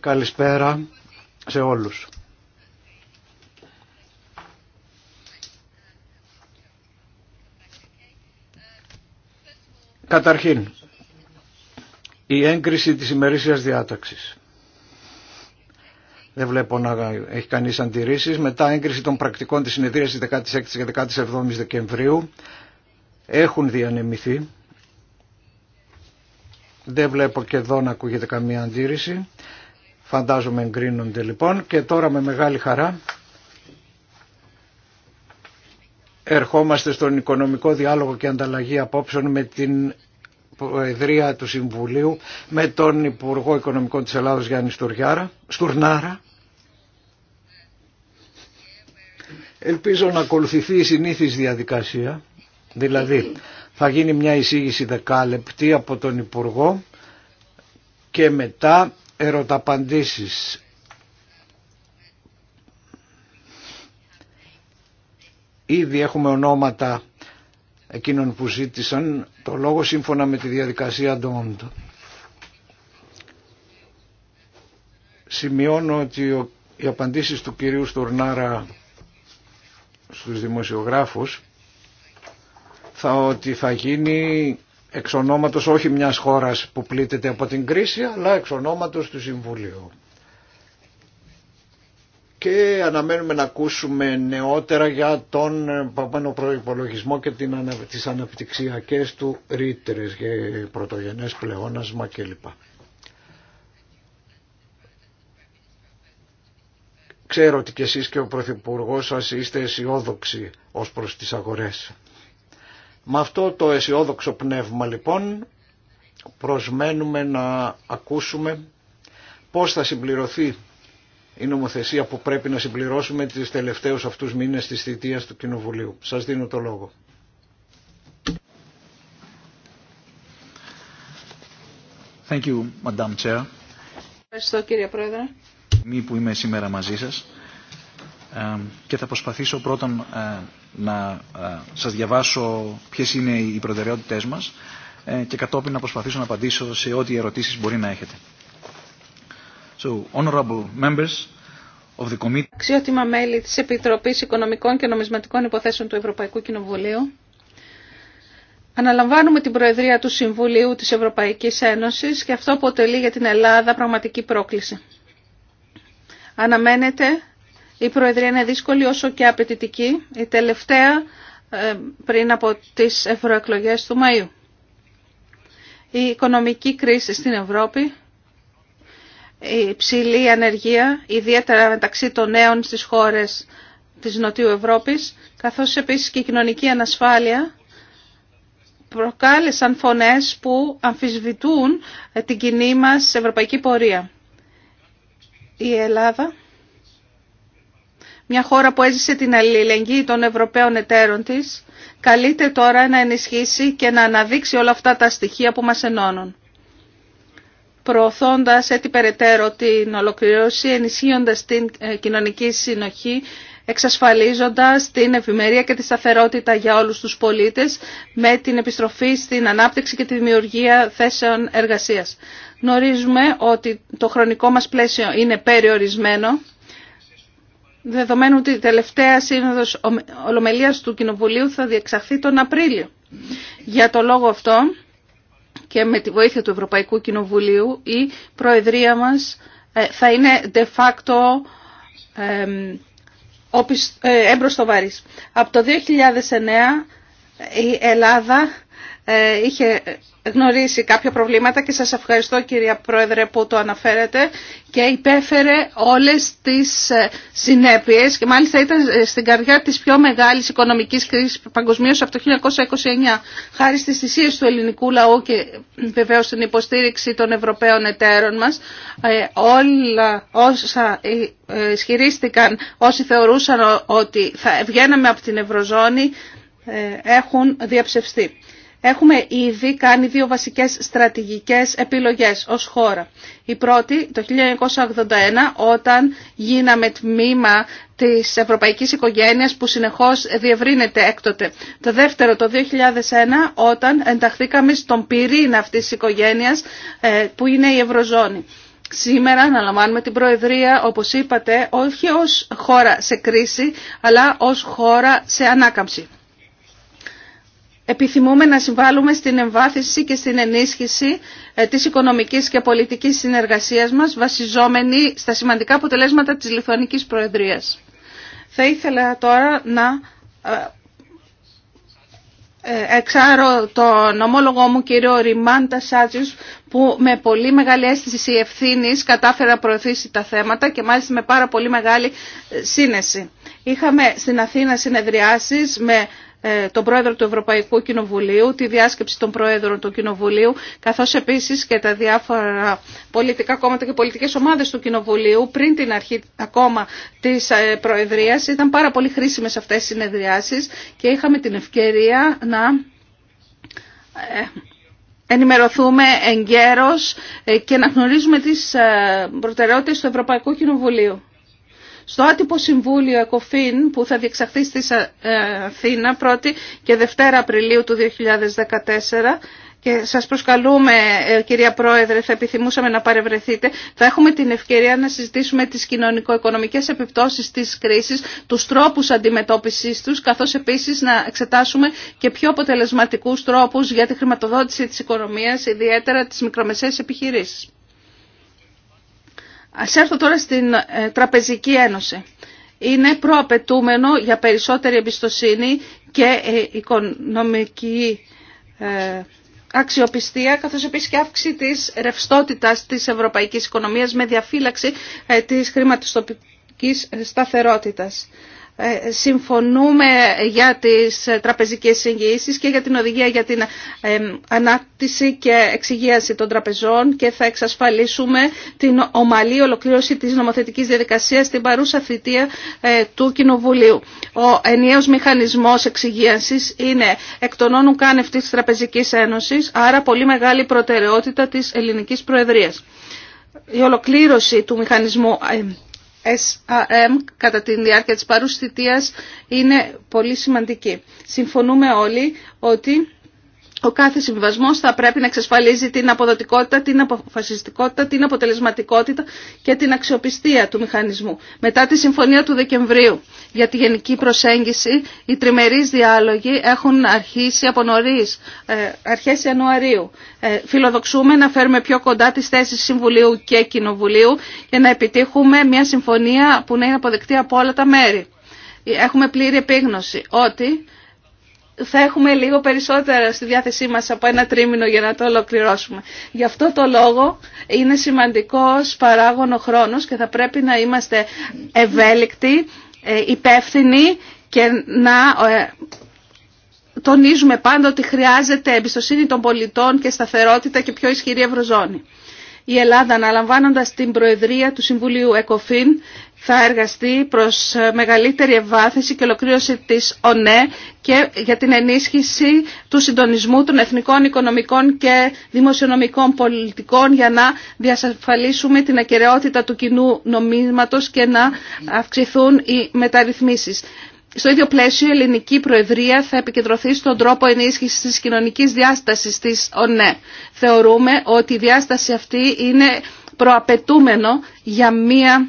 Καλησπέρα σε όλους. Καταρχήν, η έγκριση της ημερήσιας διάταξης. Δεν βλέπω να έχει κανείς αντιρρήσεις. Μετά έγκριση των πρακτικών της συνεδρίας της 16 και 17 Δεκεμβρίου έχουν διανεμηθεί δεν βλέπω και εδώ να ακούγεται καμία αντίρρηση. Φαντάζομαι εγκρίνονται λοιπόν και τώρα με μεγάλη χαρά ερχόμαστε στον οικονομικό διάλογο και ανταλλαγή απόψεων με την Προεδρία του Συμβουλίου με τον Υπουργό Οικονομικών της Ελλάδος Γιάννη Στουρνάρα. Ελπίζω να ακολουθηθεί η συνήθις διαδικασία, δηλαδή θα γίνει μια εισήγηση δεκάλεπτη από τον Υπουργό και μετά ερωταπαντήσεις. Ήδη έχουμε ονόματα εκείνων που ζήτησαν το λόγο σύμφωνα με τη διαδικασία των... Σημειώνω ότι οι απαντήσεις του κυρίου Στουρνάρα στους δημοσιογράφους θα, ότι θα γίνει εξ όχι μιας χώρας που πλήττεται από την κρίση αλλά εξ του Συμβουλίου. Και αναμένουμε να ακούσουμε νεότερα για τον παπάνω προϋπολογισμό και την, τις αναπτυξιακές του ρήτρες και πρωτογενές πλεόνασμα κλπ. Ξέρω ότι κι εσείς και ο Πρωθυπουργός σας είστε αισιόδοξοι ως προς τις αγορές. Με αυτό το αισιόδοξο πνεύμα λοιπόν προσμένουμε να ακούσουμε πώς θα συμπληρωθεί η νομοθεσία που πρέπει να συμπληρώσουμε τις τελευταίους αυτούς μήνες της θητείας του Κοινοβουλίου. Σας δίνω το λόγο. Thank you, Madam Chair. Ευχαριστώ κύριε Πρόεδρε. Μη που είμαι σήμερα μαζί σας και θα προσπαθήσω πρώτον ε, να ε, σας διαβάσω ποιες είναι οι προτεραιότητές μας ε, και κατόπιν να προσπαθήσω να απαντήσω σε ό,τι ερωτήσεις μπορεί να έχετε. So, honorable members of the committee... Αξιότιμα μέλη της Επιτροπής Οικονομικών και Νομισματικών Υποθέσεων του Ευρωπαϊκού Κοινοβουλίου, Αναλαμβάνουμε την Προεδρία του Συμβουλίου της Ευρωπαϊκής Ένωσης και αυτό αποτελεί για την Ελλάδα πραγματική πρόκληση. Αναμένεται η Προεδρία είναι δύσκολη όσο και απαιτητική, η τελευταία ε, πριν από τις ευρωεκλογέ του Μαΐου. Η οικονομική κρίση στην Ευρώπη, η ψηλή ανεργία, ιδιαίτερα μεταξύ των νέων στις χώρες της Νοτιού Ευρώπης, καθώς επίσης και η κοινωνική ανασφάλεια, προκάλεσαν φωνές που αμφισβητούν ε, την κοινή μας ευρωπαϊκή πορεία. Η Ελλάδα μια χώρα που έζησε την αλληλεγγύη των Ευρωπαίων εταίρων της, καλείται τώρα να ενισχύσει και να αναδείξει όλα αυτά τα στοιχεία που μας ενώνουν. Προωθώντας έτσι περαιτέρω την ολοκληρώση, ενισχύοντας την ε, κοινωνική συνοχή, εξασφαλίζοντας την ευημερία και τη σταθερότητα για όλους τους πολίτες με την επιστροφή στην ανάπτυξη και τη δημιουργία θέσεων εργασίας. Γνωρίζουμε ότι το χρονικό μας πλαίσιο είναι περιορισμένο δεδομένου ότι η τελευταία σύνοδος ολομελίας του Κοινοβουλίου θα διεξαχθεί τον Απρίλιο. Για το λόγο αυτό και με τη βοήθεια του Ευρωπαϊκού Κοινοβουλίου η Προεδρία μας ε, θα είναι de facto ε, έμπρος το βάρης. Από το 2009 η Ελλάδα ε, είχε γνωρίσει κάποια προβλήματα και σας ευχαριστώ κυρία Πρόεδρε που το αναφέρετε και υπέφερε όλες τις ε, συνέπειες και μάλιστα ήταν ε, στην καρδιά της πιο μεγάλης οικονομικής κρίσης παγκοσμίως από το 1929 χάρη στις θυσίες του ελληνικού λαού και βεβαίω στην υποστήριξη των Ευρωπαίων εταίρων μας όλα όσα ισχυρίστηκαν όσοι θεωρούσαν ότι θα βγαίναμε από την Ευρωζώνη έχουν διαψευστεί. Έχουμε ήδη κάνει δύο βασικές στρατηγικές επιλογές ως χώρα. Η πρώτη το 1981 όταν γίναμε τμήμα της ευρωπαϊκής οικογένειας που συνεχώς διευρύνεται έκτοτε. Το δεύτερο το 2001 όταν ενταχθήκαμε στον πυρήνα αυτής της οικογένειας ε, που είναι η Ευρωζώνη. Σήμερα αναλαμβάνουμε την Προεδρία, όπως είπατε, όχι ως χώρα σε κρίση, αλλά ως χώρα σε ανάκαμψη. Επιθυμούμε να συμβάλλουμε στην εμβάθυνση και στην ενίσχυση ε, της οικονομικής και πολιτικής συνεργασίας μας βασιζόμενη στα σημαντικά αποτελέσματα της Λιθουανικής Προεδρίας. Θα ήθελα τώρα να ε, ε, εξάρω τον ομόλογό μου κύριο Ριμάντα Σάτζιους που με πολύ μεγάλη αίσθηση ευθύνη κατάφερε να προωθήσει τα θέματα και μάλιστα με πάρα πολύ μεγάλη σύνεση. Είχαμε στην Αθήνα συνεδριάσεις με ε, τον πρόεδρο του Ευρωπαϊκού Κοινοβουλίου, τη διάσκεψη των πρόεδρων του Κοινοβουλίου, καθώς επίσης και τα διάφορα πολιτικά κόμματα και πολιτικές ομάδες του Κοινοβουλίου πριν την αρχή ακόμα της ε, Προεδρίας. Ήταν πάρα πολύ χρήσιμες αυτές οι συνεδριάσεις και είχαμε την ευκαιρία να ε, ενημερωθούμε εγκαίρως και να γνωρίζουμε τις προτεραιότητες του Ευρωπαϊκού Κοινοβουλίου. Στο άτυπο συμβούλιο ΕΚΟΦΗΝ που θα διεξαχθεί στη ε, Αθήνα 1η και 2 Απριλίου του 2014 και σας προσκαλούμε ε, κυρία Πρόεδρε, θα επιθυμούσαμε να παρευρεθείτε. Θα έχουμε την ευκαιρία να συζητήσουμε τις κοινωνικο-οικονομικές επιπτώσεις της κρίσης, τους τρόπους αντιμετώπισης τους, καθώς επίσης να εξετάσουμε και πιο αποτελεσματικούς τρόπους για τη χρηματοδότηση της οικονομίας, ιδιαίτερα τις μικρομεσαίες επιχειρήσεις. Ας έρθω τώρα στην ε, Τραπεζική Ένωση. Είναι προαπαιτούμενο για περισσότερη εμπιστοσύνη και ε, οικονομική ε, αξιοπιστία, καθώς επίσης και αύξηση της ρευστότητας της ευρωπαϊκής οικονομίας με διαφύλαξη της χρηματοστοπικής σταθερότητας. Ε, συμφωνούμε για τις ε, τραπεζικές εγγυήσεις και για την οδηγία για την ε, ανάπτυξη και εξυγίαση των τραπεζών και θα εξασφαλίσουμε την ομαλή ολοκλήρωση της νομοθετικής διαδικασίας στην παρούσα θητεία του Κοινοβουλίου. Ο ενιαίος μηχανισμός εξυγίασης είναι εκ των όνων κάνευτής της Τραπεζικής Ένωσης, άρα πολύ μεγάλη προτεραιότητα της ελληνικής προεδρίας. Η ολοκλήρωση του μηχανισμού SRM κατά τη διάρκεια της παρούς είναι πολύ σημαντική. Συμφωνούμε όλοι ότι ο κάθε συμβιβασμό θα πρέπει να εξασφαλίζει την αποδοτικότητα, την αποφασιστικότητα, την αποτελεσματικότητα και την αξιοπιστία του μηχανισμού. Μετά τη συμφωνία του Δεκεμβρίου για τη γενική προσέγγιση, οι τριμερεί διάλογοι έχουν αρχίσει από νωρί, ε, αρχέ Ιανουαρίου. Ε, φιλοδοξούμε να φέρουμε πιο κοντά τι θέσει Συμβουλίου και Κοινοβουλίου για να επιτύχουμε μια συμφωνία που να είναι αποδεκτή από όλα τα μέρη. Έχουμε πλήρη επίγνωση ότι θα έχουμε λίγο περισσότερα στη διάθεσή μας από ένα τρίμηνο για να το ολοκληρώσουμε. Γι' αυτό το λόγο είναι σημαντικός παράγωνο χρόνος και θα πρέπει να είμαστε ευέλικτοι, ε, υπεύθυνοι και να ε, τονίζουμε πάντα ότι χρειάζεται εμπιστοσύνη των πολιτών και σταθερότητα και πιο ισχυρή ευρωζώνη. Η Ελλάδα, αναλαμβάνοντας την Προεδρία του Συμβουλίου ΕΚΟΦΗΝ, θα εργαστεί προς μεγαλύτερη ευάθυνση και ολοκλήρωση της ΟΝΕ και για την ενίσχυση του συντονισμού των εθνικών οικονομικών και δημοσιονομικών πολιτικών για να διασφαλίσουμε την ακεραιότητα του κοινού νομίσματος και να αυξηθούν οι μεταρρυθμίσεις. Στο ίδιο πλαίσιο η ελληνική προεδρία θα επικεντρωθεί στον τρόπο ενίσχυσης της κοινωνικής διάστασης της ΟΝΕ. Θεωρούμε ότι η διάσταση αυτή είναι προαπαιτούμενο για μία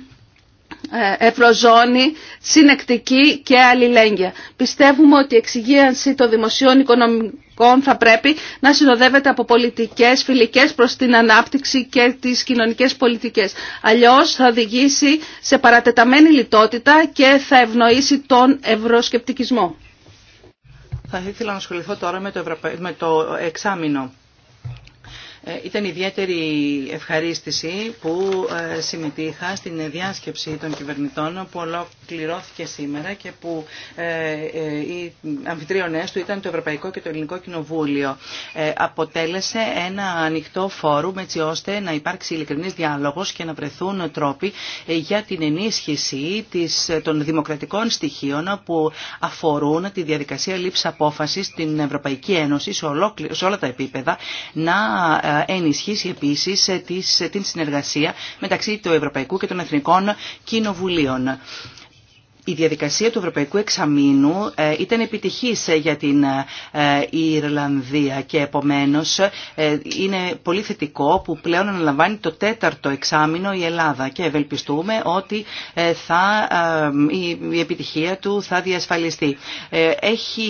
ε, ευρωζώνη συνεκτική και αλληλέγγυα. Πιστεύουμε ότι η εξυγίανση των δημοσίων οικονομικών θα πρέπει να συνοδεύεται από πολιτικές φιλικές προς την ανάπτυξη και τις κοινωνικές πολιτικές. Αλλιώς θα οδηγήσει σε παρατεταμένη λιτότητα και θα ευνοήσει τον ευρωσκεπτικισμό. Θα ήθελα να ασχοληθώ τώρα με το, Ευρωπα... με το εξάμεινο. Ε, ήταν ιδιαίτερη ευχαρίστηση που ε, συμμετείχα στην διάσκεψη των κυβερνητών που ολοκληρώθηκε σήμερα και που ε, οι αμφιτρίονές του ήταν το Ευρωπαϊκό και το Ελληνικό Κοινοβούλιο. Αποτέλεσε ένα ανοιχτό φόρουμ έτσι ώστε να υπάρξει ειλικρινής διάλογος και να βρεθούν τρόποι για την ενίσχυση των δημοκρατικών στοιχείων που αφορούν τη διαδικασία λήψη απόφασης στην Ευρωπαϊκή Ένωση σε όλα τα επίπεδα να ενισχύσει επίσης ε, ε, την συνεργασία μεταξύ του Ευρωπαϊκού και των Εθνικών Κοινοβουλίων η διαδικασία του Ευρωπαϊκού Εξαμήνου ε, ήταν επιτυχής ε, για την ε, Ιρλανδία και επομένως είναι πολύ θετικό που πλέον αναλαμβάνει το τέταρτο εξάμεινο η Ελλάδα και ευελπιστούμε ότι θα, η επιτυχία του θα διασφαλιστεί. Έχει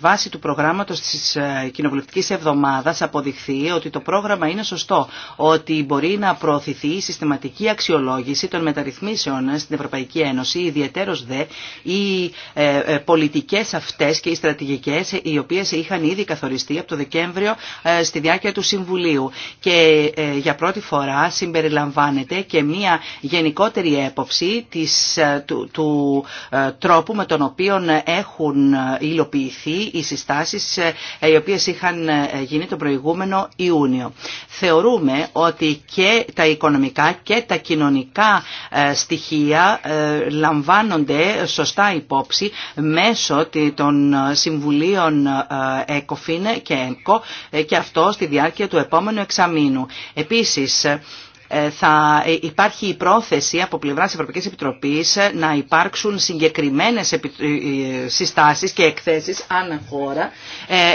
βάση του προγράμματος της κοινοβουλευτικής εβδομάδας αποδειχθεί ότι το πρόγραμμα είναι σωστό, ότι μπορεί να προωθηθεί η συστηματική αξιολόγηση των μεταρρυθμίσεων στην Ευρωπαϊκή Ευρωπαϊκή Ένωση, δε οι ε, ε, πολιτικέ αυτές και οι στρατηγικέ οι οποίε είχαν ήδη καθοριστεί από το Δεκέμβριο ε, στη διάρκεια του Συμβουλίου και για πρώτη φορά συμπεριλαμβάνεται και μια γενικότερη έποψη της, του, του τρόπου με τον οποίο έχουν υλοποιηθεί οι συστάσεις οι οποίε είχαν γίνει τον προηγούμενο Ιούνιο. Θεωρούμε ότι και τα οικονομικά και τα κοινωνικά στοιχεία λαμβάνονται σωστά υπόψη μέσω των συμβουλίων ε, ΕΚΟΦΗΝ και ΕΝΚΟ ε, και αυτό στη διάρκεια του επόμενου εξαμήνου. Επίσης, ε, θα ε, υπάρχει η πρόθεση από πλευράς Ευρωπαϊκής Επιτροπής ε, να υπάρξουν συγκεκριμένες συστάσεις και εκθέσεις ανά χώρα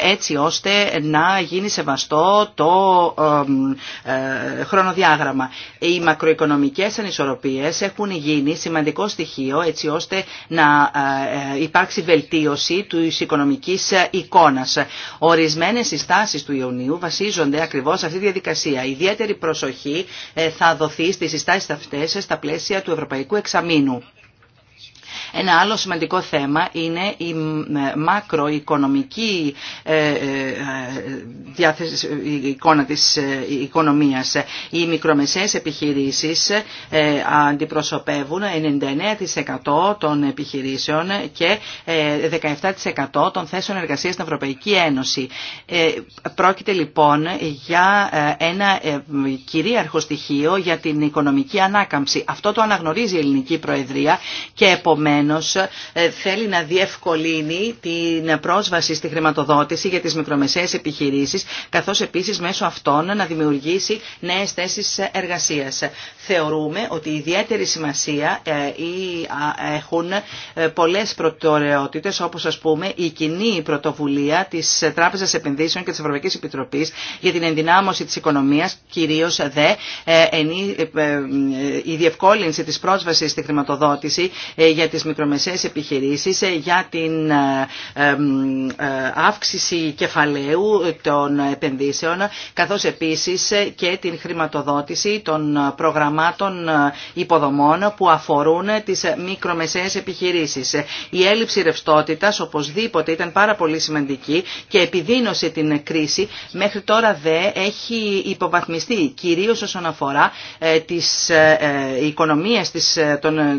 έτσι ώστε να γίνει σεβαστό το χρονοδιάγραμμα. Οι μακροοικονομικές ανισορροπίες έχουν γίνει σημαντικό στοιχείο έτσι ώστε να υπάρξει βελτίωση της οικονομικής εικόνας. Ορισμένες συστάσεις του Ιουνίου βασίζονται ακριβώς σε αυτή τη διαδικασία. Ιδιαίτερη προσοχή ε, θα δοθεί στις συστάσεις αυτές στα πλαίσια του Ευρωπαϊκού Εξαμήνου. Ένα άλλο σημαντικό θέμα είναι η μακροοικονομική ε, ε, ε, εικόνα της οικονομίας. Οι μικρομεσαίες επιχειρήσεις αντιπροσωπεύουν 99% των επιχειρήσεων και 17% των θέσεων εργασίας στην Ευρωπαϊκή Ένωση. Πρόκειται λοιπόν για ένα κυρίαρχο στοιχείο για την οικονομική ανάκαμψη. Αυτό το αναγνωρίζει η Ελληνική Προεδρία και επομένως ε, θέλει να διευκολύνει την πρόσβαση στη χρηματοδότηση για τις μικρομεσαίες επιχειρήσεις, καθώς επίσης μέσω αυτών να δημιουργήσει νέες θέσεις εργασίας. Θεωρούμε ότι ιδιαίτερη σημασία ε, έχουν ε, πολλές προτεραιότητες, όπως ας πούμε η κοινή πρωτοβουλία της Τράπεζας Επενδύσεων και της Ευρωπαϊκής Επιτροπής για την ενδυνάμωση της οικονομίας, κυρίως δε ε, η διευκόλυνση της πρόσβασης στη χρηματοδότηση για τις μικρομεσαίες επιχειρήσεις ε, για την ε, ε, αύξηση κεφαλαίου των επενδύσεων καθώς επίσης και την χρηματοδότηση των προγραμμάτων υποδομών που αφορούν τις μικρομεσαίες επιχειρήσεις. Η έλλειψη ρευστότητας οπωσδήποτε ήταν πάρα πολύ σημαντική και επιδίνωσε την κρίση. Μέχρι τώρα δε έχει υποβαθμιστεί κυρίως όσον αφορά τις οικονομίες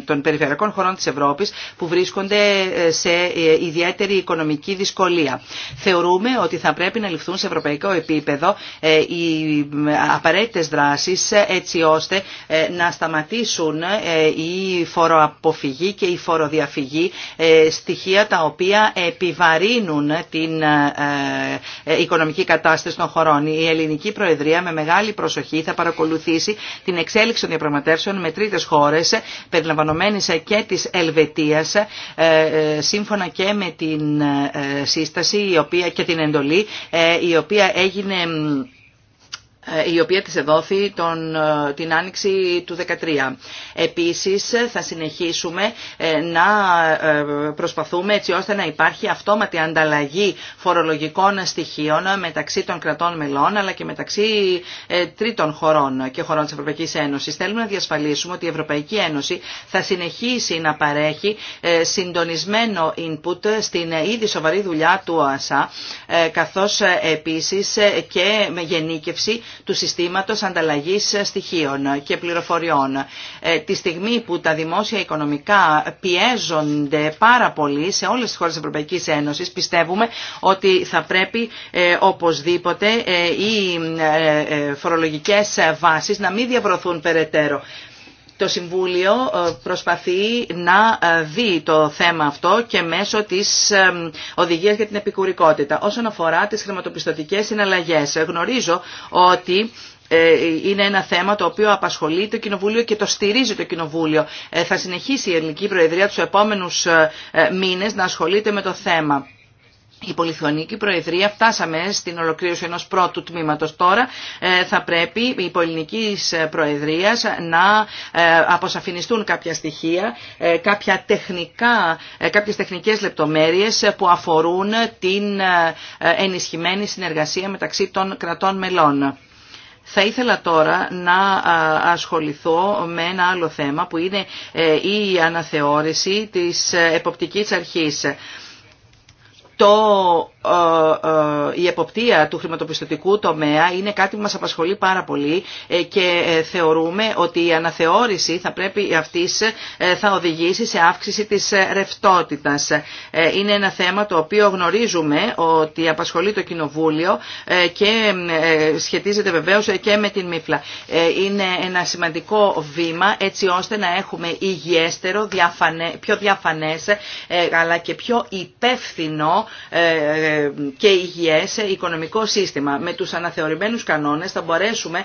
των περιφερειακών χωρών της Ευρώπης που βρίσκονται ε, σε ε, ιδιαίτερη οικονομική δυσκολία. Θεωρούμε ότι θα πρέπει να ληφθούν σε ευρωπαϊκό επίπεδο ε, οι απαραίτητες δράσεις έτσι ώστε να σταματήσουν η φοροαποφυγή και η φοροδιαφυγή στοιχεία τα οποία επιβαρύνουν την οικονομική κατάσταση των χωρών. Η Ελληνική Προεδρία με μεγάλη προσοχή θα παρακολουθήσει την εξέλιξη των διαπραγματεύσεων με τρίτες χώρες περιλαμβανομένης και της Ελβετίας ε, ε, σύμφωνα και με την ε, σύσταση η οποία, και την εντολή η οποία έγινε ε, η οποία της εδόθη τον, ε, την άνοιξη του 2013. Επίσης ε, θα συνεχίσουμε να προσπαθούμε έτσι ώστε να υπάρχει αυτόματη ανταλλαγή φορολογικών στοιχείων μεταξύ των κρατών μελών αλλά και μεταξύ τρίτων χωρών και χωρών της Ευρωπαϊκής Ένωσης. Θέλουμε να διασφαλίσουμε ότι η Ευρωπαϊκή Ένωση θα συνεχίσει να παρέχει συντονισμένο input στην ήδη σοβαρή δουλειά του ΟΑΣΑ καθώς επίσης και με γενίκευση του συστήματος ανταλλαγής στοιχείων και πληροφοριών. Ε, τη στιγμή που τα δημόσια οικονομικά πιέζονται πάρα πολύ σε όλες τις χώρες της Ευρωπαϊκής Ένωσης, πιστεύουμε ότι θα πρέπει ε, οπωσδήποτε ε, οι φορολογικές βάσεις να μην διαβρωθούν περαιτέρω. Το Συμβούλιο ε, προσπαθεί να ε, δει το θέμα αυτό και μέσω της ε, οδηγίας για την επικουρικότητα. Όσον αφορά τις χρηματοπιστωτικές συναλλαγές, γνωρίζω ότι είναι ένα θέμα το οποίο απασχολεί το Κοινοβούλιο και το στηρίζει το Κοινοβούλιο. Θα συνεχίσει η Ελληνική Προεδρία τους επόμενους μήνες να ασχολείται με το θέμα η Πολυθωνική Προεδρία φτάσαμε στην ολοκλήρωση ενός πρώτου τμήματος τώρα. Ε, θα πρέπει η Πολυνική Προεδρία να ε, αποσαφινιστούν κάποια στοιχεία, ε, κάποια τεχνικά, κάποιες τεχνικές λεπτομέρειες που αφορούν την ενισχυμένη συνεργασία μεταξύ των κρατών μελών. Θα ήθελα τώρα να ασχοληθώ με ένα άλλο θέμα που είναι η αναθεώρηση της εποπτικής αρχής το, ε, ε, η εποπτεία του χρηματοπιστωτικού τομέα είναι κάτι που μας απασχολεί πάρα πολύ ε, και ε, θεωρούμε ότι η αναθεώρηση θα πρέπει αυτής θα οδηγήσει σε αύξηση της ρευστότητας. Είναι ένα θέμα το οποίο γνωρίζουμε ότι απασχολεί το Κοινοβούλιο και σχετίζεται βεβαίως και με την μύφλα. Είναι ένα σημαντικό βήμα έτσι ώστε να έχουμε υγιέστερο, πιο διαφανές αλλά και πιο υπεύθυνο ε, ε, και υγιές ε, οικονομικό σύστημα. Με τους αναθεωρημένους κανόνες θα μπορέσουμε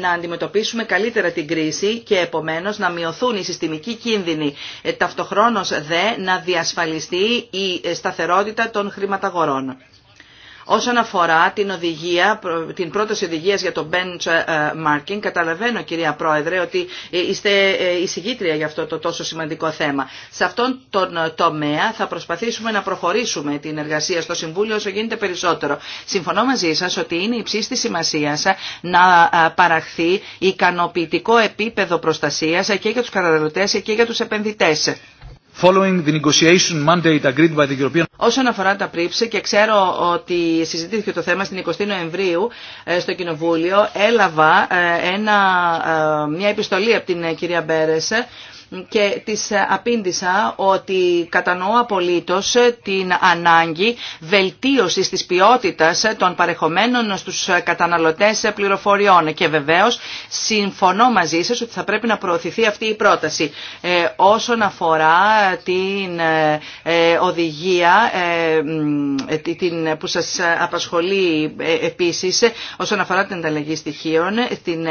να αντιμετωπίσουμε καλύτερα την κρίση και επομένως να μειωθούν οι συστημικοί κίνδυνοι. Ταυτοχρόνως δε να διασφαλιστεί η σταθερότητα των χρηματαγορών. Όσον αφορά την οδηγία, την πρόταση οδηγίας για το benchmarking, καταλαβαίνω κυρία Πρόεδρε ότι είστε ε, εισηγήτρια για αυτό το τόσο σημαντικό θέμα. Σε αυτόν τον ε, τομέα θα προσπαθήσουμε να προχωρήσουμε την εργασία στο Συμβούλιο όσο γίνεται περισσότερο. Συμφωνώ μαζί σας ότι είναι ύψιστη σημασία ε, να παραχθεί ικανοποιητικό επίπεδο προστασίας και για τους καταναλωτές και για τους επενδυτές. Following Όσον αφορά τα πρίψη και ξέρω ότι συζητήθηκε το θέμα στην 20 η Νοεμβρίου ε, στο Κοινοβούλιο έλαβα ε, ε, μια επιστολή από την κυρία Μπέρεσε και της απήντησα ότι κατανοώ απολύτως την ανάγκη βελτίωσης της ποιότητας των παρεχομένων στους καταναλωτές πληροφοριών και βεβαίως συμφωνώ μαζί σας ότι θα πρέπει να προωθηθεί αυτή η πρόταση. Ε, όσον αφορά την ε, ε, οδηγία την, που σας απασχολεί επίσης, όσον αφορά την ανταλλαγή στοιχείων, την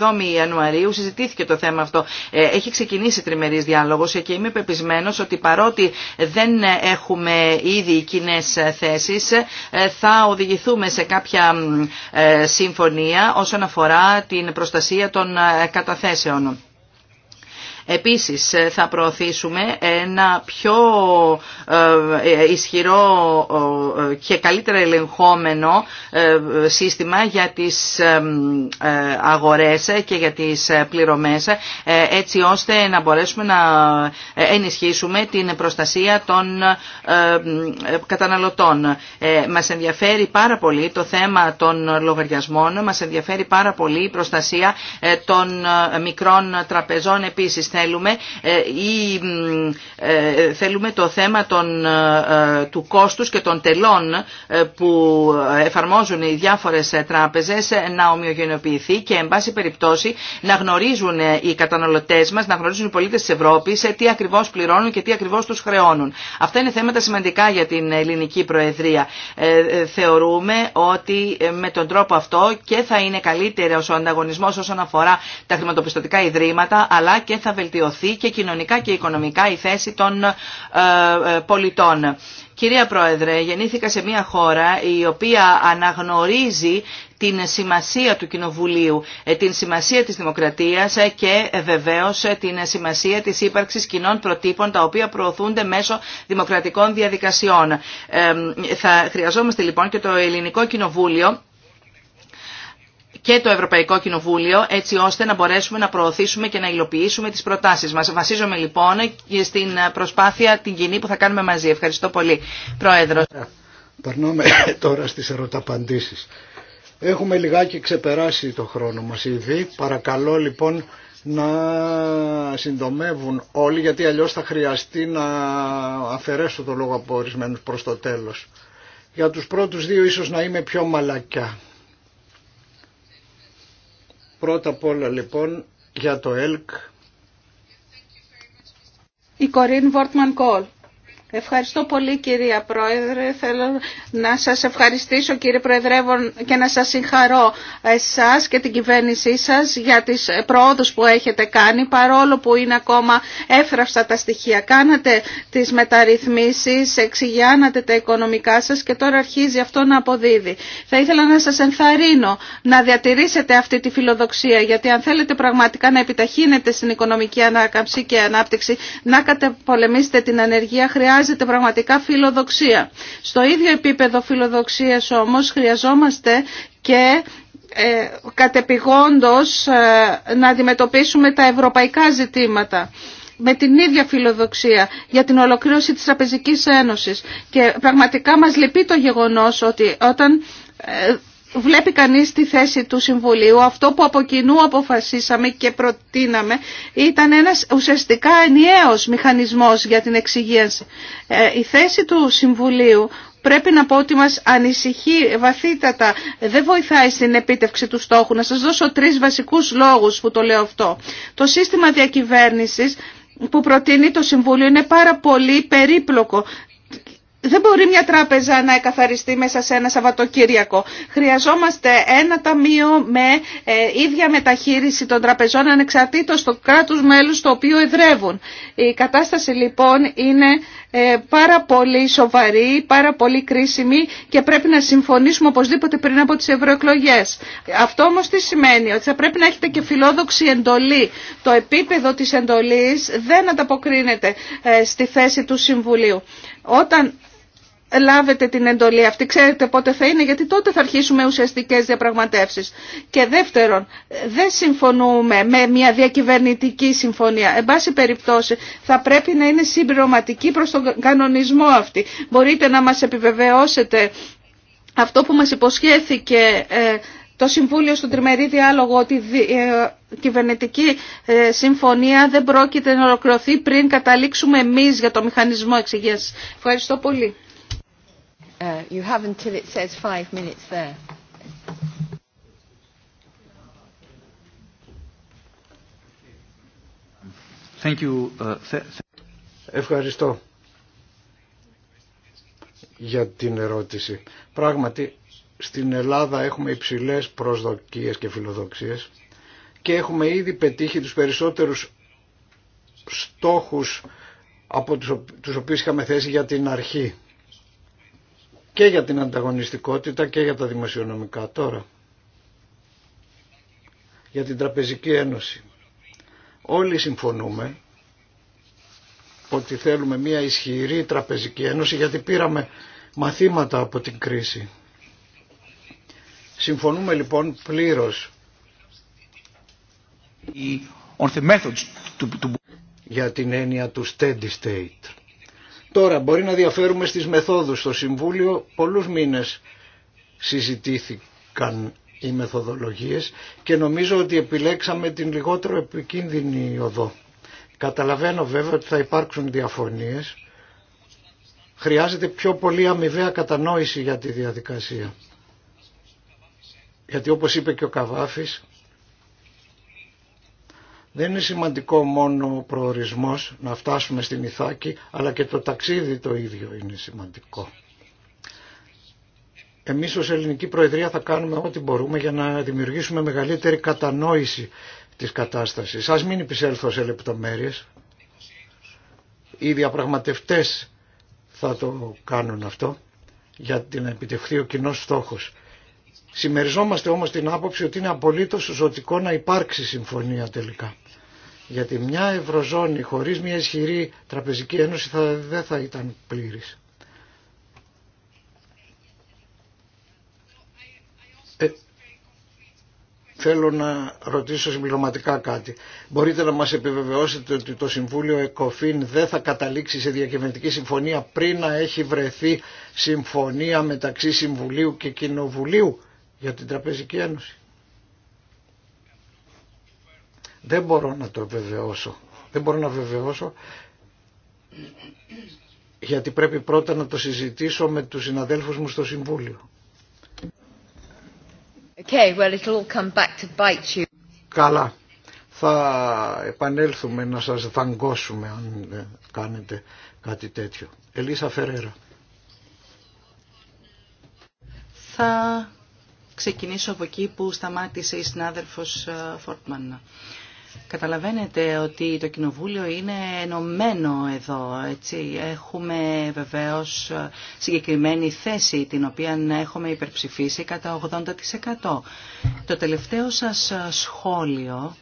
7η Ιανουαρίου συζητήθηκε το θέμα αυτό. έχει ξεκινήσει ξεκινήσει τριμερή διάλογο, και είμαι πεπισμένο ότι παρότι δεν έχουμε ήδη κοινέ θέσεις ε, θα οδηγηθούμε σε κάποια ε, συμφωνία όσον αφορά την προστασία των ε, καταθέσεων. Επίσης ε, θα προωθήσουμε ένα πιο ε, ε, ισχυρό και καλύτερα ελεγχόμενο σύστημα για τις αγορές και για τις πληρωμές έτσι ώστε να μπορέσουμε να ενισχύσουμε την προστασία των καταναλωτών. Μας ενδιαφέρει πάρα πολύ το θέμα των λογαριασμών, μας ενδιαφέρει πάρα πολύ η προστασία των μικρών τραπεζών επίσης θέλουμε ε, ή ε, θέλουμε το θέμα των, ε, του κόστους και των τελών που εφαρμόζουν οι διάφορες τράπεζες να ομοιογενοποιηθεί και εν πάση περιπτώσει να γνωρίζουν οι καταναλωτές μας, να γνωρίζουν οι πολίτες της Ευρώπης τι ακριβώς πληρώνουν και τι ακριβώς τους χρεώνουν. Αυτά είναι θέματα σημαντικά για την ελληνική προεδρία. Θεωρούμε ότι με τον τρόπο αυτό και θα είναι καλύτερος ο ανταγωνισμός όσον αφορά τα χρηματοπιστωτικά ιδρύματα αλλά και θα βελτιωθεί βελτιωθεί και κοινωνικά και οικονομικά η θέση των ε, ε, πολιτών. Κυρία Πρόεδρε, γεννήθηκα σε μια χώρα η οποία αναγνωρίζει την σημασία του Κοινοβουλίου, ε, την σημασία της δημοκρατίας και βεβαίως την σημασία της ύπαρξης κοινών προτύπων τα οποία προωθούνται μέσω δημοκρατικών διαδικασιών. Θα χρειαζόμαστε λοιπόν και το Ελληνικό Κοινοβούλιο και το Ευρωπαϊκό Κοινοβούλιο έτσι ώστε να μπορέσουμε να προωθήσουμε και να υλοποιήσουμε τις προτάσεις μας. Βασίζομαι λοιπόν στην προσπάθεια την κοινή που θα κάνουμε μαζί. Ευχαριστώ πολύ Πρόεδρο. Περνάμε τώρα στις ερωταπαντήσεις. Έχουμε λιγάκι ξεπεράσει το χρόνο μας ήδη. Παρακαλώ λοιπόν να συντομεύουν όλοι γιατί αλλιώς θα χρειαστεί να αφαιρέσω το λόγο από ορισμένους προς το τέλος. Για τους πρώτους δύο ίσως να είμαι πιο μαλακιά. Πρώτα απ' όλα λοιπόν για το ΕΛΚ. Η Κορίν Βόρτμαν Κόλ. Ευχαριστώ πολύ κυρία Πρόεδρε. Θέλω να σας ευχαριστήσω κύριε Προεδρεύον και να σας συγχαρώ εσάς και την κυβέρνησή σας για τις προόδους που έχετε κάνει παρόλο που είναι ακόμα έφραυστα τα στοιχεία. Κάνατε τις μεταρρυθμίσεις, εξηγιάνατε τα οικονομικά σας και τώρα αρχίζει αυτό να αποδίδει. Θα ήθελα να σας ενθαρρύνω να διατηρήσετε αυτή τη φιλοδοξία γιατί αν θέλετε πραγματικά να επιταχύνετε στην οικονομική ανάκαμψη και ανάπτυξη να κατεπολεμήσετε την ανεργία χρειάζεται χρειάζεται πραγματικά φιλοδοξία. Στο ίδιο επίπεδο φιλοδοξίας όμως χρειαζόμαστε και ε, ε, να αντιμετωπίσουμε τα ευρωπαϊκά ζητήματα με την ίδια φιλοδοξία για την ολοκλήρωση της Τραπεζικής Ένωσης. Και πραγματικά μας λυπεί το γεγονός ότι όταν ε, βλέπει κανείς τη θέση του Συμβουλίου. Αυτό που από κοινού αποφασίσαμε και προτείναμε ήταν ένας ουσιαστικά ενιαίος μηχανισμός για την εξυγίανση. Ε, η θέση του Συμβουλίου πρέπει να πω ότι μας ανησυχεί βαθύτατα, δεν βοηθάει στην επίτευξη του στόχου. Να σας δώσω τρεις βασικούς λόγους που το λέω αυτό. Το σύστημα διακυβέρνησης που προτείνει το Συμβούλιο είναι πάρα πολύ περίπλοκο δεν μπορεί μια τράπεζα να εκαθαριστεί μέσα σε ένα Σαββατοκύριακο. Χρειαζόμαστε ένα ταμείο με ε, ίδια μεταχείριση των τραπεζών ανεξαρτήτως του κράτους μέλους το οποίο εδρεύουν. Η κατάσταση λοιπόν είναι ε, πάρα πολύ σοβαρή, πάρα πολύ κρίσιμη και πρέπει να συμφωνήσουμε οπωσδήποτε πριν από τις ευρωεκλογέ. Αυτό όμως τι σημαίνει, ότι θα πρέπει να έχετε και φιλόδοξη εντολή. Το επίπεδο της εντολής δεν ανταποκρίνεται ε, στη θέση του Συμβουλίου. Όταν λάβετε την εντολή αυτή, ξέρετε πότε θα είναι, γιατί τότε θα αρχίσουμε ουσιαστικές διαπραγματεύσεις. Και δεύτερον, δεν συμφωνούμε με μια διακυβερνητική συμφωνία. Εν πάση περιπτώσει, θα πρέπει να είναι συμπληρωματική προς τον κανονισμό αυτή. Μπορείτε να μας επιβεβαιώσετε αυτό που μας υποσχέθηκε ε, το Συμβούλιο στον Τριμερή Διάλογο ότι η ε, κυβερνητική ε, συμφωνία δεν πρόκειται να ολοκληρωθεί πριν καταλήξουμε εμείς για το μηχανισμό εξηγίας. Ευχαριστώ πολύ. Ευχαριστώ για την ερώτηση. Πράγματι, στην Ελλάδα έχουμε υψηλές προσδοκίες και φιλοδοξίες και έχουμε ήδη πετύχει τους περισσότερους στόχους από τους, τους οποίους είχαμε θέσει για την αρχή και για την ανταγωνιστικότητα και για τα δημοσιονομικά τώρα. Για την Τραπεζική Ένωση. Όλοι συμφωνούμε ότι θέλουμε μια ισχυρή Τραπεζική Ένωση γιατί πήραμε μαθήματα από την κρίση. Συμφωνούμε λοιπόν πλήρως για την έννοια του steady state. Τώρα μπορεί να διαφέρουμε στις μεθόδους. Στο Συμβούλιο πολλούς μήνες συζητήθηκαν οι μεθοδολογίες και νομίζω ότι επιλέξαμε την λιγότερο επικίνδυνη οδό. Καταλαβαίνω βέβαια ότι θα υπάρξουν διαφωνίες. Χρειάζεται πιο πολύ αμοιβαία κατανόηση για τη διαδικασία. Γιατί όπως είπε και ο Καβάφης, δεν είναι σημαντικό μόνο ο προορισμός να φτάσουμε στην Ιθάκη, αλλά και το ταξίδι το ίδιο είναι σημαντικό. Εμείς ως Ελληνική Προεδρία θα κάνουμε ό,τι μπορούμε για να δημιουργήσουμε μεγαλύτερη κατανόηση της κατάστασης. Ας μην υπησέλθω σε λεπτομέρειες. Οι διαπραγματευτές θα το κάνουν αυτό για να επιτευχθεί ο κοινός στόχος. Συμμεριζόμαστε όμως την άποψη ότι είναι απολύτως ζωτικό να υπάρξει συμφωνία τελικά. Γιατί μια ευρωζώνη χωρίς μια ισχυρή τραπεζική ένωση θα, δεν θα ήταν πλήρης. Ε, θέλω να ρωτήσω συμπληρωματικά κάτι. Μπορείτε να μας επιβεβαιώσετε ότι το Συμβούλιο ΕΚΟΦΗΝ δεν θα καταλήξει σε διακυβερνητική συμφωνία πριν να έχει βρεθεί συμφωνία μεταξύ Συμβουλίου και Κοινοβουλίου για την Τραπεζική Ένωση. Δεν μπορώ να το βεβαιώσω. Δεν μπορώ να βεβαιώσω γιατί πρέπει πρώτα να το συζητήσω με τους συναδέλφους μου στο Συμβούλιο. Okay, well, it'll all come back to bite you. Καλά. Θα επανέλθουμε να σας δαγκώσουμε αν ε, κάνετε κάτι τέτοιο. Ελίσα Φερέρα. Θα ξεκινήσω από εκεί που σταμάτησε η συνάδελφος ε, Φόρτμαν. Καταλαβαίνετε ότι το Κοινοβούλιο είναι ενωμένο εδώ. Έτσι. Έχουμε βεβαίως ε, συγκεκριμένη θέση την οποία έχουμε υπερψηφίσει κατά 80%. Το τελευταίο σας ε, σχόλιο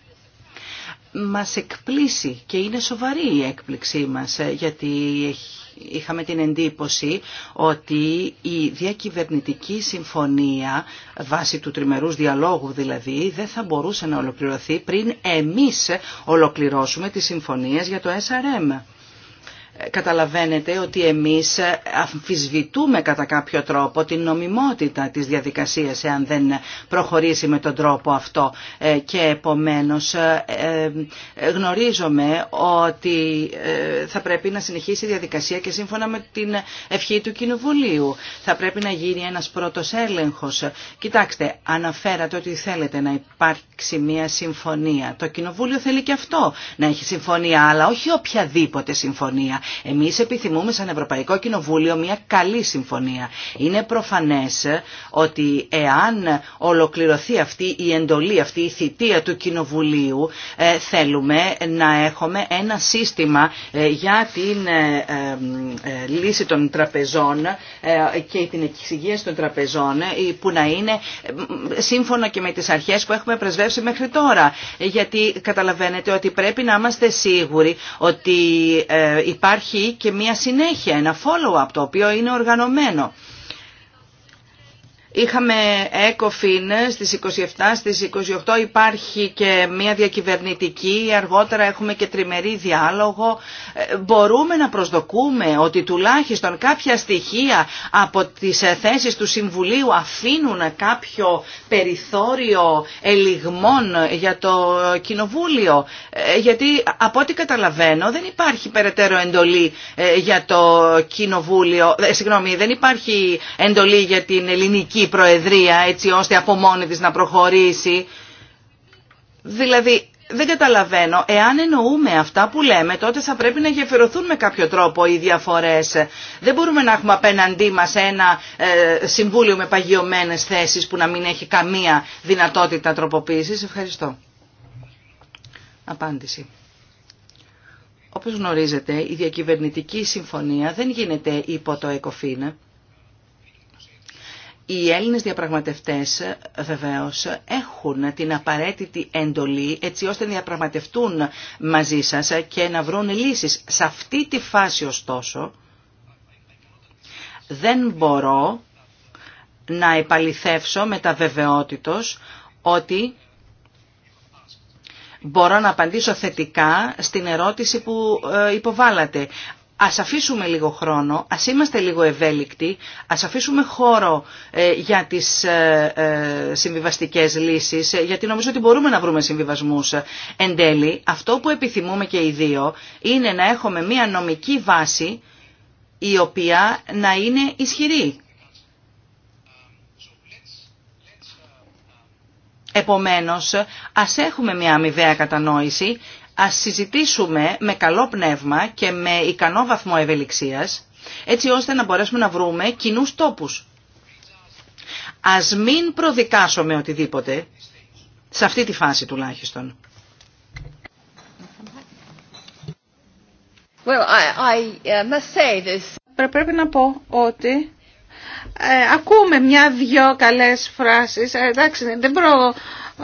μας εκπλήσει και είναι σοβαρή η έκπληξή μας γιατί είχαμε την εντύπωση ότι η διακυβερνητική συμφωνία, βάσει του τριμερούς διαλόγου δηλαδή, δεν θα μπορούσε να ολοκληρωθεί πριν εμείς ολοκληρώσουμε τις συμφωνίες για το SRM καταλαβαίνετε ότι εμείς αμφισβητούμε κατά κάποιο τρόπο την νομιμότητα της διαδικασίας εάν δεν προχωρήσει με τον τρόπο αυτό ε, και επομένως ε, ε, γνωρίζομαι ότι θα πρέπει να συνεχίσει η διαδικασία και σύμφωνα με την ευχή του Κοινοβουλίου θα πρέπει να γίνει ένας πρώτος έλεγχος. Κοιτάξτε, αναφέρατε ότι θέλετε να υπάρξει μια συμφωνία. Το Κοινοβούλιο θέλει και αυτό να έχει συμφωνία, αλλά όχι οποιαδήποτε συμφωνία. Εμείς επιθυμούμε σαν Ευρωπαϊκό Κοινοβούλιο μια καλή συμφωνία. Είναι προφανές ότι εάν ολοκληρωθεί αυτή η εντολή, αυτή η θητεία του Κοινοβουλίου, ε, θέλουμε να έχουμε ένα σύστημα ε, για την ε, λύση των τραπεζών και την εξυγίαση των τραπεζών που να είναι σύμφωνα και με τις αρχές που έχουμε πρεσβεύσει μέχρι τώρα. Γιατί καταλαβαίνετε ότι πρέπει να είμαστε σίγουροι ότι υπάρχει υπάρχει και μια συνέχεια, ένα follow-up το οποίο είναι οργανωμένο. Είχαμε έκοφιν στις 27, στις 28 υπάρχει και μια διακυβερνητική, αργότερα έχουμε και τριμερή διάλογο. Ε, μπορούμε να προσδοκούμε ότι τουλάχιστον κάποια στοιχεία από τις ε, θέσεις του Συμβουλίου αφήνουν κάποιο περιθώριο ελιγμών για το Κοινοβούλιο. Ε, γιατί από ό,τι καταλαβαίνω δεν υπάρχει περαιτέρω εντολή για το Κοινοβούλιο, συγγνώμη, δεν υπάρχει εντολή για την ελληνική Προεδρία έτσι ώστε από μόνη της να προχωρήσει. Δηλαδή δεν καταλαβαίνω, εάν εννοούμε αυτά που λέμε, τότε θα πρέπει να γεφυρωθούν με κάποιο τρόπο οι διαφορές. Δεν μπορούμε να έχουμε απέναντί μας ένα ε, συμβούλιο με παγιωμένες θέσεις που να μην έχει καμία δυνατότητα τροποποίησης. Ευχαριστώ. Απάντηση. Όπως γνωρίζετε, η διακυβερνητική συμφωνία δεν γίνεται υπό το ΕΚΟΦΗΝ. Οι Έλληνες διαπραγματευτές βεβαίως έχουν την απαραίτητη εντολή έτσι ώστε να διαπραγματευτούν μαζί σας και να βρουν λύσεις. Σε αυτή τη φάση ωστόσο δεν μπορώ να επαληθεύσω με τα βεβαιότητος ότι μπορώ να απαντήσω θετικά στην ερώτηση που ε, υποβάλατε. Ας αφήσουμε λίγο χρόνο, ας είμαστε λίγο ευέλικτοι, ας αφήσουμε χώρο ε, για τις ε, ε, συμβιβαστικές λύσεις, γιατί νομίζω ότι μπορούμε να βρούμε συμβιβασμούς. Εν τέλει, αυτό που επιθυμούμε και οι δύο είναι να έχουμε μία νομική βάση η οποία να είναι ισχυρή. Επομένως, ας έχουμε μια αμοιβαία κατανόηση ας συζητήσουμε με καλό πνεύμα και με ικανό βαθμό ευελιξίας, έτσι ώστε να μπορέσουμε να βρούμε κοινού τόπους. Ας μην προδικάσουμε οτιδήποτε, σε αυτή τη φάση τουλάχιστον. Well, I, I uh, must Πρέπει να πω ότι ε, ακούμε μια-δυο καλές φράσεις, ε, εντάξει δεν προ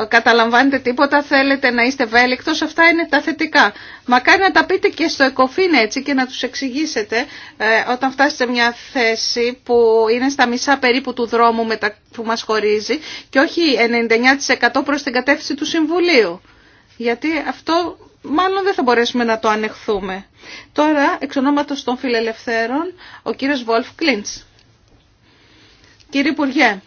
καταλαμβάνετε τίποτα, θέλετε να είστε βέλεκτος αυτά είναι τα θετικά. Μακάρι να τα πείτε και στο ΕΚΟΦΗΝ έτσι και να τους εξηγήσετε ε, όταν φτάσετε μια θέση που είναι στα μισά περίπου του δρόμου τα που μας χωρίζει και όχι 99% προς την κατεύθυνση του Συμβουλίου. Γιατί αυτό μάλλον δεν θα μπορέσουμε να το ανεχθούμε. Τώρα, εξ ονόματος των φιλελευθέρων, ο κύριος Βολφ Κλίντς. Κύριε Υπουργέ,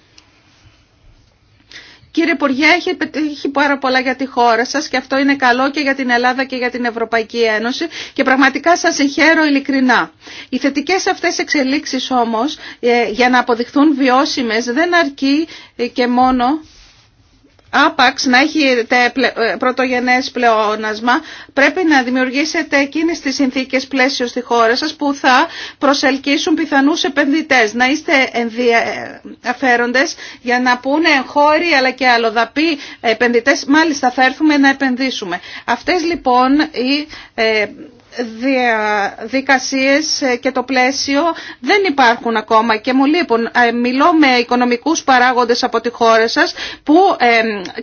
Κύριε Υπουργέ, έχει πετύχει πάρα πολλά για τη χώρα σας και αυτό είναι καλό και για την Ελλάδα και για την Ευρωπαϊκή Ένωση και πραγματικά σας συγχαίρω ειλικρινά. Οι θετικές αυτές εξελίξεις όμως ε, για να αποδειχθούν βιώσιμες δεν αρκεί ε, και μόνο άπαξ να έχετε ε, πρωτογενές πλεόνασμα, πρέπει να δημιουργήσετε εκείνες τις συνθήκες πλαίσιο στη χώρα σας που θα προσελκύσουν πιθανούς επενδυτές. Να είστε ενδιαφέροντες ε, για να πούνε χώροι αλλά και αλλοδαποί επενδυτές, μάλιστα θα έρθουμε να επενδύσουμε. Αυτές λοιπόν οι ε, διαδικασίες και το πλαίσιο δεν υπάρχουν ακόμα και μου λείπουν. Ε, μιλώ με οικονομικούς παράγοντες από τη χώρα σας που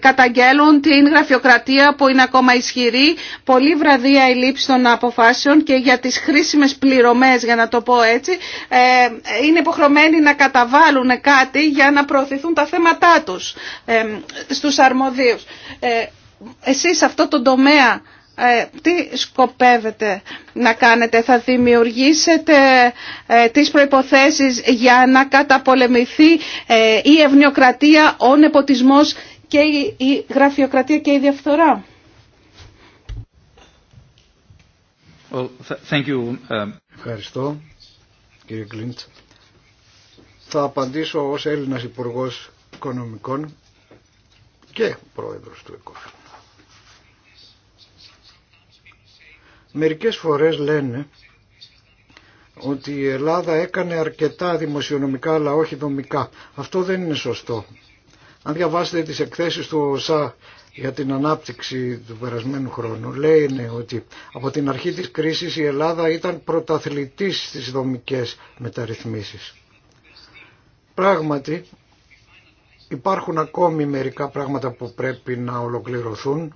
καταγγέλουν την γραφειοκρατία που είναι ακόμα ισχυρή, πολύ βραδία η λήψη των αποφάσεων και για τις χρήσιμες πληρωμές, για να το πω έτσι, ε, είναι υποχρεωμένοι να καταβάλουν κάτι για να προωθηθούν τα θέματά τους στους αρμοδίους. Ε, εσείς αυτό το τομέα ε, τι σκοπεύετε να κάνετε, θα δημιουργήσετε ε, τις προϋποθέσεις για να καταπολεμηθεί ε, η ευνοιοκρατία, ο νεποτισμός και η γραφειοκρατία και η διαφθορά. Well, thank you. Ευχαριστώ κύριε Κλίντ. Θα απαντήσω ως Έλληνας Υπουργός Οικονομικών και Πρόεδρος του ΕΚΟΦΗ. Μερικές φορές λένε ότι η Ελλάδα έκανε αρκετά δημοσιονομικά αλλά όχι δομικά. Αυτό δεν είναι σωστό. Αν διαβάσετε τις εκθέσεις του ΩΣΑ για την ανάπτυξη του περασμένου χρόνου, λένε ότι από την αρχή της κρίσης η Ελλάδα ήταν πρωταθλητής στις δομικές μεταρρυθμίσεις. Πράγματι, υπάρχουν ακόμη μερικά πράγματα που πρέπει να ολοκληρωθούν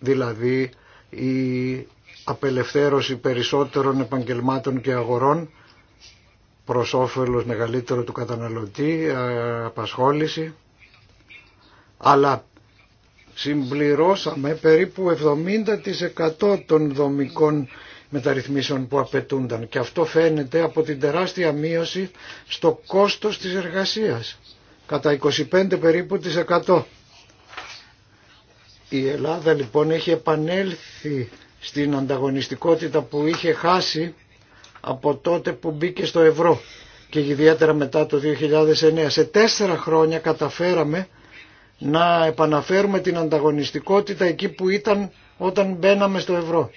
δηλαδή η απελευθέρωση περισσότερων επαγγελμάτων και αγορών προς όφελος μεγαλύτερο του καταναλωτή, ε, απασχόληση, αλλά συμπληρώσαμε περίπου 70% των δομικών μεταρρυθμίσεων που απαιτούνταν και αυτό φαίνεται από την τεράστια μείωση στο κόστος της εργασίας κατά 25 περίπου της η Ελλάδα λοιπόν έχει επανέλθει στην ανταγωνιστικότητα που είχε χάσει από τότε που μπήκε στο ευρώ και ιδιαίτερα μετά το 2009. Σε τέσσερα χρόνια καταφέραμε να επαναφέρουμε την ανταγωνιστικότητα εκεί που ήταν όταν μπαίναμε στο ευρώ.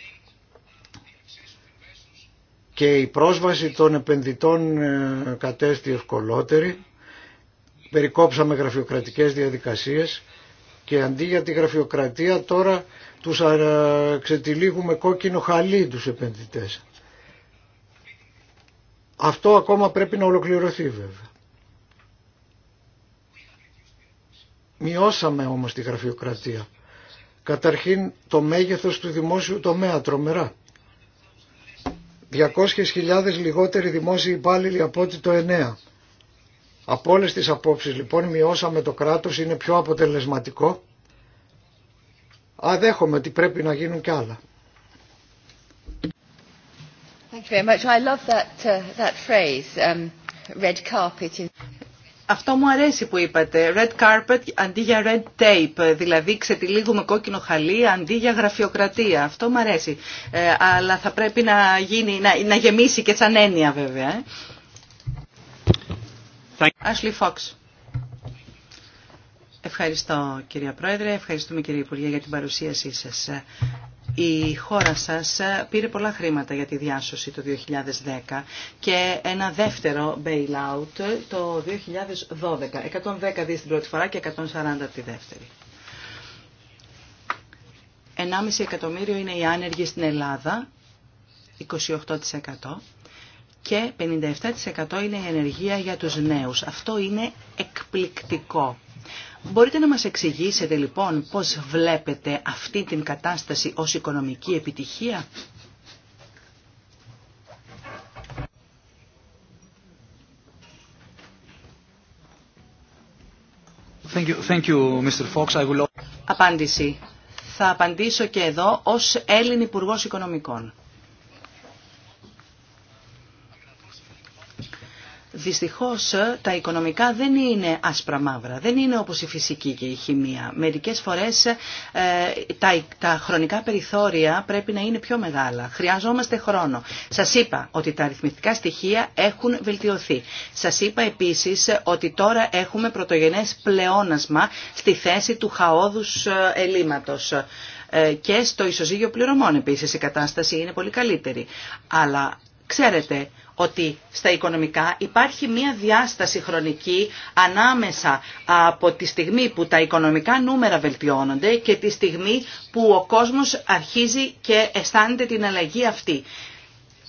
Και η πρόσβαση των επενδυτών ε, κατέστη ευκολότερη. Περικόψαμε γραφειοκρατικές διαδικασίες και αντί για τη γραφειοκρατία τώρα τους ξετυλίγουμε κόκκινο χαλί τους επενδυτές. Αυτό ακόμα πρέπει να ολοκληρωθεί βέβαια. Μειώσαμε όμως τη γραφειοκρατία. Καταρχήν το μέγεθος του δημόσιου τομέα τρομερά. 200.000 λιγότεροι δημόσιοι υπάλληλοι από ό,τι το 9. Από όλε τι απόψει λοιπόν μειώσαμε το κράτος, είναι πιο αποτελεσματικό. Αδέχομαι ότι πρέπει να γίνουν κι άλλα. Αυτό μου αρέσει που είπατε. Red carpet αντί για red tape. Δηλαδή ξετυλίγουμε κόκκινο χαλί αντί για γραφειοκρατία. Αυτό μου αρέσει. Ε, αλλά θα πρέπει να, γίνει, να, να γεμίσει και σαν έννοια βέβαια. Ε. Ashley Fox. Ευχαριστώ κυρία Πρόεδρε, ευχαριστούμε κύριε Υπουργέ για την παρουσίασή σας. Η χώρα σας πήρε πολλά χρήματα για τη διάσωση το 2010 και ένα δεύτερο bailout το 2012. 110 δις την πρώτη φορά και 140 τη δεύτερη. 1,5 εκατομμύριο είναι οι άνεργοι στην Ελλάδα, 28% και 57% είναι η ενεργεία για τους νέους. Αυτό είναι εκπληκτικό. Μπορείτε να μας εξηγήσετε λοιπόν πώς βλέπετε αυτή την κατάσταση ως οικονομική επιτυχία. Thank you, Mr. Fox. I Απάντηση. Θα απαντήσω και εδώ ως Έλλην Υπουργός Οικονομικών. Δυστυχώς ε, τα οικονομικά δεν είναι άσπρα μαύρα, δεν είναι όπως η φυσική και η χημεία. Μερικές φορές ε, τα, χρονικά περιθώρια πρέπει να είναι πιο μεγάλα. Χρειαζόμαστε χρόνο. Σας είπα ότι τα αριθμητικά στοιχεία έχουν βελτιωθεί. Σας είπα επίσης ε, ότι τώρα έχουμε πρωτογενές πλεόνασμα στη θέση του χαόδους ελλείμματος και στο ισοζύγιο πληρωμών επίσης η κατάσταση είναι πολύ καλύτερη. Αλλά ξέρετε, ότι στα οικονομικά υπάρχει μία διάσταση χρονική ανάμεσα από τη στιγμή που τα οικονομικά νούμερα βελτιώνονται και τη στιγμή που ο κόσμος αρχίζει και αισθάνεται την αλλαγή αυτή.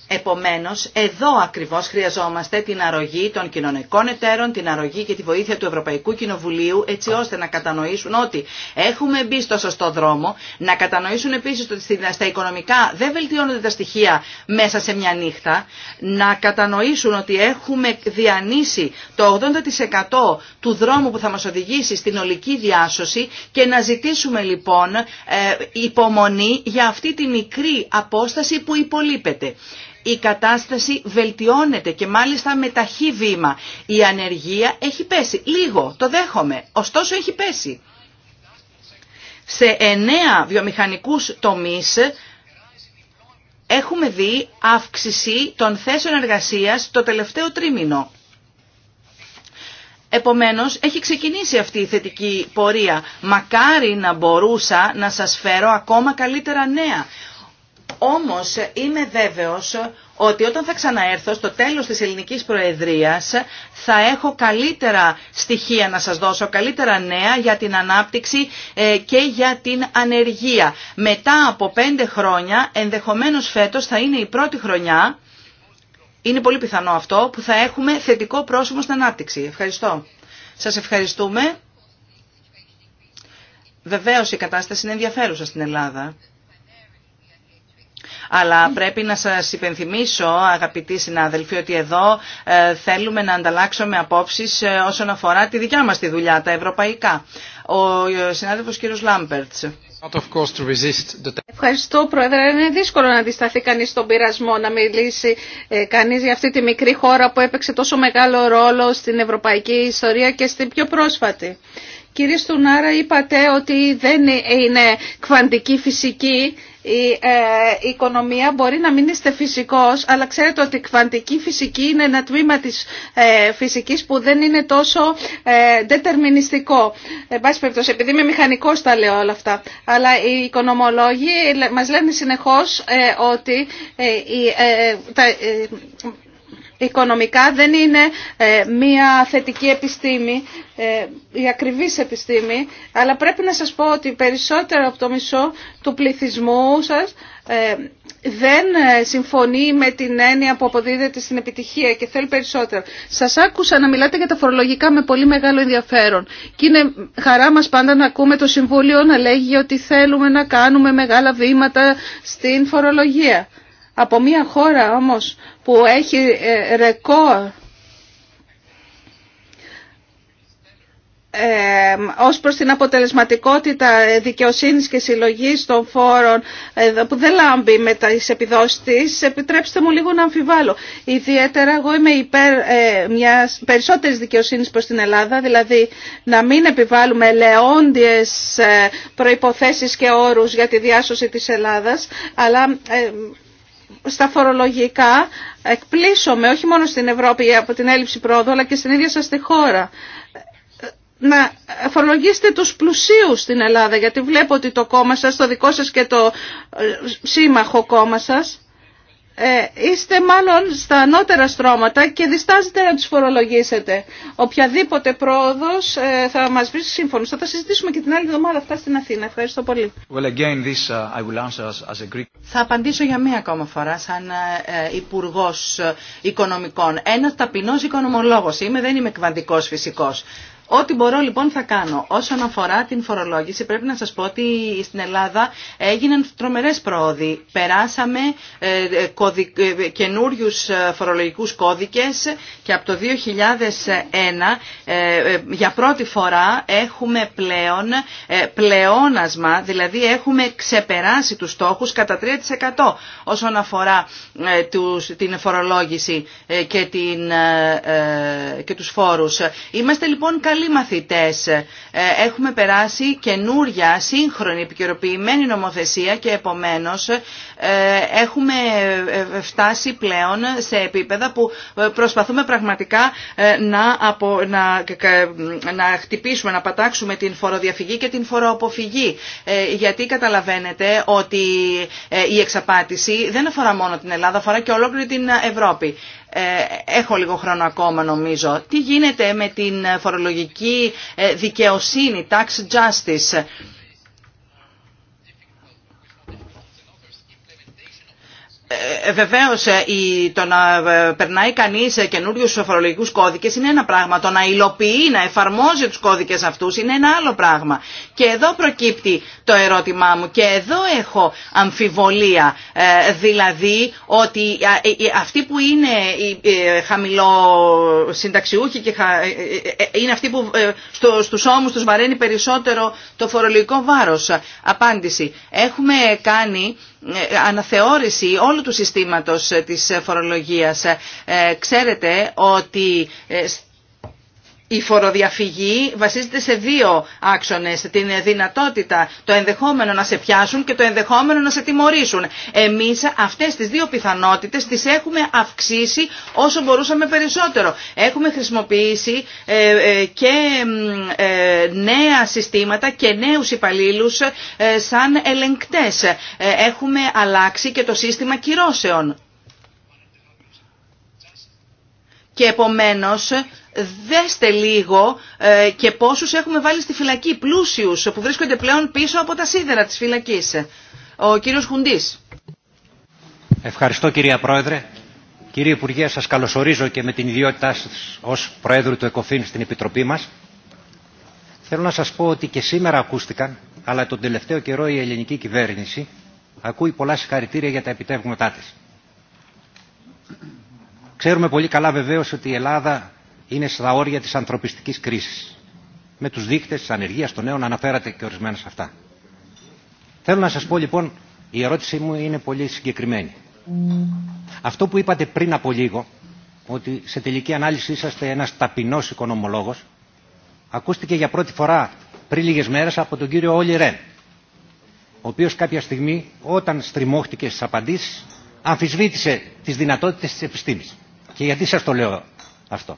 Επομένως, εδώ ακριβώς χρειαζόμαστε την αρρωγή των κοινωνικών εταίρων, την αρρωγή και τη βοήθεια του Ευρωπαϊκού Κοινοβουλίου, έτσι ώστε να κατανοήσουν ότι έχουμε μπει στο σωστό δρόμο, να κατανοήσουν επίσης ότι στα οικονομικά δεν βελτιώνονται τα στοιχεία μέσα σε μια νύχτα, να κατανοήσουν ότι έχουμε διανύσει το 80% του δρόμου που θα μας οδηγήσει στην ολική διάσωση και να ζητήσουμε λοιπόν ε, υπομονή για αυτή τη μικρή απόσταση που υπολείπεται η κατάσταση βελτιώνεται και μάλιστα με ταχύ βήμα. Η ανεργία έχει πέσει. Λίγο, το δέχομαι. Ωστόσο έχει πέσει. Σε εννέα βιομηχανικούς τομείς έχουμε δει αύξηση των θέσεων εργασίας το τελευταίο τρίμηνο. Επομένως, έχει ξεκινήσει αυτή η θετική πορεία. Μακάρι να μπορούσα να σας φέρω ακόμα καλύτερα νέα. Όμως είμαι βέβαιος ότι όταν θα ξαναέρθω στο τέλος της ελληνικής προεδρίας θα έχω καλύτερα στοιχεία να σας δώσω, καλύτερα νέα για την ανάπτυξη ε, και για την ανεργία. Μετά από πέντε χρόνια, ενδεχομένως φέτος θα είναι η πρώτη χρονιά, είναι πολύ πιθανό αυτό, που θα έχουμε θετικό πρόσημο στην ανάπτυξη. Ευχαριστώ. Σας ευχαριστούμε. Βεβαίως η κατάσταση είναι ενδιαφέρουσα στην Ελλάδα. Αλλά πρέπει να σας υπενθυμίσω, αγαπητοί συνάδελφοι, ότι εδώ ε, θέλουμε να ανταλλάξουμε απόψεις ε, όσον αφορά τη δικιά μας τη δουλειά, τα ευρωπαϊκά. Ο ε, συνάδελφος κύριος Λάμπερτς. Ευχαριστώ Πρόεδρε. Είναι δύσκολο να αντισταθεί κανείς στον πειρασμό να μιλήσει κανείς για αυτή τη μικρή χώρα που έπαιξε τόσο μεγάλο ρόλο στην ευρωπαϊκή ιστορία και στην πιο πρόσφατη. Κύριε Στουνάρα είπατε ότι δεν είναι κβαντική φυσική ε, η οικονομία μπορεί να μην είστε φυσικός, αλλά ξέρετε ότι η κβαντική φυσική είναι ένα τμήμα της ε, φυσικής που δεν είναι τόσο δετερμινιστικό. Εν πάση περιπτώσει, επειδή είμαι μηχανικός τα λέω όλα αυτά, αλλά οι οικονομολόγοι μας λένε συνεχώς ε, ότι τα οικονομικά δεν είναι ε, μια θετική επιστήμη, ε, η ακριβής επιστήμη, αλλά πρέπει να σας πω ότι περισσότερο από το μισό του πληθυσμού σας ε, δεν συμφωνεί με την έννοια που αποδίδεται στην επιτυχία και θέλει περισσότερο. Σας άκουσα να μιλάτε για τα φορολογικά με πολύ μεγάλο ενδιαφέρον και είναι χαρά μας πάντα να ακούμε το Συμβούλιο να λέγει ότι θέλουμε να κάνουμε μεγάλα βήματα στην φορολογία. Από μια χώρα όμως που έχει ε, ρεκόρ ε, ως προς την αποτελεσματικότητα δικαιοσύνης και συλλογής των φόρων ε, που δεν λάμπει με τις επιδόσεις της, επιτρέψτε μου λίγο να αμφιβάλλω. Ιδιαίτερα εγώ είμαι υπέρ ε, μιας περισσότερης δικαιοσύνης προς την Ελλάδα, δηλαδή να μην επιβάλλουμε λεόντιες ε, προϋποθέσεις και όρους για τη διάσωση της Ελλάδας, αλλά στα φορολογικά εκπλήσωμε όχι μόνο στην Ευρώπη από την έλλειψη πρόοδου αλλά και στην ίδια σας τη χώρα. Να φορολογήσετε τους πλουσίους στην Ελλάδα γιατί βλέπω ότι το κόμμα σας, το δικό σας και το ε, σύμμαχο κόμμα σας ε, είστε μάλλον στα ανώτερα στρώματα και διστάζετε να τους φορολογήσετε. Οποιαδήποτε πρόοδος ε, θα μας βρει σύμφωνος. Θα τα συζητήσουμε και την άλλη εβδομάδα αυτά στην Αθήνα. Ευχαριστώ πολύ. Θα απαντήσω για μία ακόμα φορά σαν ε, υπουργό Οικονομικών. Ένας ταπεινός οικονομολόγος είμαι, δεν είμαι κβαντικός φυσικός. Ό,τι μπορώ λοιπόν θα κάνω. Όσον αφορά την φορολόγηση, πρέπει να σας πω ότι στην Ελλάδα έγιναν τρομερές πρόοδοι. Περάσαμε ε, ε, ε, καινούριου φορολογικούς κώδικες και από το 2001 για πρώτη φορά έχουμε πλέον πλεόνασμα, δηλαδή έχουμε ξεπεράσει τους στόχους κατά 3% όσον αφορά την φορολόγηση και, την, και τους φόρους. Είμαστε λοιπόν οι μαθητές. Ε, έχουμε περάσει καινούρια, σύγχρονη, επικαιροποιημένη νομοθεσία και επομένως ε, έχουμε ε, φτάσει πλέον σε επίπεδα που προσπαθούμε πραγματικά να, απο, να, να χτυπήσουμε, να πατάξουμε την φοροδιαφυγή και την φοροαποφυγή. Γιατί καταλαβαίνετε ότι η εξαπάτηση δεν αφορά μόνο την Ελλάδα, αφορά και ολόκληρη την Ευρώπη. Ε, έχω λίγο χρόνο ακόμα νομίζω. Τι γίνεται με την φορολογική ε, δικαιοσύνη, tax justice. ε, ε, ε το να ε, περνάει κανείς καινούριου φορολογικού κώδικες είναι ένα πράγμα. Το να υλοποιεί, να εφαρμόζει τους κώδικες αυτούς είναι ένα άλλο πράγμα. Και εδώ προκύπτει το ερώτημά μου και εδώ έχω αμφιβολία. δηλαδή ότι αυτοί που είναι χαμηλοσυνταξιούχοι και είναι αυτοί που στο, στους ώμους τους βαραίνει περισσότερο το φορολογικό βάρο. Απάντηση. Έχουμε κάνει ε, αναθεώρηση όλου του συστήματος ε, της φορολογίας. Ε, ξέρετε ότι η φοροδιαφυγή βασίζεται σε δύο άξονες, την δυνατότητα, το ενδεχόμενο να σε πιάσουν και το ενδεχόμενο να σε τιμωρήσουν. Εμείς αυτές τις δύο πιθανότητες τις έχουμε αυξήσει όσο μπορούσαμε περισσότερο. Έχουμε χρησιμοποιήσει ε, ε, και ε, νέα συστήματα και νέους υπαλλήλους σαν ελεγκτές. Έχουμε αλλάξει και το σύστημα κυρώσεων. Και επομένως δέστε λίγο ε, και πόσους έχουμε βάλει στη φυλακή, πλούσιους που βρίσκονται πλέον πίσω από τα σίδερα της φυλακής. Ο κύριος Χουντής. Ευχαριστώ κυρία Πρόεδρε. Κύριε Υπουργέ, σας καλωσορίζω και με την ιδιότητά σας ως Προέδρου του ΕΚΟΦΗΝ στην Επιτροπή μας. Θέλω να σας πω ότι και σήμερα ακούστηκαν, αλλά τον τελευταίο καιρό η ελληνική κυβέρνηση ακούει πολλά συγχαρητήρια για τα επιτεύγματά της. Ξέρουμε πολύ καλά βεβαίως ότι η Ελλάδα είναι στα όρια της ανθρωπιστικής κρίσης. Με τους δείχτες της ανεργίας των νέων αναφέρατε και ορισμένα σε αυτά. Θέλω να σας πω λοιπόν, η ερώτησή μου είναι πολύ συγκεκριμένη. Αυτό που είπατε πριν από λίγο, ότι σε τελική ανάλυση είσαστε ένας ταπεινός οικονομολόγος, ακούστηκε για πρώτη φορά πριν λίγες μέρες από τον κύριο Όλι Ρεν, ο οποίος κάποια στιγμή όταν στριμώχτηκε στις απαντήσεις αμφισβήτησε τις δυνατότητες της επιστήμης. Και γιατί σας το λέω αυτό.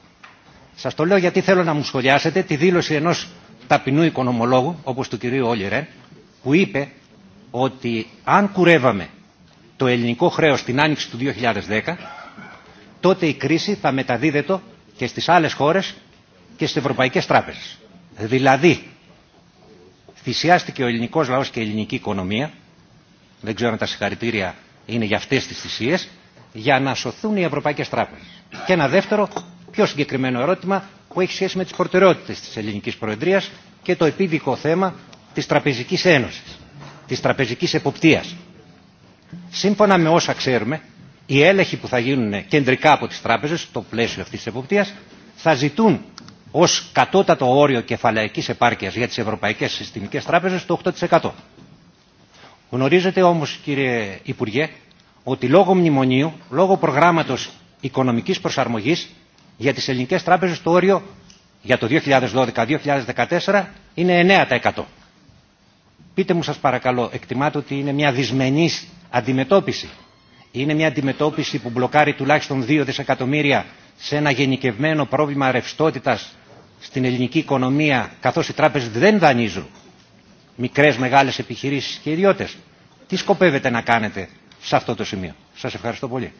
Σας το λέω γιατί θέλω να μου σχολιάσετε τη δήλωση ενός ταπεινού οικονομολόγου, όπως του κυρίου Όλιρε, που είπε ότι αν κουρεύαμε το ελληνικό χρέος την άνοιξη του 2010, τότε η κρίση θα μεταδίδεται και στις άλλες χώρες και στις ευρωπαϊκές τράπεζες. Δηλαδή, θυσιάστηκε ο ελληνικός λαός και η ελληνική οικονομία, δεν ξέρω αν τα συγχαρητήρια είναι για αυτές τις θυσίες, για να σωθούν οι ευρωπαϊκές τράπεζες. Και ένα δεύτερο, πιο συγκεκριμένο ερώτημα που έχει σχέση με τις προτεραιότητες της ελληνικής προεδρίας και το επίδικο θέμα της Τραπεζικής Ένωσης, της Τραπεζικής Εποπτείας. Σύμφωνα με όσα ξέρουμε, οι έλεγχοι που θα γίνουν κεντρικά από τις τράπεζες, το πλαίσιο αυτής της εποπτείας, θα ζητούν ως κατώτατο όριο κεφαλαϊκής επάρκειας για τις Ευρωπαϊκές Συστημικές Τράπεζες το 8%. Γνωρίζετε όμως κύριε Υπουργέ ότι λόγω μνημονίου, λόγω προγράμματος οικονομικής προσαρμογής για τις ελληνικές τράπεζες το όριο για το 2012-2014 είναι 9%. Πείτε μου σας παρακαλώ, εκτιμάτε ότι είναι μια δυσμενής αντιμετώπιση. Είναι μια αντιμετώπιση που μπλοκάρει τουλάχιστον 2 δισεκατομμύρια σε ένα γενικευμένο πρόβλημα ρευστότητας στην ελληνική οικονομία, καθώς οι τράπεζες δεν δανείζουν μικρές, μεγάλες επιχειρήσεις και ιδιώτες. Τι σκοπεύετε να κάνετε σε αυτό το σημείο. Σας ευχαριστώ πολύ.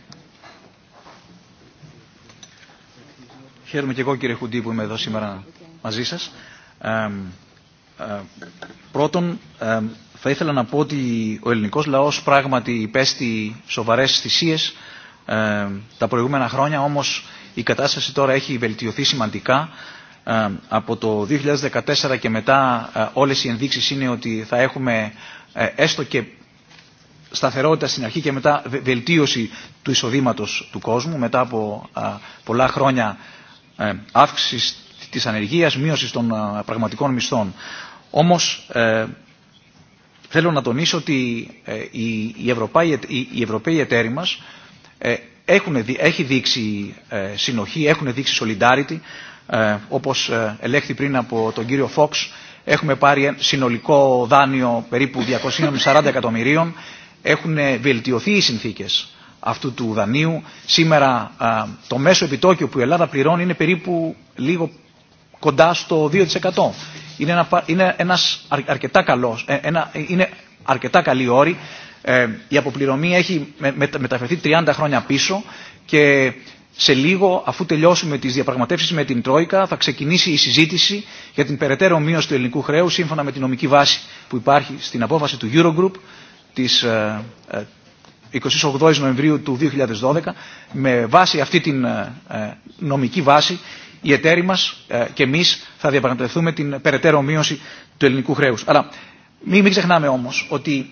Χαίρομαι και εγώ κύριε Χουντή που είμαι εδώ σήμερα μαζί σας. Ε, πρώτον, θα ήθελα να πω ότι ο ελληνικός λαός πράγματι υπέστη σοβαρές θυσίες τα προηγούμενα χρόνια, όμως η κατάσταση τώρα έχει βελτιωθεί σημαντικά. Από το 2014 και μετά ε, όλες οι ενδείξεις είναι ότι θα έχουμε ε, έστω και σταθερότητα στην αρχή και μετά βελτίωση του εισοδήματος του κόσμου μετά από πολλά χρόνια ε, αύξηση της ανεργίας, μείωση των ε, πραγματικών μισθών. Όμως ε, θέλω να τονίσω ότι οι, Ευρωπαίοι, η Ευρωπαίοι εταίροι μας έχουν, έχει δείξει συνοχή, έχουν δείξει solidarity. Όπως ελέγχθη πριν από τον κύριο Φόξ, έχουμε πάρει συνολικό δάνειο περίπου 240 εκατομμυρίων. Έχουν βελτιωθεί οι συνθήκες αυτού του δανείου. Σήμερα το μέσο επιτόκιο που η Ελλάδα πληρώνει είναι περίπου λίγο κοντά στο 2%. Είναι, ένα, είναι, ένας αρκετά καλός, ε, είναι αρκετά καλή όρη. Ε, η αποπληρωμή έχει μεταφερθεί 30 χρόνια πίσω και σε λίγο, αφού τελειώσουμε τις διαπραγματεύσεις με την Τρόικα, θα ξεκινήσει η συζήτηση για την περαιτέρω μείωση του ελληνικού χρέου, σύμφωνα με την νομική βάση που υπάρχει στην απόφαση του Eurogroup της, ε, 28 Νοεμβρίου του 2012 με βάση αυτή την ε, ε, νομική βάση οι εταίροι μας ε, και εμείς θα διαπραγματευτούμε την περαιτέρω μείωση του ελληνικού χρέους. Αλλά μην, ξεχνάμε όμως ότι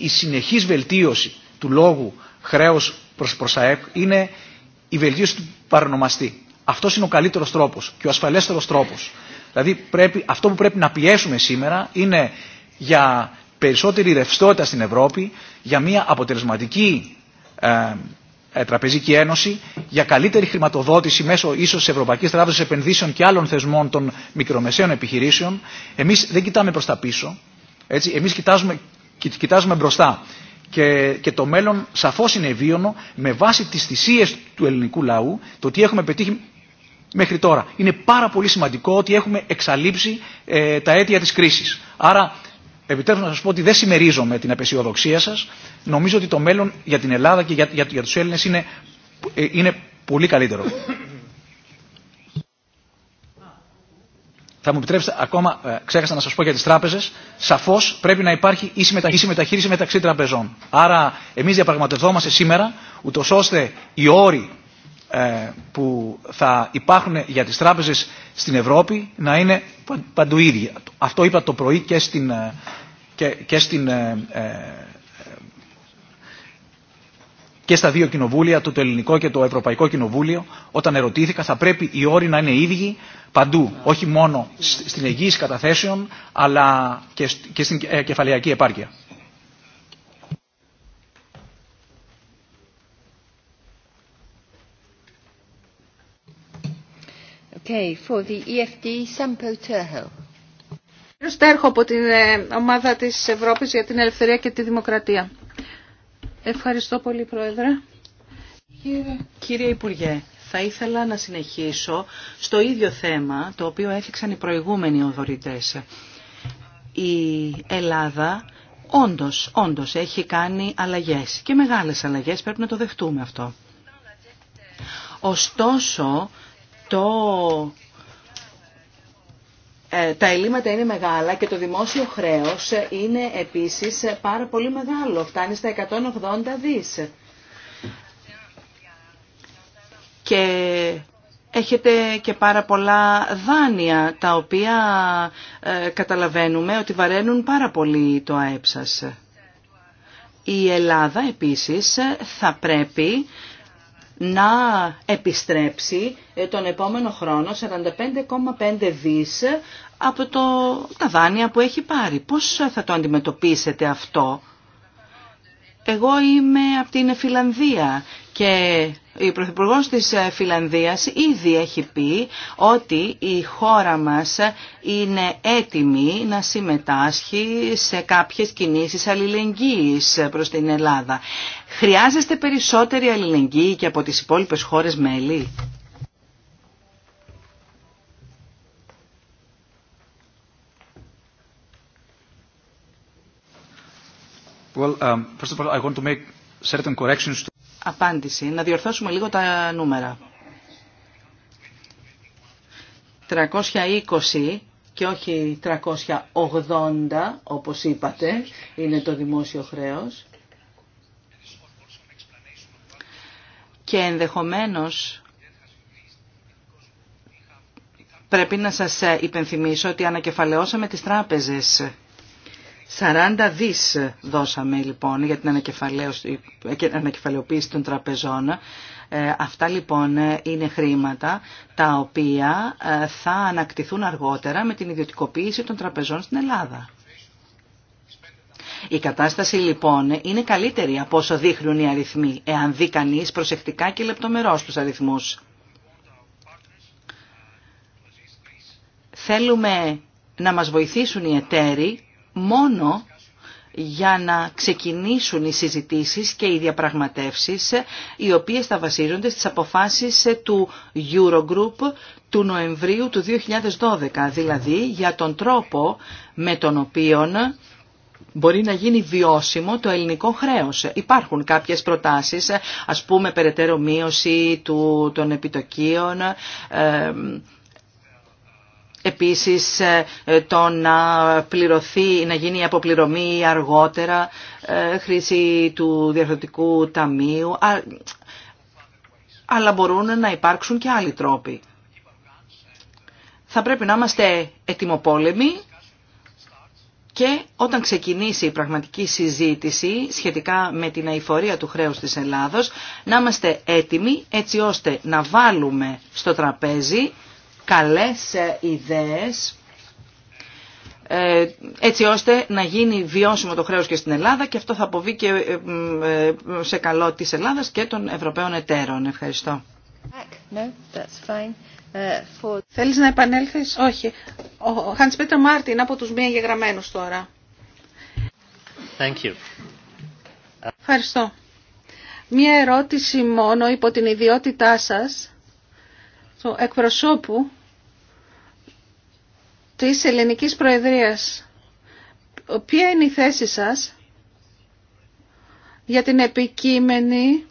η, συνεχής βελτίωση του λόγου χρέους προς, προς ΑΕΠ είναι η βελτίωση του παρονομαστή. Αυτό είναι ο καλύτερος τρόπος και ο ασφαλέστερος τρόπος. Δηλαδή πρέπει, αυτό που πρέπει να πιέσουμε σήμερα είναι για περισσότερη ρευστότητα στην Ευρώπη για μια αποτελεσματική ε, ε τραπεζική ένωση, για καλύτερη χρηματοδότηση μέσω ίσω τη Ευρωπαϊκή Τράπεζα Επενδύσεων και άλλων θεσμών των μικρομεσαίων επιχειρήσεων. Εμεί δεν κοιτάμε προ τα πίσω. Εμεί κοιτάζουμε, κοιτάζουμε μπροστά. Και, και, το μέλλον σαφώ είναι ευίωνο με βάση τι θυσίε του ελληνικού λαού, το τι έχουμε πετύχει μέχρι τώρα. Είναι πάρα πολύ σημαντικό ότι έχουμε εξαλείψει ε, τα αίτια τη κρίση. Άρα Επιτρέψτε να σας πω ότι δεν συμμερίζομαι την απεσιοδοξία σας. Νομίζω ότι το μέλλον για την Ελλάδα και για, για, για τους Έλληνες είναι, είναι πολύ καλύτερο. Θα μου επιτρέψετε, ακόμα ε, ξέχασα να σας πω για τις τράπεζες, σαφώς πρέπει να υπάρχει ίση μεταχείριση, μεταξύ τραπεζών. Άρα εμείς διαπραγματευόμαστε σήμερα, ούτω ώστε οι όροι ε, που θα υπάρχουν για τις τράπεζες στην Ευρώπη να είναι παντού ίδια. Αυτό είπα το πρωί και στην, ε, και, και στην ε, και στα δύο κοινοβούλια, το ελληνικό και το ευρωπαϊκό κοινοβούλιο, όταν ερωτήθηκα, θα πρέπει οι όροι να είναι ίδιοι παντού. Όχι μόνο στην εγγύηση καταθέσεων, αλλά και στην κεφαλαιακή επάρκεια. Okay, e από την ε, ομάδα της Ευρώπης για την Ελευθερία και τη Δημοκρατία. Ευχαριστώ πολύ, Πρόεδρε. Κύριε, Κύριε Υπουργέ, θα ήθελα να συνεχίσω στο ίδιο θέμα το οποίο έφυξαν οι προηγούμενοι οδωρητές. Η Ελλάδα όντως, όντως έχει κάνει αλλαγές και μεγάλες αλλαγές, πρέπει να το δεχτούμε αυτό. Ωστόσο, το ε, τα ελλείμματα είναι μεγάλα και το δημόσιο χρέος είναι επίσης πάρα πολύ μεγάλο, φτάνει στα 180 δις. Και έχετε και πάρα πολλά δάνεια, τα οποία ε, καταλαβαίνουμε ότι βαραίνουν πάρα πολύ το ΑΕΠ σας. Η Ελλάδα επίσης θα πρέπει να επιστρέψει ε, τον επόμενο χρόνο 45,5 δις από το, τα δάνεια που έχει πάρει. Πώς θα το αντιμετωπίσετε αυτό. Εγώ είμαι από την Φιλανδία και η Πρωθυπουργό της Φιλανδίας ήδη έχει πει ότι η χώρα μας είναι έτοιμη να συμμετάσχει σε κάποιες κινήσεις αλληλεγγύης προς την Ελλάδα. Χρειάζεστε περισσότερη αλληλεγγύη και από τις υπόλοιπες χώρες μέλη. Well, um, first of all, I want to make certain corrections to... Απάντηση. Να διορθώσουμε λίγο τα νούμερα. 320 και όχι 380, όπως είπατε, είναι το δημόσιο χρέος. και ενδεχομένως πρέπει να σας υπενθυμίσω ότι ανακεφαλαιώσαμε τις τράπεζες. 40 δις δώσαμε λοιπόν για την ανακεφαλαιοποίηση των τραπεζών. Ε, αυτά λοιπόν είναι χρήματα τα οποία ε, θα ανακτηθούν αργότερα με την ιδιωτικοποίηση των τραπεζών στην Ελλάδα. Η κατάσταση λοιπόν είναι καλύτερη από όσο δείχνουν οι αριθμοί, εάν δει κανεί προσεκτικά και λεπτομερώς τους αριθμούς. Θέλουμε να μας βοηθήσουν οι εταίροι μόνο για να ξεκινήσουν οι συζητήσεις και οι διαπραγματεύσεις οι οποίες θα βασίζονται στις αποφάσεις του Eurogroup του Νοεμβρίου του 2012, δηλαδή για τον τρόπο με τον οποίο μπορεί να γίνει βιώσιμο το ελληνικό χρέος. Υπάρχουν κάποιες προτάσεις, ας πούμε περαιτέρω μείωση του, των επιτοκίων, Επίσης ε, το να πληρωθεί, να γίνει η αποπληρωμή αργότερα, ε, χρήση του διαρθρωτικού ταμείου, αλλά μπορούν να υπάρξουν και άλλοι τρόποι. Θα πρέπει να είμαστε ετοιμοπόλεμοι και όταν ξεκινήσει η πραγματική συζήτηση σχετικά με την αηφορία του χρέους της Ελλάδος, να είμαστε έτοιμοι έτσι ώστε να βάλουμε στο τραπέζι καλές ε, ιδέες, ε, έτσι ώστε να γίνει βιώσιμο το χρέος και στην Ελλάδα και αυτό θα αποβεί και ε, σε καλό της Ελλάδας και των Ευρωπαίων εταίρων. Ευχαριστώ. Θέλεις να επανέλθεις? Όχι. Ο Χάντς Peter Μάρτι από τους μία εγγεγραμμένους τώρα. Ευχαριστώ. Μία ερώτηση μόνο υπό την ιδιότητά σας, του εκπροσώπου της Ελληνικής Προεδρίας. Ποια είναι η θέση σας για την επικείμενη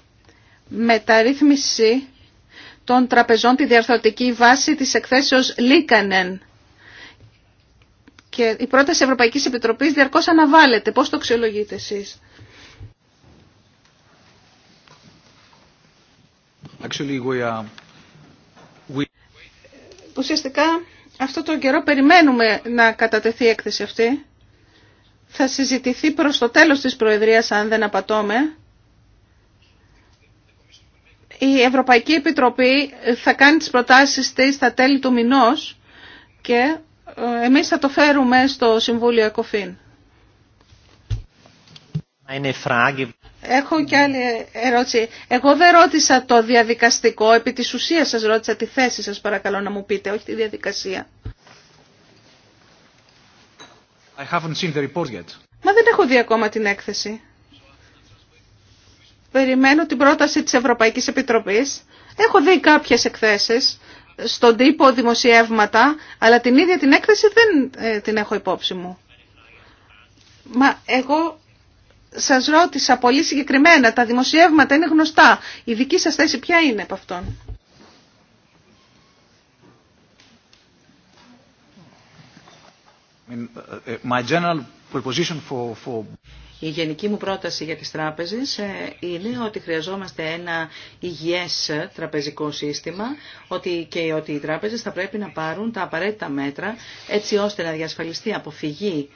μεταρρύθμιση των τραπεζών τη διαρθρωτική βάση της εκθέσεως Λίκανεν. Και η πρόταση Ευρωπαϊκή Επιτροπής διαρκώς αναβάλλεται. Πώς το αξιολογείτε εσείς. Ουσιαστικά αυτό το καιρό περιμένουμε να κατατεθεί η έκθεση αυτή. Θα συζητηθεί προς το τέλος της Προεδρίας αν δεν απατώμε η Ευρωπαϊκή Επιτροπή θα κάνει τις προτάσεις της στα τέλη του μηνός και ε, εμείς θα το φέρουμε στο Συμβούλιο ΕΚΟΦΗΝ. Έχω και άλλη ερώτηση. Εγώ δεν ρώτησα το διαδικαστικό, επί της ουσίας σας ρώτησα τη θέση σας παρακαλώ να μου πείτε, όχι τη διαδικασία. Μα δεν έχω δει ακόμα την έκθεση περιμένω την πρόταση της Ευρωπαϊκής Επιτροπής. Έχω δει κάποιες εκθέσεις στον τύπο δημοσιεύματα, αλλά την ίδια την έκθεση δεν ε, την έχω υπόψη μου. Μα εγώ σας ρώτησα πολύ συγκεκριμένα, τα δημοσιεύματα είναι γνωστά. Η δική σας θέση ποια είναι από αυτόν. Uh, uh, my general proposition for, for... Η γενική μου πρόταση για τις τράπεζες ε, είναι ότι χρειαζόμαστε ένα υγιές τραπεζικό σύστημα ότι και ότι οι τράπεζες θα πρέπει να πάρουν τα απαραίτητα μέτρα έτσι ώστε να διασφαλιστεί αποφυγή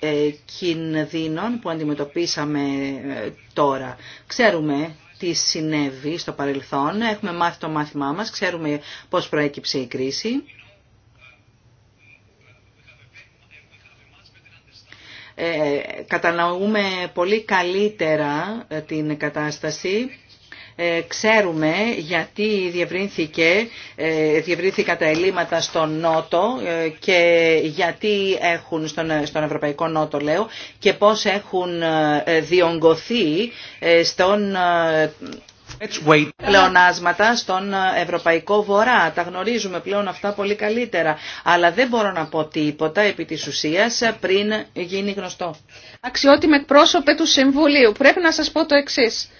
ε, κινδύνων που αντιμετωπίσαμε ε, τώρα. Ξέρουμε τι συνέβη στο παρελθόν, έχουμε μάθει το μάθημά μας, ξέρουμε πώς προέκυψε η κρίση Ε, κατανοούμε πολύ καλύτερα ε, την κατάσταση ε, ξέρουμε γιατί διευρύνθηκε, διευρύνθηκαν τα ελλείμματα στον Νότο και γιατί έχουν, στον, στον Ευρωπαϊκό Νότο λέω, και πώς έχουν διονγκωθεί στον πλεονάσματα στον ε, Ευρωπαϊκό Βορρά. Τα γνωρίζουμε πλέον αυτά πολύ καλύτερα. Αλλά δεν μπορώ να πω τίποτα επί της ουσίας ε, πριν γίνει γνωστό. Αξιότιμε εκπρόσωπε του Συμβουλίου, πρέπει να σας πω το εξής.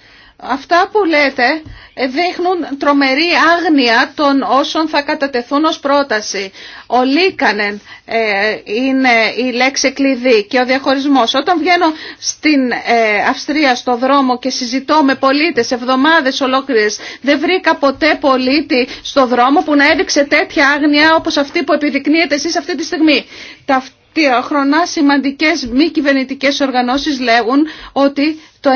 Αυτά που λέτε ε, δείχνουν τρομερή άγνοια των όσων θα κατατεθούν ως πρόταση. Ο λίκανεν ε, είναι η λέξη κλειδί και ο διαχωρισμός. Όταν βγαίνω στην ε, Αυστρία στο δρόμο και συζητώ με πολίτες εβδομάδες ολόκληρες, δεν βρήκα ποτέ πολίτη στο δρόμο που να έδειξε τέτοια άγνοια όπως αυτή που επιδεικνύεται εσείς αυτή τη στιγμή ταυτόχρονα σημαντικές μη κυβερνητικές οργανώσεις λέγουν ότι το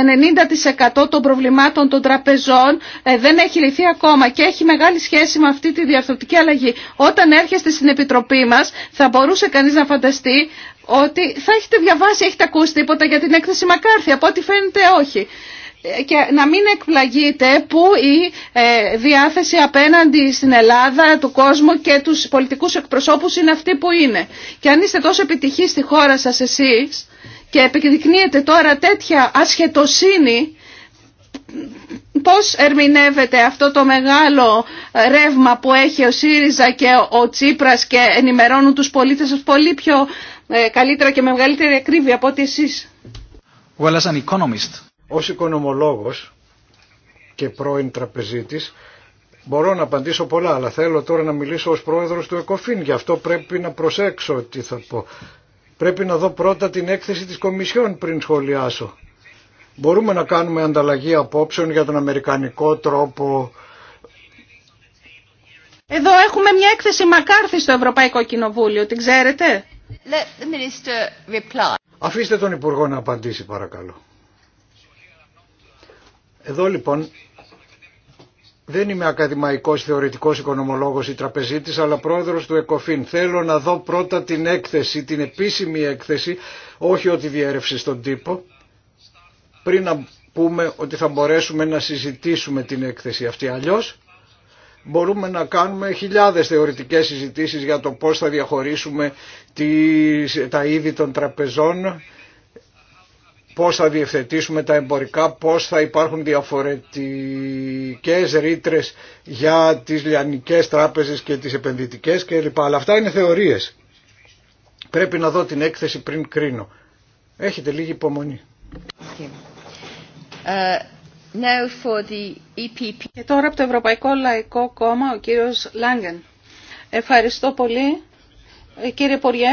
90% των προβλημάτων των τραπεζών ε, δεν έχει λυθεί ακόμα και έχει μεγάλη σχέση με αυτή τη διαρθρωτική αλλαγή. Όταν έρχεστε στην Επιτροπή μας θα μπορούσε κανείς να φανταστεί ότι θα έχετε διαβάσει, έχετε ακούσει τίποτα για την έκθεση Μακάρθη, από ό,τι φαίνεται όχι και να μην εκπλαγείτε που η ε, διάθεση απέναντι στην Ελλάδα, του κόσμου και τους πολιτικούς εκπροσώπους είναι αυτή που είναι. Και αν είστε τόσο επιτυχείς στη χώρα σας εσείς και επιδεικνύετε τώρα τέτοια ασχετοσύνη, πώς ερμηνεύεται αυτό το μεγάλο ρεύμα που έχει ο ΣΥΡΙΖΑ και ο Τσίπρας και ενημερώνουν τους πολίτες σας πολύ πιο ε, καλύτερα και με μεγαλύτερη ακρίβεια από ότι εσείς. Ως οικονομολόγος και πρώην τραπεζίτης μπορώ να απαντήσω πολλά, αλλά θέλω τώρα να μιλήσω ως πρόεδρος του ΕΚΟΦΗΝ, γι' αυτό πρέπει να προσέξω τι θα πω. Πρέπει να δω πρώτα την έκθεση της Κομισιόν πριν σχολιάσω. Μπορούμε να κάνουμε ανταλλαγή απόψεων για τον αμερικανικό τρόπο εδώ έχουμε μια έκθεση Μακάρθη στο Ευρωπαϊκό Κοινοβούλιο, την ξέρετε. Αφήστε τον Υπουργό να απαντήσει παρακαλώ. Εδώ λοιπόν δεν είμαι ακαδημαϊκός θεωρητικός οικονομολόγος ή τραπεζίτης αλλά πρόεδρος του ΕΚΟΦΗΝ. Θέλω να δω πρώτα την έκθεση, την επίσημη έκθεση, όχι ότι διέρευσε στον τύπο, πριν να πούμε ότι θα μπορέσουμε να συζητήσουμε την έκθεση αυτή. Αλλιώς μπορούμε να κάνουμε χιλιάδες θεωρητικές συζητήσεις για το πώς θα διαχωρίσουμε τα είδη των τραπεζών πώς θα διευθετήσουμε τα εμπορικά, πώς θα υπάρχουν διαφορετικές ρήτρε για τις λιανικές τράπεζες και τις επενδυτικές κλπ. Αλλά αυτά είναι θεωρίες. Πρέπει να δω την έκθεση πριν κρίνω. Έχετε λίγη υπομονή. Uh, e και τώρα από το Ευρωπαϊκό Λαϊκό Κόμμα ο κύριος Λάγκεν. Ευχαριστώ πολύ. Ε, κύριε Ποριέ,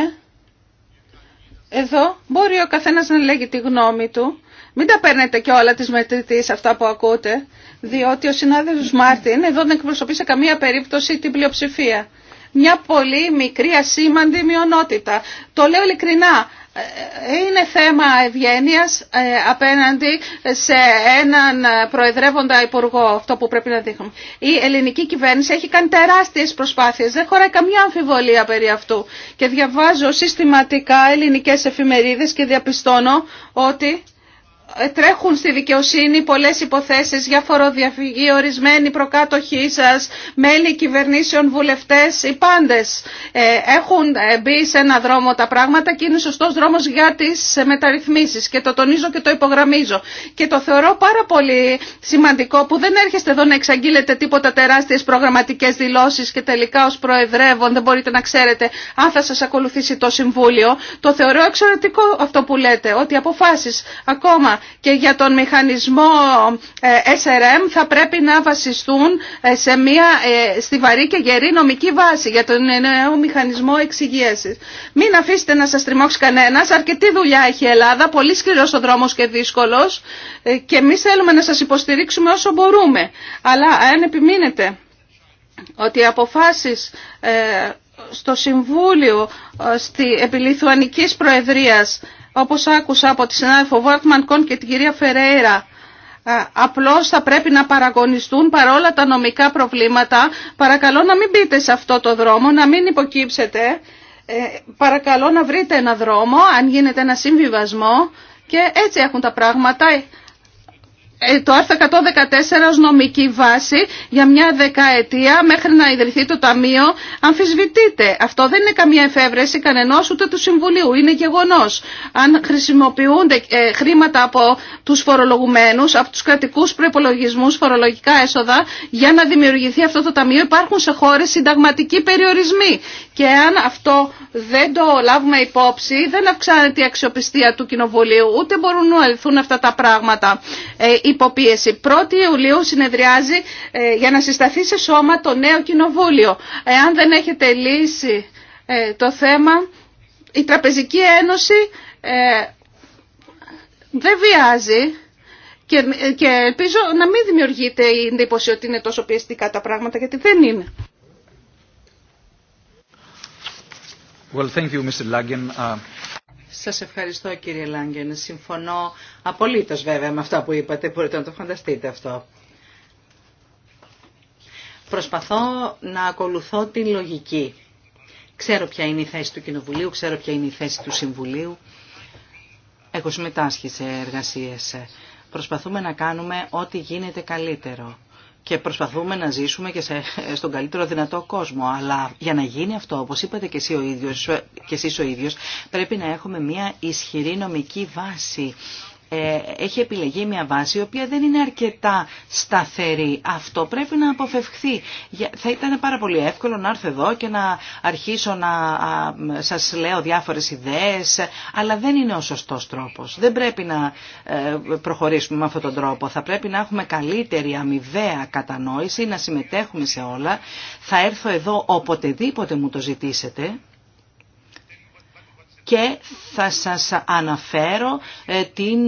εδώ μπορεί ο καθένας να λέγει τη γνώμη του. Μην τα παίρνετε και όλα τις μετρητής αυτά που ακούτε, διότι ο συνάδελφος Μάρτιν εδώ δεν εκπροσωπεί σε καμία περίπτωση την πλειοψηφία μια πολύ μικρή ασήμαντη μειονότητα. Το λέω ειλικρινά. Ε, είναι θέμα ευγένεια ε, απέναντι σε έναν προεδρεύοντα υπουργό αυτό που πρέπει να δείχνουμε. Η ελληνική κυβέρνηση έχει κάνει τεράστιε προσπάθειε. Δεν χωράει καμία αμφιβολία περί αυτού. Και διαβάζω συστηματικά ελληνικέ εφημερίδε και διαπιστώνω ότι ε, τρέχουν στη δικαιοσύνη πολλές υποθέσεις για φοροδιαφυγή, ορισμένοι προκάτοχοί σας, μέλη κυβερνήσεων, βουλευτές, οι πάντες ε, έχουν ε, μπει σε ένα δρόμο τα πράγματα και είναι σωστός δρόμος για τις μεταρρυθμίσεις και το τονίζω και το υπογραμμίζω. Και το θεωρώ πάρα πολύ σημαντικό που δεν έρχεστε εδώ να εξαγγείλετε τίποτα τεράστιες προγραμματικές δηλώσεις και τελικά ως προεδρεύον δεν μπορείτε να ξέρετε αν θα σας ακολουθήσει το Συμβούλιο. Το θεωρώ εξαιρετικό αυτό που λέτε, ότι αποφάσεις ακόμα και για τον μηχανισμό ε, SRM θα πρέπει να βασιστούν ε, σε μια ε, στιβαρή και γερή νομική βάση για τον νέο μηχανισμό εξυγίασης. Μην αφήσετε να σας τριμώξει κανένας. Αρκετή δουλειά έχει η Ελλάδα, πολύ σκληρός ο δρόμος και δύσκολος και εμεί θέλουμε να σας υποστηρίξουμε όσο μπορούμε. Αλλά αν επιμείνετε ότι οι αποφάσεις στο Συμβούλιο στη επιληθουανικής Προεδρίας όπως άκουσα από τη συνάδελφο Βόρτμαν Κον και την κυρία Φερέιρα, απλώς θα πρέπει να παραγωνιστούν παρόλα τα νομικά προβλήματα. Παρακαλώ να μην μπείτε σε αυτό το δρόμο, να μην υποκύψετε. Ε, παρακαλώ να βρείτε ένα δρόμο, αν γίνεται ένα συμβιβασμό και έτσι έχουν τα πράγματα. Ε, το άρθρο 114 ως νομική βάση για μια δεκαετία μέχρι να ιδρυθεί το Ταμείο αμφισβητείται. Αυτό δεν είναι καμία εφεύρεση κανενός ούτε του Συμβουλίου. Είναι γεγονός. Αν χρησιμοποιούνται ε, χρήματα από τους φορολογουμένους, από τους κρατικούς προπολογισμού, φορολογικά έσοδα για να δημιουργηθεί αυτό το Ταμείο υπάρχουν σε χώρες συνταγματικοί περιορισμοί. Και αν αυτό δεν το λάβουμε υπόψη δεν αυξάνεται η αξιοπιστία του Κοινοβουλίου ούτε μπορούν να αυτά τα πράγματα ε, υποπίεση. 1η Ιουλίου συνεδριάζει ε, για να συσταθεί σε σώμα το νέο κοινοβούλιο. Εάν δεν έχετε λύσει ε, το θέμα, η Τραπεζική Ένωση ε, δεν βιάζει και ελπίζω να μην δημιουργείται η εντύπωση ότι είναι τόσο πιεστικά τα πράγματα, γιατί δεν είναι. Well, thank you, Mr. Uh, σας ευχαριστώ κύριε Λάγκεν. Συμφωνώ απολύτως βέβαια με αυτά που είπατε. Μπορείτε να το φανταστείτε αυτό. Προσπαθώ να ακολουθώ τη λογική. Ξέρω ποια είναι η θέση του Κοινοβουλίου, ξέρω ποια είναι η θέση του Συμβουλίου. Έχω συμμετάσχει σε εργασίες. Προσπαθούμε να κάνουμε ό,τι γίνεται καλύτερο και προσπαθούμε να ζήσουμε και σε, στον καλύτερο δυνατό κόσμο. Αλλά για να γίνει αυτό, όπως είπατε και, εσεί ο ίδιος, και εσείς ο ίδιος, πρέπει να έχουμε μια ισχυρή νομική βάση ε, έχει επιλεγεί μια βάση η οποία δεν είναι αρκετά σταθερή. Αυτό πρέπει να αποφευχθεί. Θα ήταν πάρα πολύ εύκολο να έρθω εδώ και να αρχίσω να σας λέω διάφορες ιδέες, αλλά δεν είναι ο σωστός τρόπος. Δεν πρέπει να ε, προχωρήσουμε με αυτόν τον τρόπο. Θα πρέπει να έχουμε καλύτερη αμοιβαία κατανόηση, να συμμετέχουμε σε όλα. Θα έρθω εδώ οποτεδήποτε μου το ζητήσετε και θα σας αναφέρω ε, την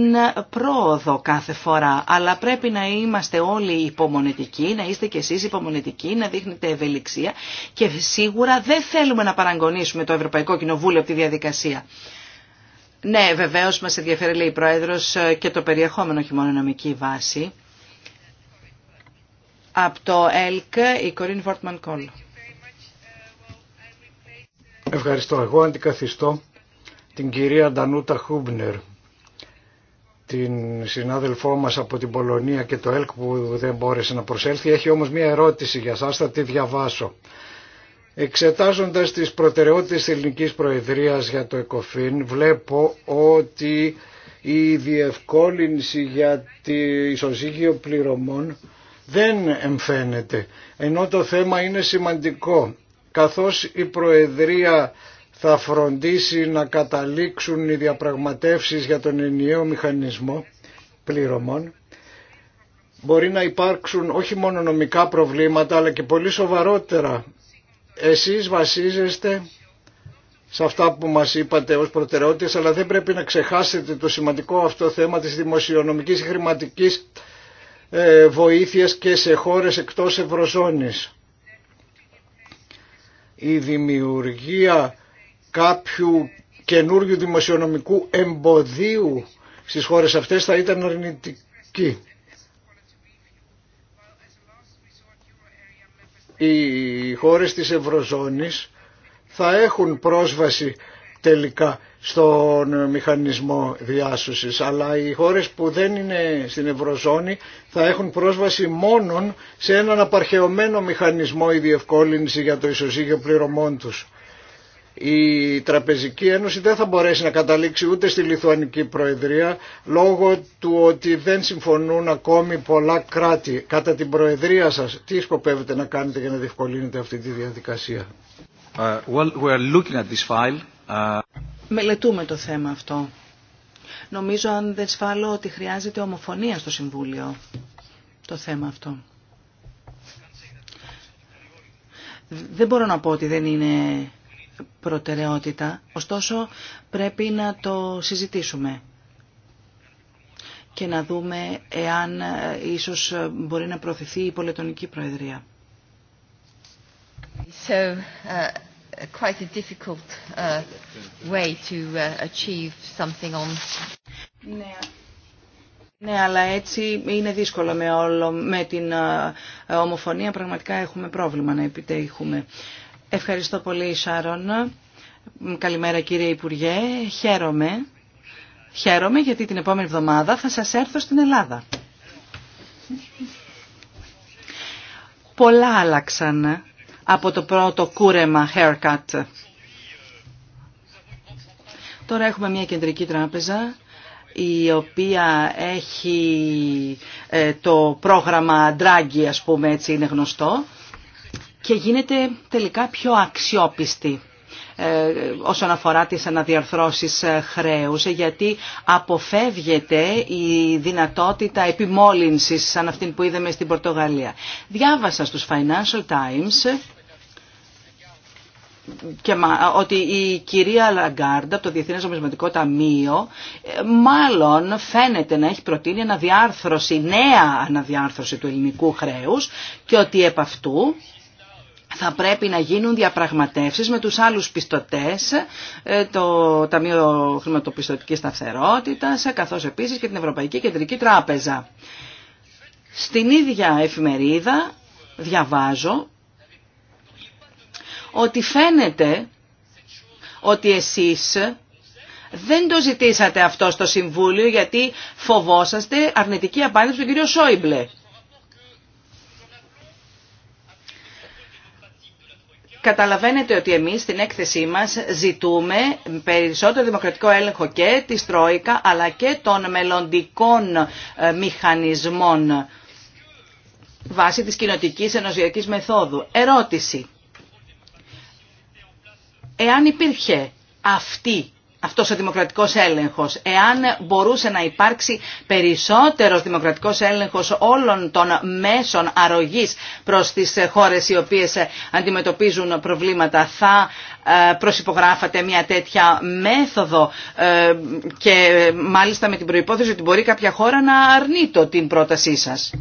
πρόοδο κάθε φορά. Αλλά πρέπει να είμαστε όλοι υπομονετικοί, να είστε κι εσείς υπομονετικοί, να δείχνετε ευελιξία και σίγουρα δεν θέλουμε να παραγωνίσουμε το Ευρωπαϊκό Κοινοβούλιο από τη διαδικασία. Ναι, βεβαίως μας ενδιαφέρει, λέει η Πρόεδρος, ε, και το περιεχόμενο, όχι νομική βάση. Από το ΕΛΚ, η Κορίν Βόρτμαν Κόλ. Ευχαριστώ. Εγώ αντικαθιστώ την κυρία Ντανούτα Χούμπνερ, την συνάδελφό μας από την Πολωνία και το ΕΛΚ που δεν μπόρεσε να προσέλθει. Έχει όμως μία ερώτηση για σας, θα τη διαβάσω. Εξετάζοντας τις προτεραιότητες της Ελληνικής Προεδρίας για το ΕΚΟΦΗΝ, βλέπω ότι η διευκόλυνση για τη ισοζύγιο πληρωμών δεν εμφαίνεται, ενώ το θέμα είναι σημαντικό, καθώς η Προεδρία θα φροντίσει να καταλήξουν οι διαπραγματεύσεις για τον ενιαίο μηχανισμό πληρωμών μπορεί να υπάρξουν όχι μόνο νομικά προβλήματα αλλά και πολύ σοβαρότερα. Εσείς βασίζεστε σε αυτά που μας είπατε ως προτεραιότητες αλλά δεν πρέπει να ξεχάσετε το σημαντικό αυτό θέμα της δημοσιονομικής και χρηματικής ε, βοήθειας και σε χώρες εκτός Ευρωζώνης. Η δημιουργία κάποιου καινούριου δημοσιονομικού εμποδίου στις χώρες αυτές θα ήταν αρνητική. Οι χώρες της Ευρωζώνης θα έχουν πρόσβαση τελικά στον μηχανισμό διάσωσης αλλά οι χώρες που δεν είναι στην Ευρωζώνη θα έχουν πρόσβαση μόνον σε έναν απαρχαιωμένο μηχανισμό η διευκόλυνση για το ισοζύγιο πληρωμών τους η Τραπεζική Ένωση δεν θα μπορέσει να καταλήξει ούτε στη Λιθουανική Προεδρία λόγω του ότι δεν συμφωνούν ακόμη πολλά κράτη. Κατά την Προεδρία σας, τι σκοπεύετε να κάνετε για να διευκολύνετε αυτή τη διαδικασία. Uh, we uh, Μελετούμε το θέμα αυτό. Νομίζω αν δεν σφάλω ότι χρειάζεται ομοφωνία στο Συμβούλιο το θέμα αυτό. Δεν μπορώ να πω ότι δεν είναι προτεραιότητα, ωστόσο πρέπει να το συζητήσουμε και να δούμε εάν ε, ίσως ε, μπορεί να προωθηθεί η πολετονική προεδρία. So, Ναι. αλλά έτσι είναι δύσκολο με όλο, με την ε, ομοφωνία πραγματικά έχουμε πρόβλημα να επιτέχουμε. Ευχαριστώ πολύ, Σάρων. Καλημέρα, κύριε Υπουργέ. Χαίρομαι. Χαίρομαι γιατί την επόμενη εβδομάδα θα σας έρθω στην Ελλάδα. Πολλά άλλαξαν από το πρώτο κούρεμα haircut. Τώρα έχουμε μια κεντρική τράπεζα η οποία έχει ε, το πρόγραμμα Draghi, ας πούμε, έτσι είναι γνωστό και γίνεται τελικά πιο αξιόπιστη ε, όσον αφορά τις αναδιαρθρώσεις ε, χρέους, γιατί αποφεύγεται η δυνατότητα επιμόλυνσης σαν αυτήν που είδαμε στην Πορτογαλία. Διάβασα στους Financial Times και ότι η κυρία Λαγκάρντα από το Διεθνές Νομισματικό Ταμείο ε, μάλλον φαίνεται να έχει προτείνει αναδιάρθρωση, νέα αναδιάρθρωση του ελληνικού χρέους και ότι επ' αυτού θα πρέπει να γίνουν διαπραγματεύσεις με τους άλλους πιστωτές, ε, το Ταμείο Χρηματοπιστωτικής Σταθερότητας, ε, καθώς επίσης και την Ευρωπαϊκή Κεντρική Τράπεζα. Στην ίδια εφημερίδα διαβάζω ότι φαίνεται ότι εσείς δεν το ζητήσατε αυτό στο Συμβούλιο γιατί φοβόσαστε αρνητική απάντηση του κ. Σόιμπλε. Καταλαβαίνετε ότι εμείς στην έκθεσή μας ζητούμε περισσότερο δημοκρατικό έλεγχο και της Τρόικα αλλά και των μελλοντικών ε, μηχανισμών βάσει της κοινοτικής ενωσιακής μεθόδου. Ερώτηση. Εάν υπήρχε αυτή αυτός ο δημοκρατικός έλεγχος. Εάν μπορούσε να υπάρξει περισσότερος δημοκρατικός έλεγχος όλων των μέσων αρρωγής προς τις χώρες οι οποίες αντιμετωπίζουν προβλήματα, θα ε, προσυπογράφατε μια τέτοια μέθοδο ε, και μάλιστα με την προϋπόθεση ότι μπορεί κάποια χώρα να το την πρότασή σας.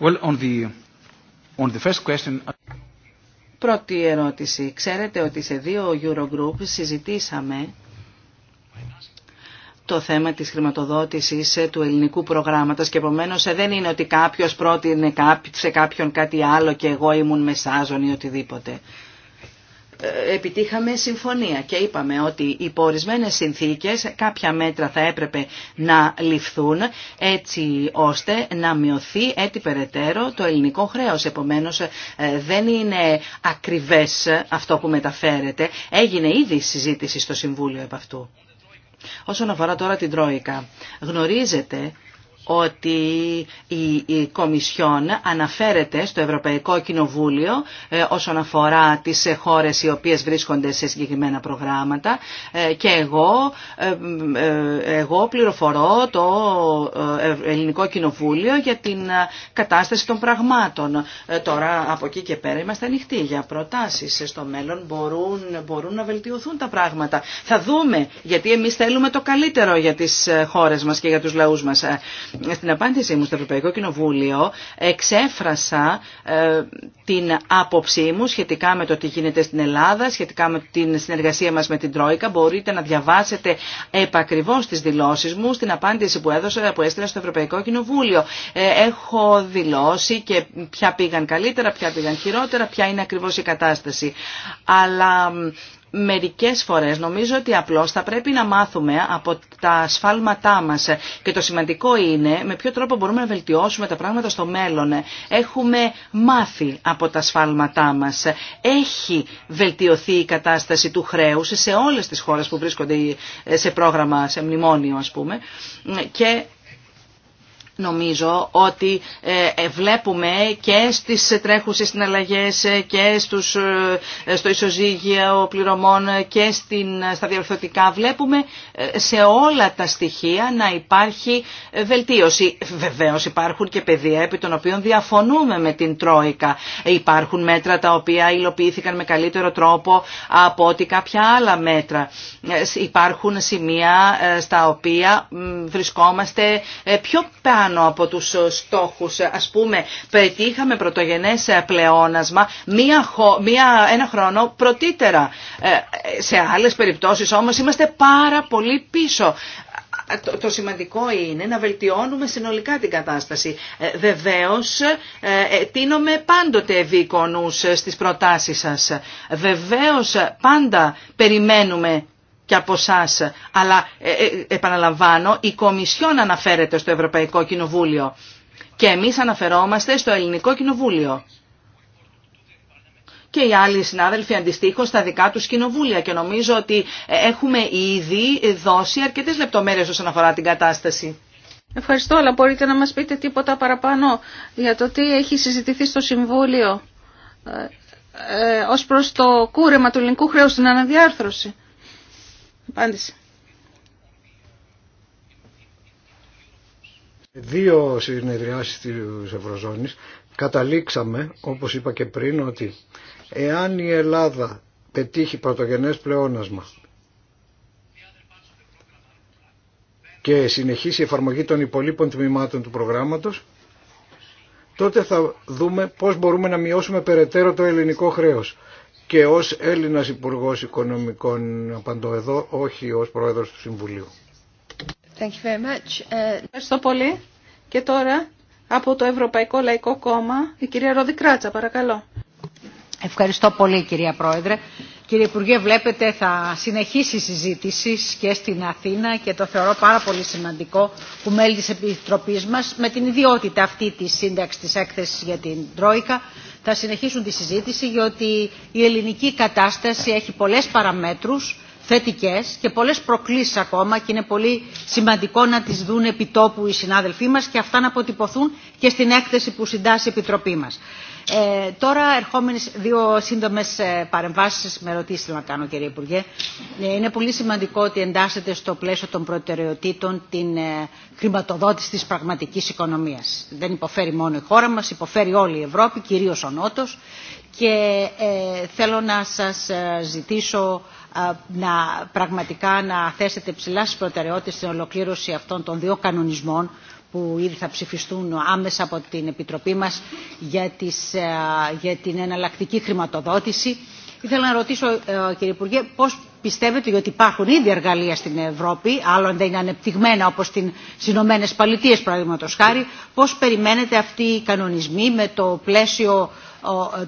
Well, uh, Πρώτη ερώτηση. Ξέρετε ότι σε δύο Eurogroup συζητήσαμε το θέμα της χρηματοδότησης ε, του ελληνικού προγράμματος και επομένως ε, δεν είναι ότι κάποιος πρότεινε σε κάποιον κάτι άλλο και εγώ ήμουν μεσάζων ή οτιδήποτε. Ε, επιτύχαμε συμφωνία και είπαμε ότι υπό ορισμένε συνθήκες κάποια μέτρα θα έπρεπε να ληφθούν έτσι ώστε να μειωθεί έτσι περαιτέρω το ελληνικό χρέος. Επομένως δεν είναι ακριβές αυτό που μεταφέρεται. Έγινε ήδη συζήτηση στο Συμβούλιο επ' αυτού. Όσον αφορά τώρα την Τρόικα, γνωρίζετε ότι η Κομισιόν αναφέρεται στο Ευρωπαϊκό Κοινοβούλιο ε, όσον αφορά τις ε, χώρες οι οποίες βρίσκονται σε συγκεκριμένα προγράμματα ε, και εγώ, εγώ πληροφορώ το Ελληνικό Κοινοβούλιο για την κατάσταση των πραγμάτων. Τώρα από εκεί και πέρα είμαστε ανοιχτοί για προτάσεις στο μέλλον μπορούν, μπορούν να βελτιωθούν τα πράγματα. Θα δούμε γιατί εμείς θέλουμε το καλύτερο για τις χώρες μας και για τους λαούς μας. Στην απάντησή μου στο Ευρωπαϊκό Κοινοβούλιο εξέφρασα ε, την άποψή μου σχετικά με το τι γίνεται στην Ελλάδα, σχετικά με την συνεργασία μας με την Τρόικα. Μπορείτε να διαβάσετε επακριβώς τις δηλώσεις μου στην απάντηση που έδωσα, που έστειλα στο Ευρωπαϊκό Κοινοβούλιο. Ε, έχω δηλώσει και ποια πήγαν καλύτερα, ποια πήγαν χειρότερα, ποια είναι ακριβώς η κατάσταση. Αλλά μερικές φορές νομίζω ότι απλώς θα πρέπει να μάθουμε από τα σφάλματά μας και το σημαντικό είναι με ποιο τρόπο μπορούμε να βελτιώσουμε τα πράγματα στο μέλλον. Έχουμε μάθει από τα σφάλματά μας. Έχει βελτιωθεί η κατάσταση του χρέους σε όλες τις χώρες που βρίσκονται σε πρόγραμμα, σε μνημόνιο ας πούμε και Νομίζω ότι ε, ε, βλέπουμε και στις τρέχουσες συναλλαγές ε, και στους, στο ισοζύγιο πληρωμών και στην, στα διορθωτικά βλέπουμε σε όλα τα στοιχεία να υπάρχει βελτίωση. Βεβαίως υπάρχουν και παιδεία επί των οποίων διαφωνούμε με την Τρόικα. Υπάρχουν μέτρα τα οποία υλοποιήθηκαν με καλύτερο τρόπο από ότι κάποια άλλα μέτρα. Υπάρχουν σημεία στα οποία βρισκόμαστε πιο πάνω πάνω από τους ε, στόχους. Ας πούμε, πετύχαμε πρωτογενές ε, πλεόνασμα μία, μία, ένα χρόνο πρωτύτερα. Ε, σε άλλες περιπτώσεις όμως είμαστε πάρα πολύ πίσω. Το σημαντικό είναι να βελτιώνουμε συνολικά την κατάσταση. Βεβαίως, τίνομαι πάντοτε ευήκονους στις προτάσεις σας. Βεβαίως, πάντα περιμένουμε και από εσά. Αλλά ε, ε, επαναλαμβάνω, η Κομισιόν αναφέρεται στο Ευρωπαϊκό Κοινοβούλιο και εμείς αναφερόμαστε στο Ελληνικό Κοινοβούλιο. Και οι άλλοι συνάδελφοι αντιστοίχω στα δικά του κοινοβούλια. Και νομίζω ότι ε, έχουμε ήδη δώσει αρκετέ λεπτομέρειε όσον αφορά την κατάσταση. Ευχαριστώ, αλλά μπορείτε να μας πείτε τίποτα παραπάνω για το τι έχει συζητηθεί στο Συμβούλιο ε, ε, ως προς το κούρεμα του ελληνικού χρέους στην αναδιάρθρωση. Δύο συνεδριάσεις της Ευρωζώνης καταλήξαμε, όπως είπα και πριν, ότι εάν η Ελλάδα πετύχει πρωτογενές πλεόνασμα και συνεχίσει η εφαρμογή των υπολείπων τμήματων του προγράμματος, τότε θα δούμε πώς μπορούμε να μειώσουμε περαιτέρω το ελληνικό χρέος και ως Έλληνας Υπουργός Οικονομικών απαντώ εδώ, όχι ως Πρόεδρος του Συμβουλίου. Ε, Ευχαριστώ πολύ. Και τώρα από το Ευρωπαϊκό Λαϊκό Κόμμα, η κυρία Ροδικράτσα, παρακαλώ. Ευχαριστώ πολύ κυρία Πρόεδρε. Κύριε Υπουργέ, βλέπετε θα συνεχίσει η συζήτηση και στην Αθήνα και το θεωρώ πάρα πολύ σημαντικό που μέλη της Επιτροπής μας με την ιδιότητα αυτή της σύνταξης της έκθεσης για την Τρόικα θα συνεχίσουν τη συζήτηση γιατί η ελληνική κατάσταση έχει πολλές παραμέτρους θετικές και πολλές προκλήσεις ακόμα και είναι πολύ σημαντικό να τις δουν επιτόπου οι συνάδελφοί μας και αυτά να αποτυπωθούν και στην έκθεση που συντάσσει η Επιτροπή μας. Ε, τώρα ερχόμενες δύο σύντομες ε, παρεμβάσεις με ερωτήσεις να κάνω κύριε Υπουργέ. Ε, είναι πολύ σημαντικό ότι εντάσσεται στο πλαίσιο των προτεραιοτήτων την χρηματοδότηση της πραγματικής οικονομίας. Δεν υποφέρει μόνο η χώρα μας, υποφέρει όλη η Ευρώπη, κυρίως ο Νότος και θέλω να σας ζητήσω να πραγματικά να θέσετε ψηλά στις προτεραιότητες στην ολοκλήρωση αυτών των δύο κανονισμών που ήδη θα ψηφιστούν άμεσα από την Επιτροπή μας για, τις, ε, για την εναλλακτική χρηματοδότηση. Ήθελα να ρωτήσω, ε, κύριε Υπουργέ, πώς πιστεύετε, ότι υπάρχουν ήδη εργαλεία στην Ευρώπη, αν δεν είναι ανεπτυγμένα όπως στις Ηνωμένε Παλιτείε, παραδείγματο χάρη, πώς περιμένετε αυτοί οι κανονισμοί με το πλαίσιο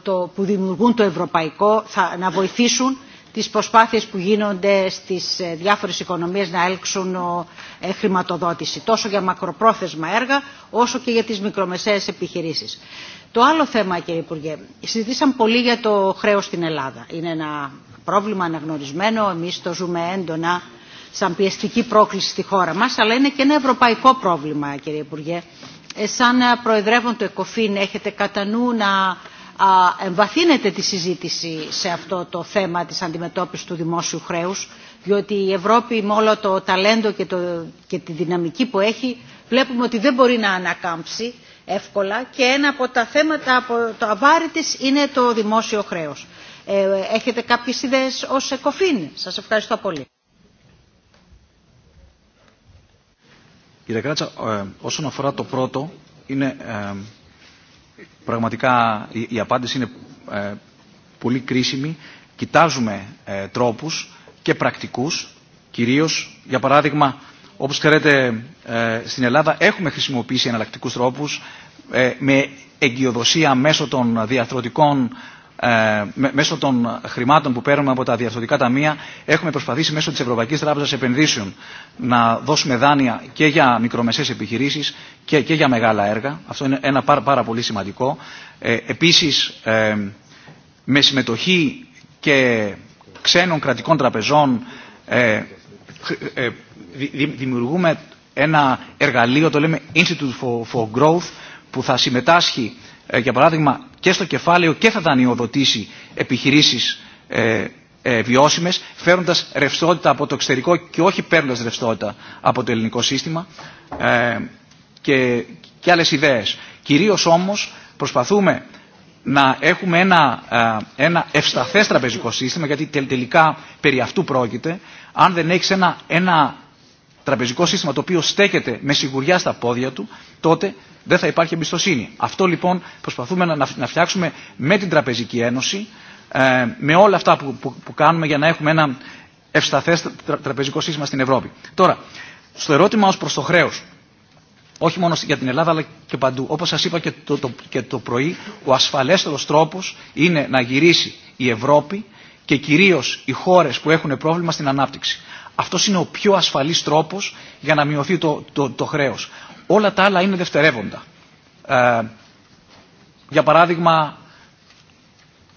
το, που δημιουργούν το ευρωπαϊκό θα, να βοηθήσουν τις προσπάθειες που γίνονται στις ε, διάφορες οικονομίες να έλξουν ε, χρηματοδότηση, τόσο για μακροπρόθεσμα έργα, όσο και για τις μικρομεσαίες επιχειρήσεις. Το άλλο θέμα, κύριε Υπουργέ, συζητήσαμε πολύ για το χρέος στην Ελλάδα. Είναι ένα πρόβλημα αναγνωρισμένο, εμείς το ζούμε έντονα σαν πιεστική πρόκληση στη χώρα μας, αλλά είναι και ένα ευρωπαϊκό πρόβλημα, κύριε Υπουργέ. Ε, σαν προεδρεύον του ΕΚΟΦΗΝ έχετε κατά νου να εμβαθύνεται τη συζήτηση σε αυτό το θέμα της αντιμετώπισης του δημόσιου χρέους, διότι η Ευρώπη με όλο το ταλέντο και, το, και τη δυναμική που έχει βλέπουμε ότι δεν μπορεί να ανακάμψει εύκολα και ένα από τα θέματα, από το αβάρι της είναι το δημόσιο χρέος. Ε, έχετε κάποιες ιδέες ως εκοφήν. Σας ευχαριστώ πολύ. Κύριε Κράτσα, ε, όσον αφορά το πρώτο, είναι ε, Πραγματικά η, απάντηση είναι ε, πολύ κρίσιμη. Κοιτάζουμε ε, τρόπους και πρακτικούς, κυρίως, για παράδειγμα, όπως ξέρετε, ε, στην Ελλάδα έχουμε χρησιμοποιήσει εναλλακτικούς τρόπους με εγκυοδοσία μέσω των διαθροτικών ε, μέσω των χρημάτων που παίρνουμε από τα διαρθωτικά ταμεία έχουμε προσπαθήσει μέσω της Ευρωπαϊκής Τράπεζα Επενδύσεων να δώσουμε δάνεια και για μικρομεσαίες επιχειρήσεις και, και για μεγάλα έργα. Αυτό είναι ένα πάρα, πάρα πολύ σημαντικό. Ε, επίσης ε, με συμμετοχή και ξένων κρατικών τραπεζών ε, δημιουργούμε ένα εργαλείο, το λέμε Institute for Growth, που θα συμμετάσχει, για παράδειγμα, και στο κεφάλαιο και θα δανειοδοτήσει επιχειρήσεις ε, ε, βιώσιμες, φέροντας ρευστότητα από το εξωτερικό και όχι παίρνοντας ρευστότητα από το ελληνικό σύστημα ε, και, και άλλες ιδέες. Κυρίως όμως προσπαθούμε να έχουμε ένα, ε, ένα ευσταθές τραπεζικό σύστημα, γιατί τελικά περί αυτού πρόκειται, αν δεν έχεις ένα, ένα τραπεζικό σύστημα το οποίο στέκεται με σιγουριά στα πόδια του, τότε δεν θα υπάρχει εμπιστοσύνη. Αυτό λοιπόν προσπαθούμε να φτιάξουμε με την Τραπεζική Ένωση, ε, με όλα αυτά που κάνουμε για να έχουμε ένα ευσταθές τραπεζικό σύστημα στην Ευρώπη. Τώρα, στο ερώτημα ω προς το χρέος, όχι μόνο για την Ελλάδα αλλά και παντού. όπω σα είπα και το, το, το πρωί, ο ασφαλέστερος τρόπο είναι να γυρίσει η Ευρώπη και κυρίως οι χώρες που έχουν πρόβλημα στην ανάπτυξη. Αυτό είναι ο πιο ασφαλής τρόπος για να μειωθεί το, το, το χρέος. Όλα τα άλλα είναι δευτερεύοντα. Ε, για παράδειγμα,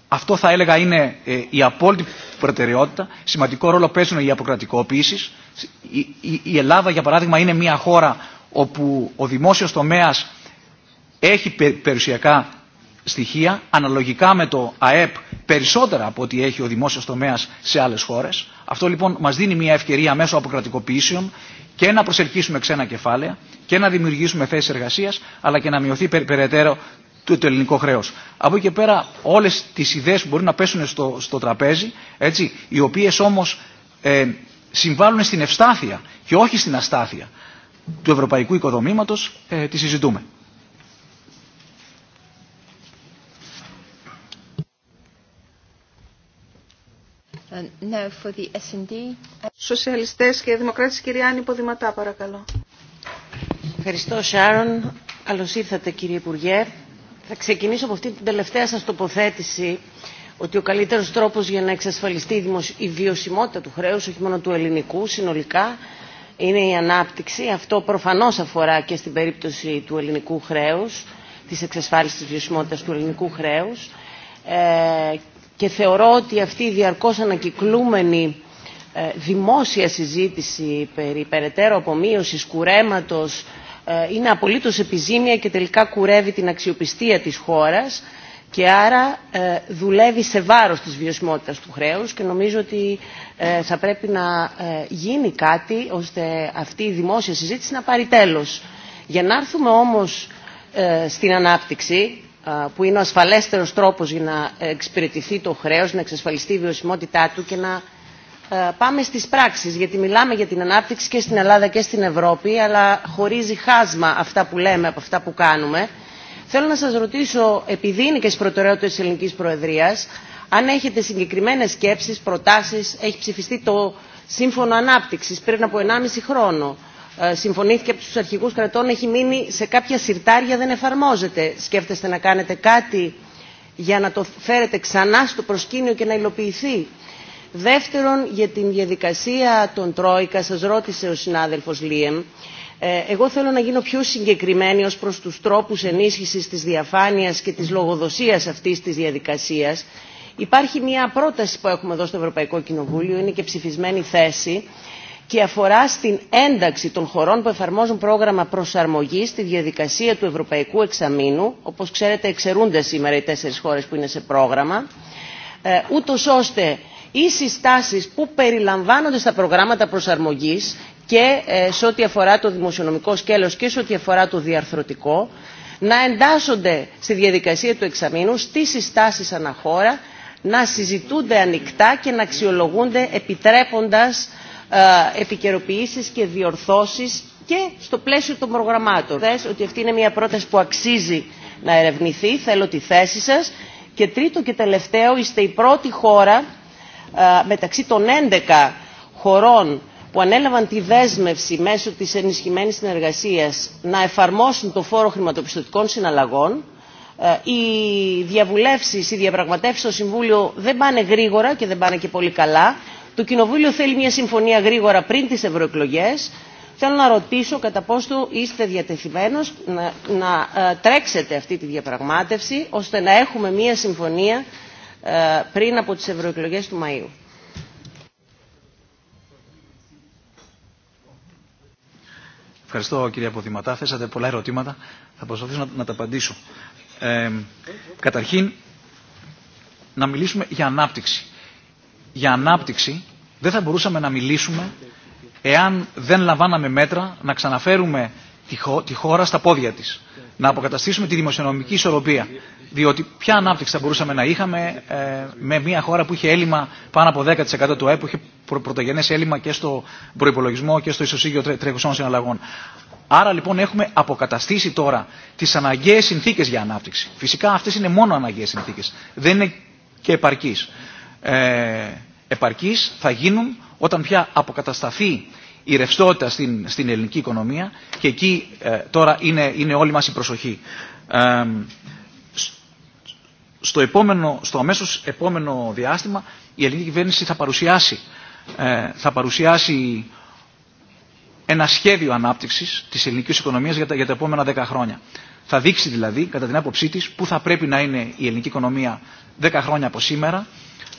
αυτό θα έλεγα είναι ε, η απόλυτη προτεραιότητα. Σημαντικό ρόλο παίζουν οι αποκρατικοποιήσει. Η, η Ελλάδα, για παράδειγμα, είναι μια χώρα όπου ο δημόσιος τομέας έχει περιουσιακά στοιχεία αναλογικά με το ΑΕΠ περισσότερα από ό,τι έχει ο δημόσιο τομέα σε άλλε χώρε. Αυτό λοιπόν μα δίνει μια ευκαιρία μέσω αποκρατικοποιήσεων και να προσελκύσουμε ξένα κεφάλαια και να δημιουργήσουμε θέσει εργασία, αλλά και να μειωθεί περαιτέρω το, το ελληνικό χρέο. Από εκεί και πέρα όλε τι ιδέε που μπορεί να πέσουν στο, τραπέζι, έτσι, οι οποίε όμω ε, συμβάλλουν στην ευστάθεια και όχι στην αστάθεια του ευρωπαϊκού οικοδομήματος, ε, συζητούμε. Ε, ναι, Now Σοσιαλιστές και Δημοκράτες, κυρία Άννη Ποδηματά, παρακαλώ. Ευχαριστώ, Σάρων. Καλώς ήρθατε, κύριε Υπουργέ. Θα ξεκινήσω από αυτή την τελευταία σας τοποθέτηση ότι ο καλύτερος τρόπος για να εξασφαλιστεί η βιωσιμότητα του χρέους, όχι μόνο του ελληνικού συνολικά, είναι η ανάπτυξη. Αυτό προφανώς αφορά και στην περίπτωση του ελληνικού χρέους, της εξασφάλισης της βιωσιμότητας του ελληνικού χρέους. Ε, και θεωρώ ότι αυτή η διαρκώς ανακυκλούμενη ε, δημόσια συζήτηση περί περαιτέρω απομείωσης, κουρέματος, ε, είναι απολύτως επιζήμια και τελικά κουρεύει την αξιοπιστία της χώρας και άρα ε, δουλεύει σε βάρος της βιωσιμότητας του χρέους και νομίζω ότι θα πρέπει να γίνει κάτι ώστε αυτή η δημόσια συζήτηση να πάρει τέλος. Για να έρθουμε όμως στην ανάπτυξη ε, που είναι ο ασφαλέστερος τρόπος για να εξυπηρετηθεί το χρέος, να εξασφαλιστεί η βιωσιμότητά του και να ε, πάμε στις πράξεις, γιατί μιλάμε για την ανάπτυξη και στην Ελλάδα και στην Ευρώπη, αλλά χωρίζει χάσμα αυτά που λέμε από αυτά που κάνουμε. Θέλω να σας ρωτήσω, επειδή είναι και στις προτεραιότητες της Ελληνικής Προεδρίας, αν έχετε συγκεκριμένες σκέψεις, προτάσεις, έχει ψηφιστεί το Σύμφωνο Ανάπτυξης πριν από 1,5 χρόνο. Ε, συμφωνήθηκε από τους αρχηγούς κρατών έχει μείνει σε κάποια συρτάρια, δεν εφαρμόζεται. Σκέφτεστε να κάνετε κάτι για να το φέρετε ξανά στο προσκήνιο και να υλοποιηθεί. Δεύτερον, για την διαδικασία των Τρόικα, σας ρώτησε ο συνάδελφος Λίεμ, ε, εγώ θέλω να γίνω πιο συγκεκριμένη ως προς τους τρόπους ενίσχυσης της διαφάνειας και της λογοδοσίας αυτής της διαδικασίας. Υπάρχει μια πρόταση που έχουμε εδώ στο Ευρωπαϊκό Κοινοβούλιο, είναι και ψηφισμένη θέση, και αφορά στην ένταξη των χωρών που εφαρμόζουν πρόγραμμα προσαρμογής στη διαδικασία του Ευρωπαϊκού Εξαμήνου. Όπως ξέρετε εξαιρούνται σήμερα οι τέσσερις χώρες που είναι σε πρόγραμμα. Ε, ούτως ώστε οι συστάσεις που περιλαμβάνονται στα προγράμματα προσαρμογής και ε, σε ό,τι αφορά το δημοσιονομικό σκέλος και σε ό,τι αφορά το διαρθρωτικό να εντάσσονται στη διαδικασία του εξαμήνου, στις συστάσεις αναχώρα, να συζητούνται ανοιχτά και να αξιολογούνται επιτρέποντας ε, επικαιροποιήσεις και διορθώσεις και στο πλαίσιο των προγραμμάτων. Θες ότι αυτή είναι μια πρόταση που αξίζει να ερευνηθεί, θέλω τη θέση σας. Και τρίτο και τελευταίο, είστε η πρώτη χώρα ε, μεταξύ των 11 χωρών που ανέλαβαν τη δέσμευση μέσω της ενισχυμένης συνεργασίας να εφαρμόσουν το φόρο χρηματοπιστωτικών συναλλαγών. Ε, οι διαβουλεύσεις, οι διαπραγματεύσεις στο Συμβούλιο δεν πάνε γρήγορα και δεν πάνε και πολύ καλά. Το Κοινοβούλιο θέλει μια συμφωνία γρήγορα πριν τις ευρωεκλογέ. Θέλω να ρωτήσω κατά πόσο είστε διατεθειμένος να, ε, τρέξετε αυτή τη διαπραγμάτευση ώστε να έχουμε μια συμφωνία ε, πριν από τις ευρωεκλογέ του Μαΐου. Ευχαριστώ κυρία Ποδηματά. Θέσατε πολλά ερωτήματα. Θα προσπαθήσω να, τα απαντήσω. Ε, καταρχήν, να μιλήσουμε για ανάπτυξη για ανάπτυξη δεν θα μπορούσαμε να μιλήσουμε εάν δεν λαμβάναμε μέτρα να ξαναφέρουμε τη χώρα στα πόδια της. Να αποκαταστήσουμε τη δημοσιονομική ισορροπία. Διότι ποια ανάπτυξη θα μπορούσαμε να είχαμε ε, με μια χώρα που είχε έλλειμμα πάνω από 10% του ΑΕΠ, που είχε πρω, πρωτογενέ έλλειμμα και στο προπολογισμό και στο ισοσύγιο τρε, τρέχουσών συναλλαγών. Άρα λοιπόν έχουμε αποκαταστήσει τώρα τι αναγκαίε συνθήκε για ανάπτυξη. Φυσικά αυτέ είναι μόνο αναγκαίε συνθήκε. Δεν είναι και επαρκεί. Ε, επαρκής θα γίνουν όταν πια αποκατασταθεί η ρευστότητα στην, στην ελληνική οικονομία και εκεί ε, τώρα είναι, είναι όλη μας η προσοχή. Ε, στο, επόμενο, στο αμέσως επόμενο διάστημα η ελληνική κυβέρνηση θα παρουσιάσει, ε, θα παρουσιάσει ένα σχέδιο ανάπτυξης της ελληνικής οικονομίας για τα, για τα επόμενα δέκα χρόνια. Θα δείξει δηλαδή, κατά την άποψή της, πού θα πρέπει να είναι η ελληνική οικονομία 10 χρόνια από σήμερα,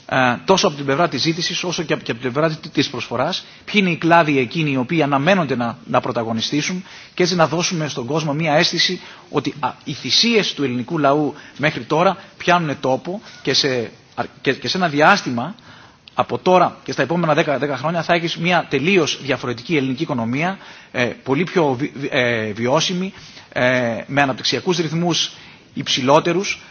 ε, τόσο από την πλευρά τη ζήτηση, όσο και από την πλευρά τη προσφορά, ποιοι είναι οι κλάδοι εκείνοι οι οποίοι αναμένονται να, να πρωταγωνιστήσουν και έτσι να δώσουμε στον κόσμο μια αίσθηση ότι α, οι θυσίε του ελληνικού λαού μέχρι τώρα πιάνουν τόπο και σε, και, σε ένα διάστημα από τώρα και στα επόμενα 10, 10 χρόνια θα έχει μια τελείω διαφορετική ελληνική οικονομία, ε, πολύ πιο ε, βιώσιμη, ε, με αναπτυξιακούς ρυθμούς υψηλότερους,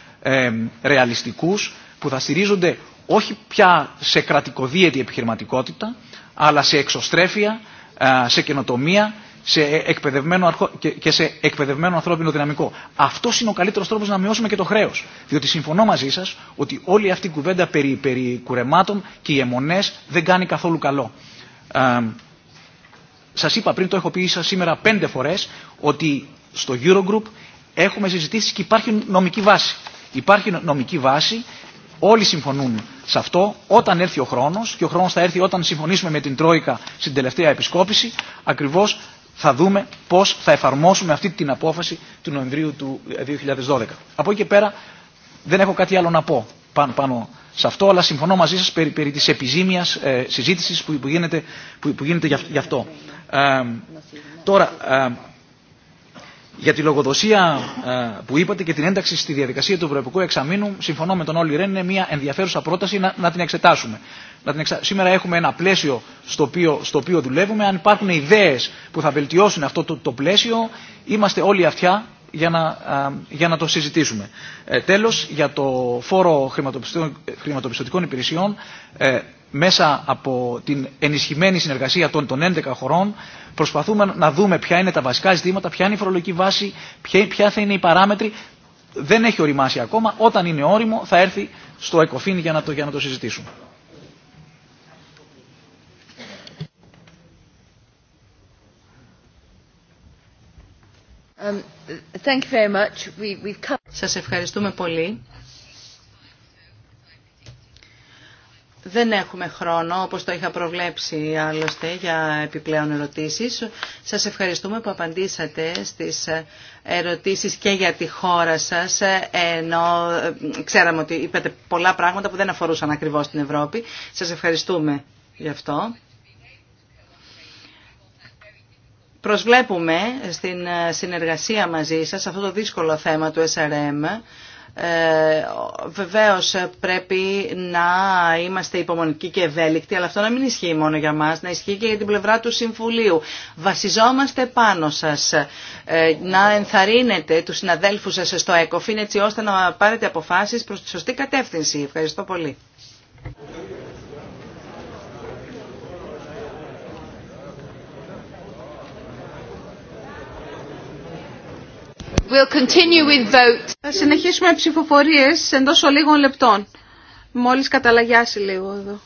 ρεαλιστικού που θα στηρίζονται όχι πια σε κρατικοδίαιτη επιχειρηματικότητα, αλλά σε εξωστρέφεια, σε καινοτομία σε εκπαιδευμένο και σε εκπαιδευμένο ανθρώπινο δυναμικό. Αυτό είναι ο καλύτερο τρόπο να μειώσουμε και το χρέο. Διότι συμφωνώ μαζί σα ότι όλη αυτή η κουβέντα περί, περί κουρεμάτων και οι αιμονέ δεν κάνει καθόλου καλό. Ε, σα είπα πριν, το έχω πει σα σήμερα πέντε φορέ, ότι στο Eurogroup έχουμε συζητήσει και υπάρχει νομική βάση. Υπάρχει νομική βάση, όλοι συμφωνούν σε αυτό όταν έρθει ο χρόνος και ο χρόνος θα έρθει όταν συμφωνήσουμε με την Τρόικα στην τελευταία επισκόπηση ακριβώς θα δούμε πώς θα εφαρμόσουμε αυτή την απόφαση του Νοεμβρίου του 2012. Ε, Από εκεί και πέρα δεν έχω κάτι άλλο να πω πάνω, πάνω σε αυτό, αλλά συμφωνώ μαζί σας περί, περί της επιζήμιας ε, συζήτησης που, που, γίνεται, που, που γίνεται γι' αυτό. Ε, τώρα, για τη λογοδοσία ε, που είπατε και την ένταξη στη διαδικασία του Ευρωπαϊκού Εξαμήνου, συμφωνώ με τον Όλη Ρέν, είναι μια ενδιαφέρουσα πρόταση να, την εξετάσουμε. Σήμερα έχουμε ένα πλαίσιο στο οποίο, στο οποίο δουλεύουμε. Αν υπάρχουν ιδέε που θα βελτιώσουν αυτό το, το πλαίσιο, είμαστε όλοι αυτιά για να, ε, για να το συζητήσουμε. Ε, για το φόρο χρηματοπιστωτικών υπηρεσιών, ε, μέσα από την ενισχυμένη συνεργασία των, των 11 χωρών προσπαθούμε να δούμε ποια είναι τα βασικά ζητήματα, ποια είναι η φορολογική βάση, ποια, θα είναι οι παράμετροι. Δεν έχει οριμάσει ακόμα. Όταν είναι όριμο θα έρθει στο ΕΚΟΦΗΝ για να το, για να το συζητήσουμε. Um, Σας ευχαριστούμε πολύ. Δεν έχουμε χρόνο, όπως το είχα προβλέψει άλλωστε, για επιπλέον ερωτήσεις. Σας ευχαριστούμε που απαντήσατε στις ερωτήσεις και για τη χώρα σας, ενώ ε, ξέραμε ότι είπατε πολλά πράγματα που δεν αφορούσαν ακριβώς την Ευρώπη. Σας ευχαριστούμε γι' αυτό. Προσβλέπουμε στην συνεργασία μαζί σας αυτό το δύσκολο θέμα του SRM ε, βεβαίως πρέπει να είμαστε υπομονικοί και ευέλικτοι, αλλά αυτό να μην ισχύει μόνο για μας, να ισχύει και για την πλευρά του Συμβουλίου. Βασιζόμαστε πάνω σας, ε, να ενθαρρύνετε τους συναδέλφους σας στο ΕΚΟΦΗΝ έτσι ώστε να πάρετε αποφάσεις προς τη σωστή κατεύθυνση. Ευχαριστώ πολύ. continue with Θα συνεχίσουμε ψηφοφορίες εντός ολίγων λεπτών. Μόλις καταλαγιάσει λίγο εδώ.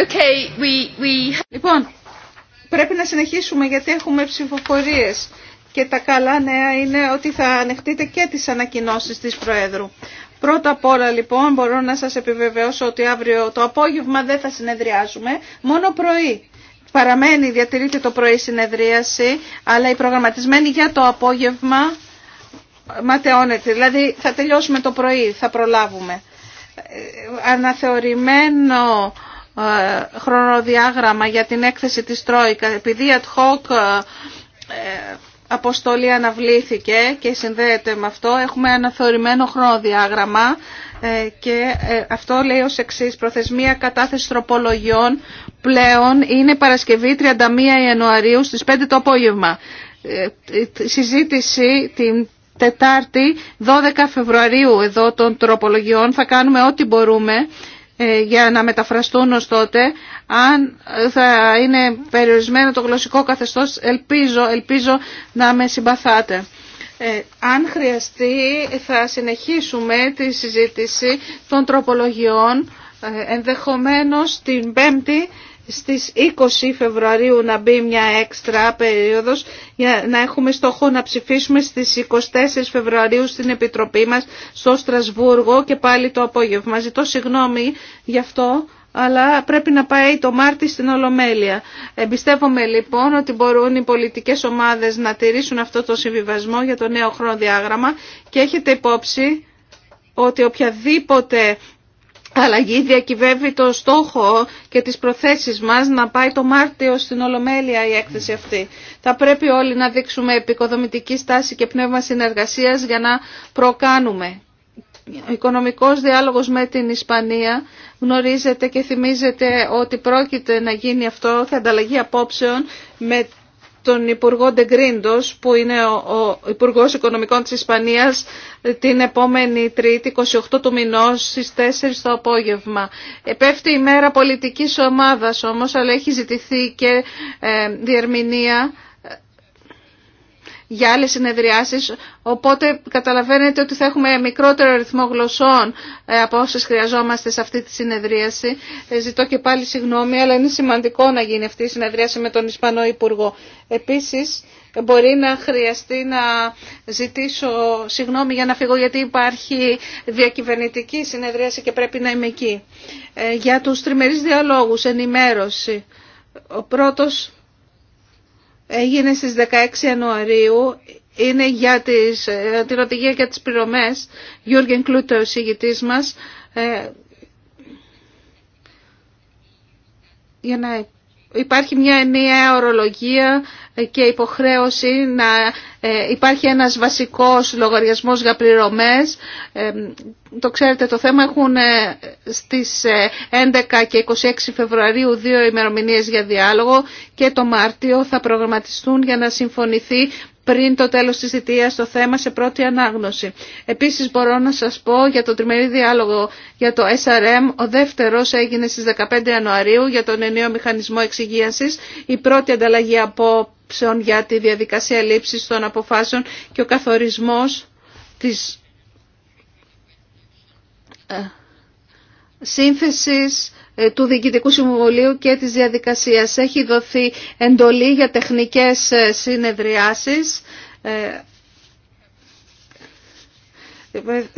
Okay, Λοιπόν, πρέπει να συνεχίσουμε γιατί έχουμε ψηφοφορίες και τα καλά νέα είναι ότι θα ανεχτείτε και τις ανακοινώσεις της Προέδρου. Πρώτα απ' όλα λοιπόν μπορώ να σας επιβεβαιώσω ότι αύριο το απόγευμα δεν θα συνεδριάζουμε, μόνο πρωί. Παραμένει, διατηρείται το πρωί συνεδρίαση, αλλά η προγραμματισμένη για το απόγευμα ματαιώνεται. Δηλαδή θα τελειώσουμε το πρωί, θα προλάβουμε. Ε, αναθεωρημένο ε, χρονοδιάγραμμα για την έκθεση της Τρόικα. Επειδή η ad ε, ε, αποστολή αναβλήθηκε και συνδέεται με αυτό, έχουμε αναθεωρημένο χρονοδιάγραμμα και αυτό λέει ως εξής, προθεσμία κατάθεση τροπολογιών πλέον είναι Παρασκευή 31 Ιανουαρίου στις 5 το απόγευμα. Συζήτηση την Τετάρτη 12 Φεβρουαρίου εδώ των τροπολογιών θα κάνουμε ό,τι μπορούμε ε, για να μεταφραστούν ως τότε. Αν θα είναι περιορισμένο το γλωσσικό καθεστώς, ελπίζω, ελπίζω να με συμπαθάτε. Ε, αν χρειαστεί θα συνεχίσουμε τη συζήτηση των τροπολογιών ε, ενδεχομένως την Πέμπτη στις 20 Φεβρουαρίου να μπει μια έξτρα περίοδος για να έχουμε στόχο να ψηφίσουμε στις 24 Φεβρουαρίου στην Επιτροπή μας στο Στρασβούργο και πάλι το απόγευμα. Ζητώ συγγνώμη γι' αυτό αλλά πρέπει να πάει το Μάρτι στην Ολομέλεια. Εμπιστεύομαι λοιπόν ότι μπορούν οι πολιτικές ομάδες να τηρήσουν αυτό το συμβιβασμό για το νέο χρονοδιάγραμμα και έχετε υπόψη ότι οποιαδήποτε αλλαγή διακυβεύει το στόχο και τις προθέσεις μας να πάει το Μάρτιο στην Ολομέλεια η έκθεση αυτή. Θα πρέπει όλοι να δείξουμε επικοδομητική στάση και πνεύμα συνεργασίας για να προκάνουμε. Ο οικονομικός διάλογος με την Ισπανία γνωρίζετε και θυμίζεται ότι πρόκειται να γίνει αυτό, θα ανταλλαγή απόψεων με τον Υπουργό Ντεγκρίντος που είναι ο, ο Υπουργός Οικονομικών της Ισπανίας την επόμενη Τρίτη 28 του μηνός στις 4 το απόγευμα. Επέφτει η μέρα πολιτικής ομάδας όμως αλλά έχει ζητηθεί και ε, διερμηνία για άλλες συνεδριάσεις, οπότε καταλαβαίνετε ότι θα έχουμε μικρότερο ρυθμό γλωσσών ε, από όσες χρειαζόμαστε σε αυτή τη συνεδρίαση. Ε, ζητώ και πάλι συγγνώμη, αλλά είναι σημαντικό να γίνει αυτή η συνεδρίαση με τον Ισπανό Υπουργό. Επίσης, μπορεί να χρειαστεί να ζητήσω συγγνώμη για να φύγω γιατί υπάρχει διακυβερνητική συνεδρίαση και πρέπει να είμαι εκεί. Ε, για τους τριμερείς διαλόγους, ενημέρωση. Ο πρώτος έγινε στις 16 Ιανουαρίου είναι για τις, ε, την οδηγία για τις πληρωμές. Γιούργεν Κλούτε ο συγητής μας, ε, για να υπάρχει μια ενιαία ορολογία και υποχρέωση να ε, υπάρχει ένας βασικός λογαριασμός για πληρωμές. Ε, το ξέρετε το θέμα έχουν ε, στις 11 και 26 Φεβρουαρίου δύο ημερομηνίες για διάλογο και το Μάρτιο θα προγραμματιστούν για να συμφωνηθεί πριν το τέλος της θητείας το θέμα σε πρώτη ανάγνωση. Επίσης μπορώ να σας πω για το τριμερή διάλογο για το SRM, ο δεύτερος έγινε στις 15 Ιανουαρίου για τον ενίο μηχανισμό εξυγίασης, η πρώτη ανταλλαγή απόψεων για τη διαδικασία λήψης των αποφάσεων και ο καθορισμός της ε, σύνθεσης ε, του Διοικητικού Συμβουλίου και της διαδικασίας. Έχει δοθεί εντολή για τεχνικές ε, συνεδριάσεις ε,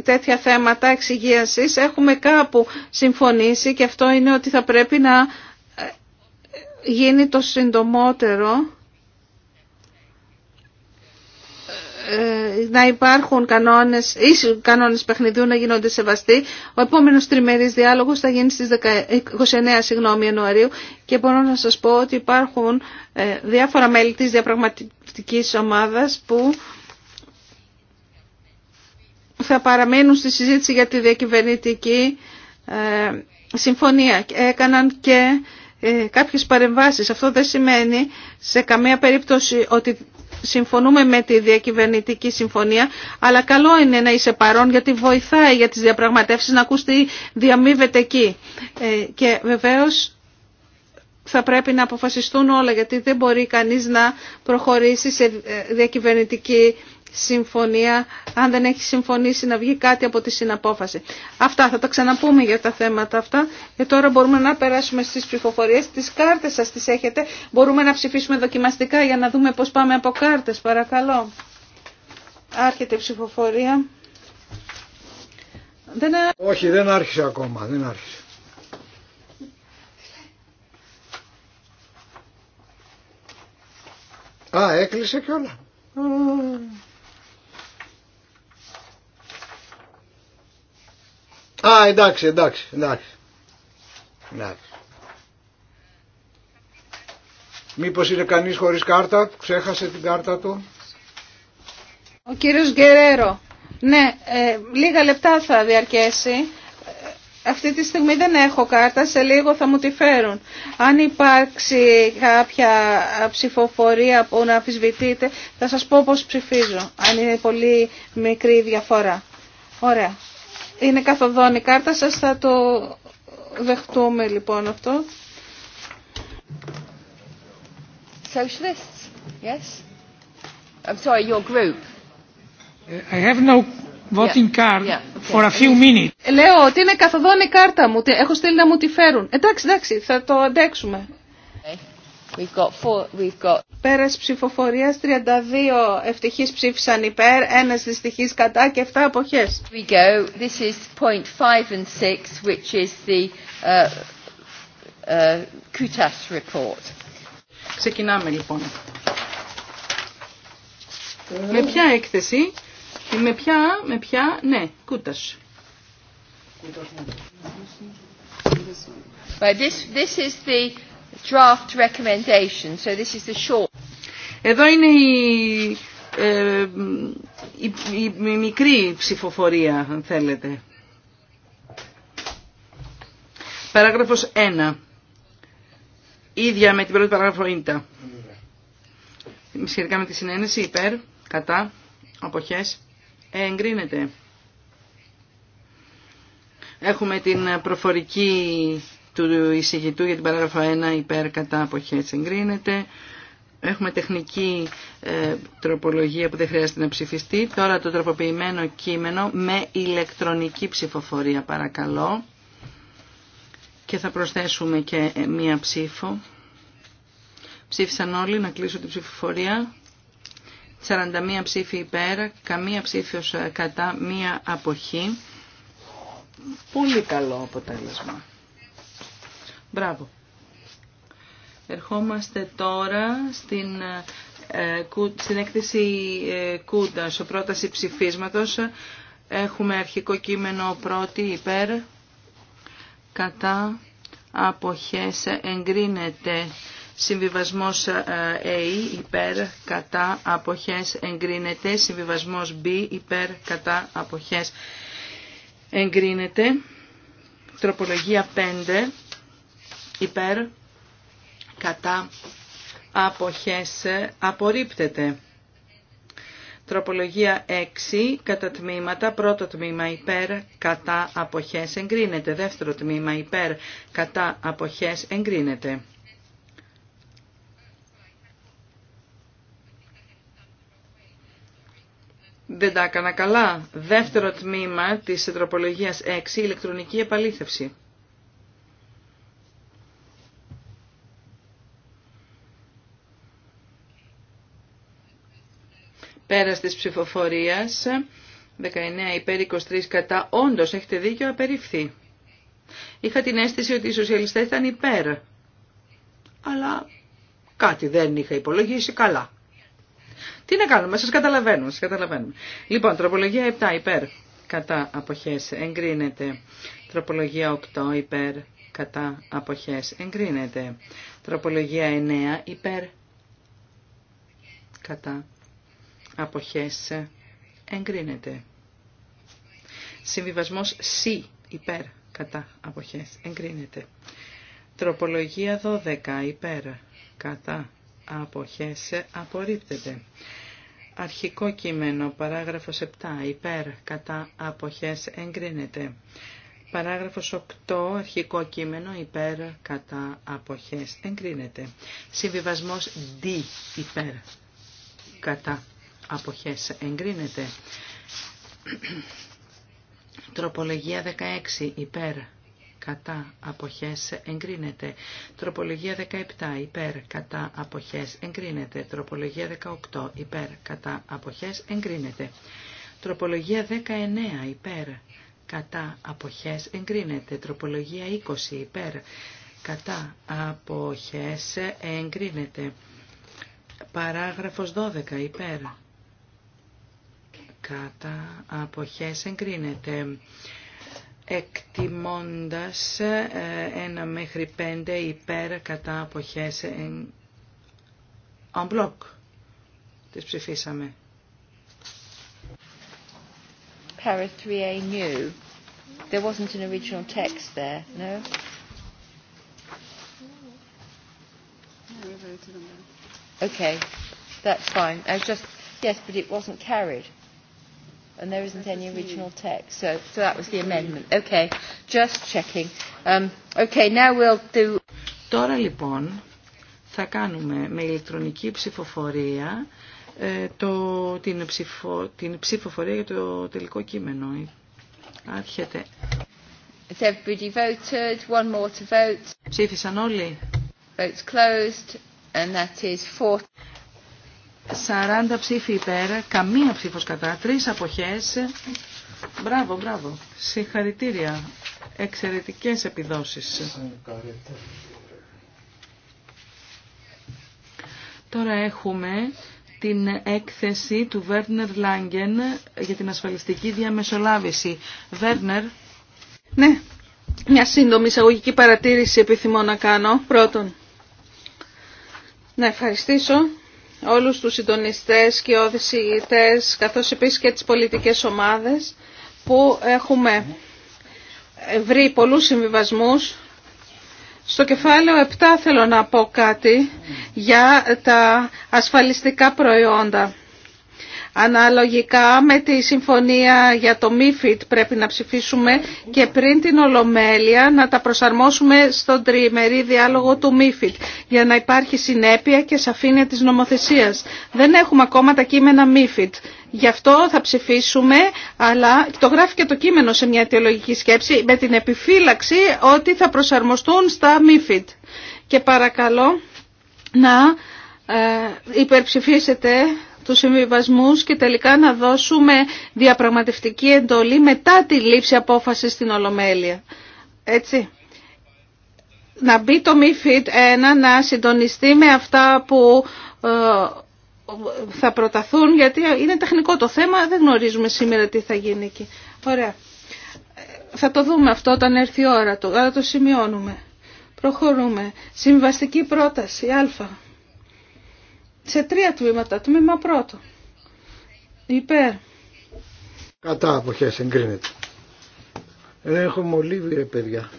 τέτοια θέματα εξυγίασης. Έχουμε κάπου συμφωνήσει και αυτό είναι ότι θα πρέπει να γίνει το συντομότερο Ε, να υπάρχουν κανόνες, ή κανόνες παιχνιδιού να γίνονται σεβαστοί. Ο επόμενος τριμερής διάλογος θα γίνει στις 29 συγγνώμη, Ιανουαρίου και μπορώ να σας πω ότι υπάρχουν ε, διάφορα μέλη της διαπραγματικής ομάδας που θα παραμένουν στη συζήτηση για τη διακυβερνητική ε, συμφωνία. Έκαναν και κάποιες παρεμβάσεις. Αυτό δεν σημαίνει σε καμία περίπτωση ότι συμφωνούμε με τη διακυβερνητική συμφωνία, αλλά καλό είναι να είσαι παρόν γιατί βοηθάει για τις διαπραγματεύσεις να ακούς τι διαμείβεται εκεί. Ε, και βεβαίως θα πρέπει να αποφασιστούν όλα γιατί δεν μπορεί κανείς να προχωρήσει σε ε, διακυβερνητική συμφωνία, αν δεν έχει συμφωνήσει να βγει κάτι από τη συναπόφαση. Αυτά θα τα ξαναπούμε για τα θέματα αυτά. Και τώρα μπορούμε να περάσουμε στις ψηφοφορίες. Τις κάρτες σας τις έχετε. Μπορούμε να ψηφίσουμε δοκιμαστικά για να δούμε πώς πάμε από κάρτες. Παρακαλώ. Άρχεται η ψηφοφορία. Δεν... Όχι, δεν άρχισε ακόμα. Δεν άρχισε. Α, έκλεισε κιόλα. Α, εντάξει, εντάξει, εντάξει. εντάξει. Μήπως είναι κανείς χωρίς κάρτα, ξέχασε την κάρτα του. Ο κύριος Γκερέρο. Ναι, ε, λίγα λεπτά θα διαρκέσει. Ε, αυτή τη στιγμή δεν έχω κάρτα, σε λίγο θα μου τη φέρουν. Αν υπάρξει κάποια ψηφοφορία που να αφισβητείτε θα σας πω πώς ψηφίζω, αν είναι πολύ μικρή διαφορά. Ωραία. Είναι καθοδόν η κάρτα σας, θα το δεχτούμε λοιπόν αυτό. Socialists, yes? I'm sorry, your group. I have no voting card okay. for a few minutes. Λέω ότι είναι καθοδόν η κάρτα μου, έχω στείλει να μου τη φέρουν. Εντάξει, εντάξει, θα το αντέξουμε. Okay. We've got Πέρας ψηφοφορίας 32 ευτυχείς ψήφισαν υπέρ, ένας δυστυχής κατά και 7 αποχές. We This is report. Ξεκινάμε λοιπόν. Με ποια έκθεση, με ποια, με ποια, ναι, Κούτας. this, this is the draft recommendation. So this is the short. Εδώ είναι η, ε, μικρή ψηφοφορία, αν θέλετε. Παράγραφος 1. Ίδια με την πρώτη παράγραφο ίντα. Σχετικά με τη συνένεση, υπέρ, κατά, αποχές, εγκρίνεται. Έχουμε την προφορική του εισηγητού για την παράγραφο 1 υπέρ κατά αποχές εγκρίνεται. Έχουμε τεχνική ε, τροπολογία που δεν χρειάζεται να ψηφιστεί. Τώρα το τροποποιημένο κείμενο με ηλεκτρονική ψηφοφορία παρακαλώ. Και θα προσθέσουμε και ε, μία ψήφο. Ψήφισαν όλοι να κλείσω την ψηφοφορία. 41 ψήφοι υπέρ, καμία ψήφιος ε, κατά, μία αποχή. Πολύ καλό αποτέλεσμα. Μπράβο. Ερχόμαστε τώρα στην, ε, στην έκθεση ε, Κούντα, ο πρόταση ψηφίσματος. Έχουμε αρχικό κείμενο πρώτη υπέρ, κατά, αποχές, εγκρίνεται. Συμβιβασμός ε, A υπέρ κατά αποχές εγκρίνεται. Συμβιβασμός B υπέρ κατά αποχές εγκρίνεται. Τροπολογία 5 υπέρ κατά αποχές απορρίπτεται. Τροπολογία 6, κατά τμήματα, πρώτο τμήμα υπέρ, κατά αποχές εγκρίνεται, δεύτερο τμήμα υπέρ, κατά αποχές εγκρίνεται. Δεν τα έκανα καλά. Δεύτερο τμήμα της τροπολογίας 6, ηλεκτρονική επαλήθευση. Πέρας της ψηφοφορίας, 19 υπέρ 23 κατά, όντως έχετε δίκιο, απερίφθη. Είχα την αίσθηση ότι οι σοσιαλιστές ήταν υπέρ, αλλά κάτι δεν είχα υπολογίσει καλά. Τι να κάνουμε, σας καταλαβαίνουμε, σας καταλαβαίνουμε. Λοιπόν, τροπολογία 7 υπέρ, κατά αποχές εγκρίνεται. Τροπολογία 8 υπέρ, κατά αποχές εγκρίνεται. Τροπολογία 9 υπέρ, κατά αποχές εγκρίνεται. Συμβιβασμός C υπέρ κατά αποχές εγκρίνεται. Τροπολογία 12 υπέρ κατά αποχές απορρίπτεται. Αρχικό κείμενο, παράγραφος 7, υπέρ, κατά, αποχές, εγκρίνεται. Παράγραφος 8, αρχικό κείμενο, υπέρ, κατά, αποχές, εγκρίνεται. Συμβιβασμός D, υπέρ, κατά, αποχές εγκρίνεται. Τροπολογία 16 υπέρ κατά αποχές εγκρίνεται. Τροπολογία 17 υπέρ κατά αποχές εγκρίνεται. Τροπολογία 18 υπέρ κατά αποχές εγκρίνεται. Τροπολογία 19 υπέρ κατά αποχές εγκρίνεται. Τροπολογία 20 υπέρ κατά αποχές εγκρίνεται. Παράγραφος 12 υπέρ κατά αποχές εγκρίνεται εκτιμώντας ένα μέχρι πέντε υπέρ κατά αποχές εν μπλοκ τις ψηφίσαμε Para 3A new there wasn't an original text there no okay that's fine I was just yes but it wasn't carried and there isn't any original text. So, so that was the amendment. Okay, just checking. Um, okay, now we'll do... Τώρα λοιπόν θα κάνουμε με ηλεκτρονική ψηφοφορία ε, το, την, ψηφο, την ψηφοφορία για το τελικό κείμενο. Άρχεται. Has everybody voted? One more to vote. Ψήφισαν όλοι. Votes closed and that is four. 40 ψήφοι υπέρ, καμία ψήφος κατά, τρεις αποχές. Μπράβο, μπράβο. Συγχαρητήρια. Εξαιρετικές επιδόσεις. Τώρα έχουμε την έκθεση του Βέρνερ Λάγκεν για την ασφαλιστική διαμεσολάβηση. Βέρνερ. Ναι, μια σύντομη εισαγωγική παρατήρηση επιθυμώ να κάνω. Πρώτον, να ευχαριστήσω όλους τους συντονιστές και οδησιητές, καθώς επίσης και τις πολιτικές ομάδες που έχουμε βρει πολλούς συμβιβασμούς. Στο κεφάλαιο 7 θέλω να πω κάτι για τα ασφαλιστικά προϊόντα. Αναλογικά με τη συμφωνία για το MIFID πρέπει να ψηφίσουμε και πριν την Ολομέλεια να τα προσαρμόσουμε στον τριημερή διάλογο του MIFID για να υπάρχει συνέπεια και σαφήνεια της νομοθεσίας. Δεν έχουμε ακόμα τα κείμενα MIFID. Γι' αυτό θα ψηφίσουμε, αλλά το γράφει και το κείμενο σε μια αιτιολογική σκέψη, με την επιφύλαξη ότι θα προσαρμοστούν στα MIFID. Και παρακαλώ να ε, υπερψηφίσετε τους συμβιβασμούς και τελικά να δώσουμε διαπραγματευτική εντολή μετά τη λήψη απόφασης στην Ολομέλεια. Έτσι. Να μπει το MIFID 1 να συντονιστεί με αυτά που ε, θα προταθούν γιατί είναι τεχνικό το θέμα, δεν γνωρίζουμε σήμερα τι θα γίνει εκεί. Ωραία. Θα το δούμε αυτό όταν έρθει η ώρα του, αλλά το σημειώνουμε. Προχωρούμε. Συμβαστική πρόταση, α σε τρία τμήματα. Τμήμα πρώτο. Υπέρ. Κατά αποχές εγκρίνεται. Έχουμε ολίβι ρε παιδιά.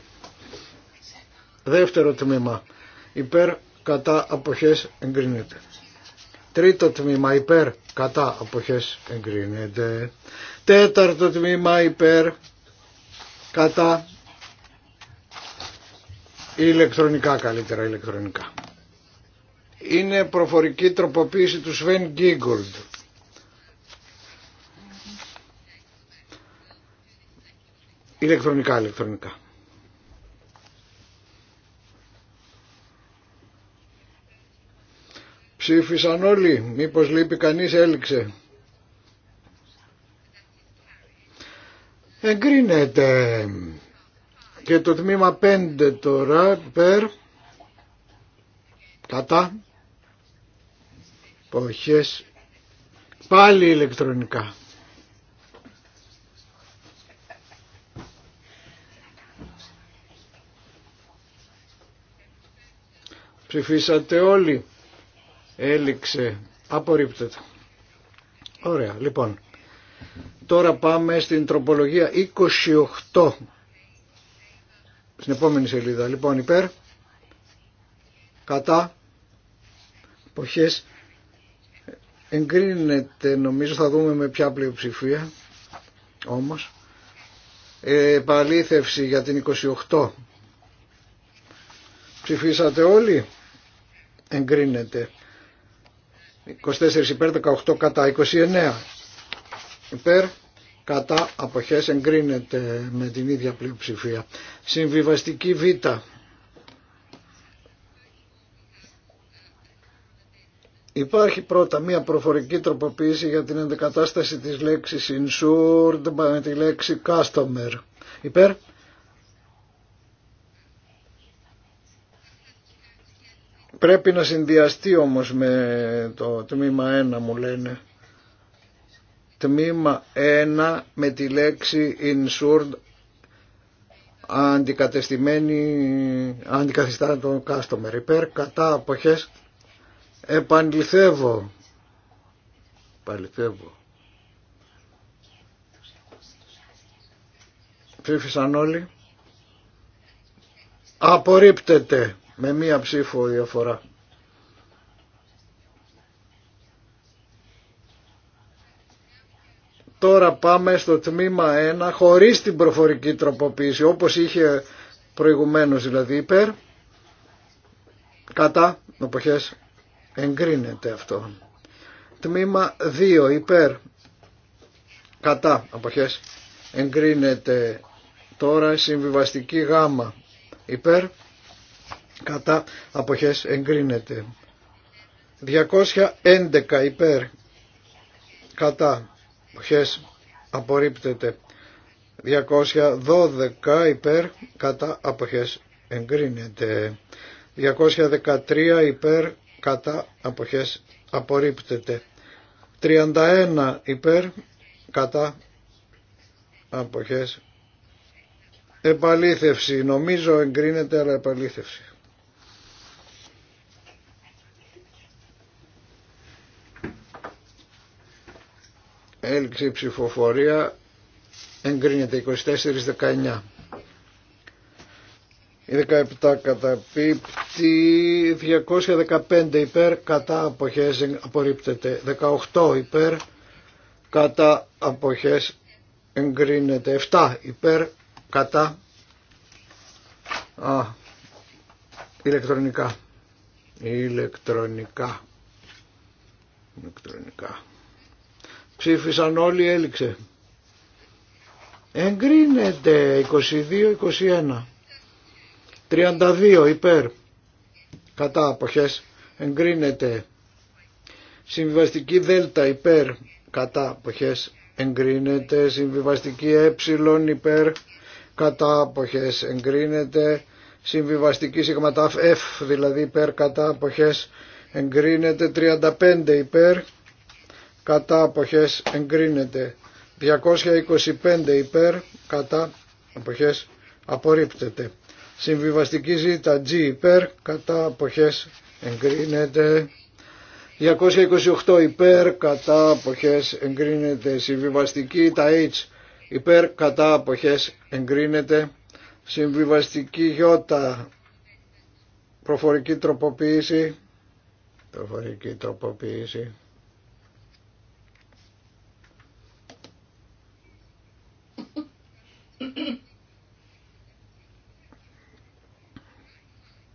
Δεύτερο τμήμα. Υπέρ κατά αποχές εγκρίνεται. Τρίτο τμήμα υπέρ κατά αποχές εγκρίνεται. Τέταρτο τμήμα υπέρ κατά ηλεκτρονικά καλύτερα ηλεκτρονικά είναι προφορική τροποποίηση του Σβέν Γκίγκολντ. Ηλεκτρονικά, ηλεκτρονικά. Ψήφισαν όλοι, μήπως λείπει κανείς, έληξε. Εγκρίνεται και το τμήμα 5 τώρα, περ, κατά, Ποχέ. πάλι ηλεκτρονικά. Ψηφίσατε όλοι. Έληξε. Απορρίπτεται. Ωραία. Λοιπόν, τώρα πάμε στην τροπολογία 28. Στην επόμενη σελίδα. Λοιπόν, υπέρ. Κατά. Εποχές εγκρίνεται νομίζω θα δούμε με ποια πλειοψηφία όμως ε, επαλήθευση για την 28 ψηφίσατε όλοι εγκρίνεται 24 υπέρ 18 κατά 29 υπέρ κατά αποχές εγκρίνεται με την ίδια πλειοψηφία συμβιβαστική β Υπάρχει πρώτα μία προφορική τροποποίηση για την αντικατάσταση της λέξης insured με τη λέξη customer. Υπέρ. Πρέπει να συνδυαστεί όμως με το τμήμα 1 μου λένε. Τμήμα 1 με τη λέξη insured αντικατεστημένη, αντικαθιστά τον customer. Υπέρ, κατά, αποχές, επανληθεύω επανληθεύω Ψήφισαν όλοι. Απορρίπτεται με μία ψήφο διαφορά. Τώρα πάμε στο τμήμα 1 χωρίς την προφορική τροποποίηση όπως είχε προηγουμένως δηλαδή υπέρ κατά εποχές Εγκρίνεται αυτό. Τμήμα 2 υπέρ κατά αποχές εγκρίνεται τώρα συμβιβαστική γάμα υπέρ κατά αποχές εγκρίνεται 211 υπέρ κατά αποχές απορρίπτεται 212 υπέρ κατά αποχές εγκρίνεται 213 υπέρ κατά αποχές απορρίπτεται. 31 υπέρ κατά αποχές επαλήθευση. Νομίζω εγκρίνεται αλλά επαλήθευση. Έλξη ψηφοφορία εγκρίνεται 24-19. Η 17 καταπίπτει, 215 υπέρ κατά αποχές απορρίπτεται, 18 υπέρ κατά αποχές εγκρίνεται, 7 υπέρ κατά α, ηλεκτρονικά, ηλεκτρονικά, ηλεκτρονικά. Ψήφισαν όλοι, έληξε. Εγκρίνεται 22-21. 32 υπέρ κατά αποχές εγκρίνεται. Συμβιβαστική δέλτα υπέρ κατά αποχές εγκρίνεται. Συμβιβαστική ε υπέρ κατά αποχές εγκρίνεται. Συμβιβαστική σιγματάφ F δηλαδή υπέρ κατά αποχές εγκρίνεται. 35 υπέρ κατά αποχές εγκρίνεται. 225 υπέρ κατά αποχές απορρίπτεται. Συμβιβαστική ζήτα G υπέρ κατά αποχές εγκρίνεται. 228 υπέρ κατά αποχές εγκρίνεται. Συμβιβαστική τα H υπέρ κατά αποχές εγκρίνεται. Συμβιβαστική γιώτα προφορική τροποποίηση. Προφορική τροποποίηση.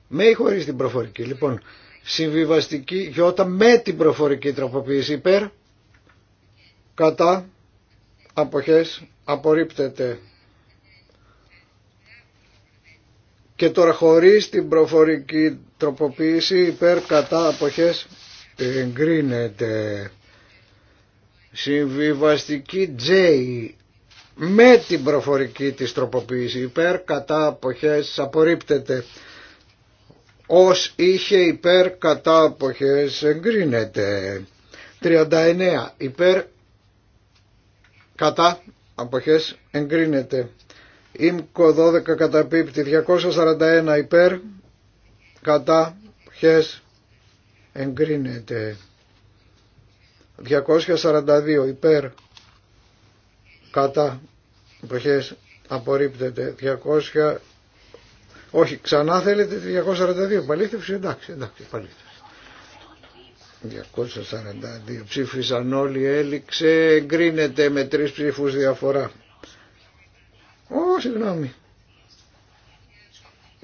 Με ή χωρίς την προφορική. Λοιπόν, συμβιβαστική γιώτα με την προφορική τροποποίηση υπέρ, κατά, αποχές, απορρίπτεται. Και τώρα χωρίς την προφορική τροποποίηση υπέρ, κατά, αποχές, εγκρίνεται. Συμβιβαστική J με την προφορική της τροποποίηση υπέρ, κατά, αποχές, απορρίπτεται ως είχε υπέρ κατά αποχές εγκρίνεται 39 υπέρ κατά αποχές εγκρίνεται Ήμκο 12 καταπίπτει 241 υπέρ κατά αποχές εγκρίνεται 242 υπέρ κατά αποχές απορρίπτεται όχι, ξανά θέλετε 242. Παλήθευση, εντάξει, εντάξει, παλήθευση. 242 ψήφισαν όλοι, έληξε, εγκρίνεται με τρεις ψήφους διαφορά. Ω, συγγνώμη.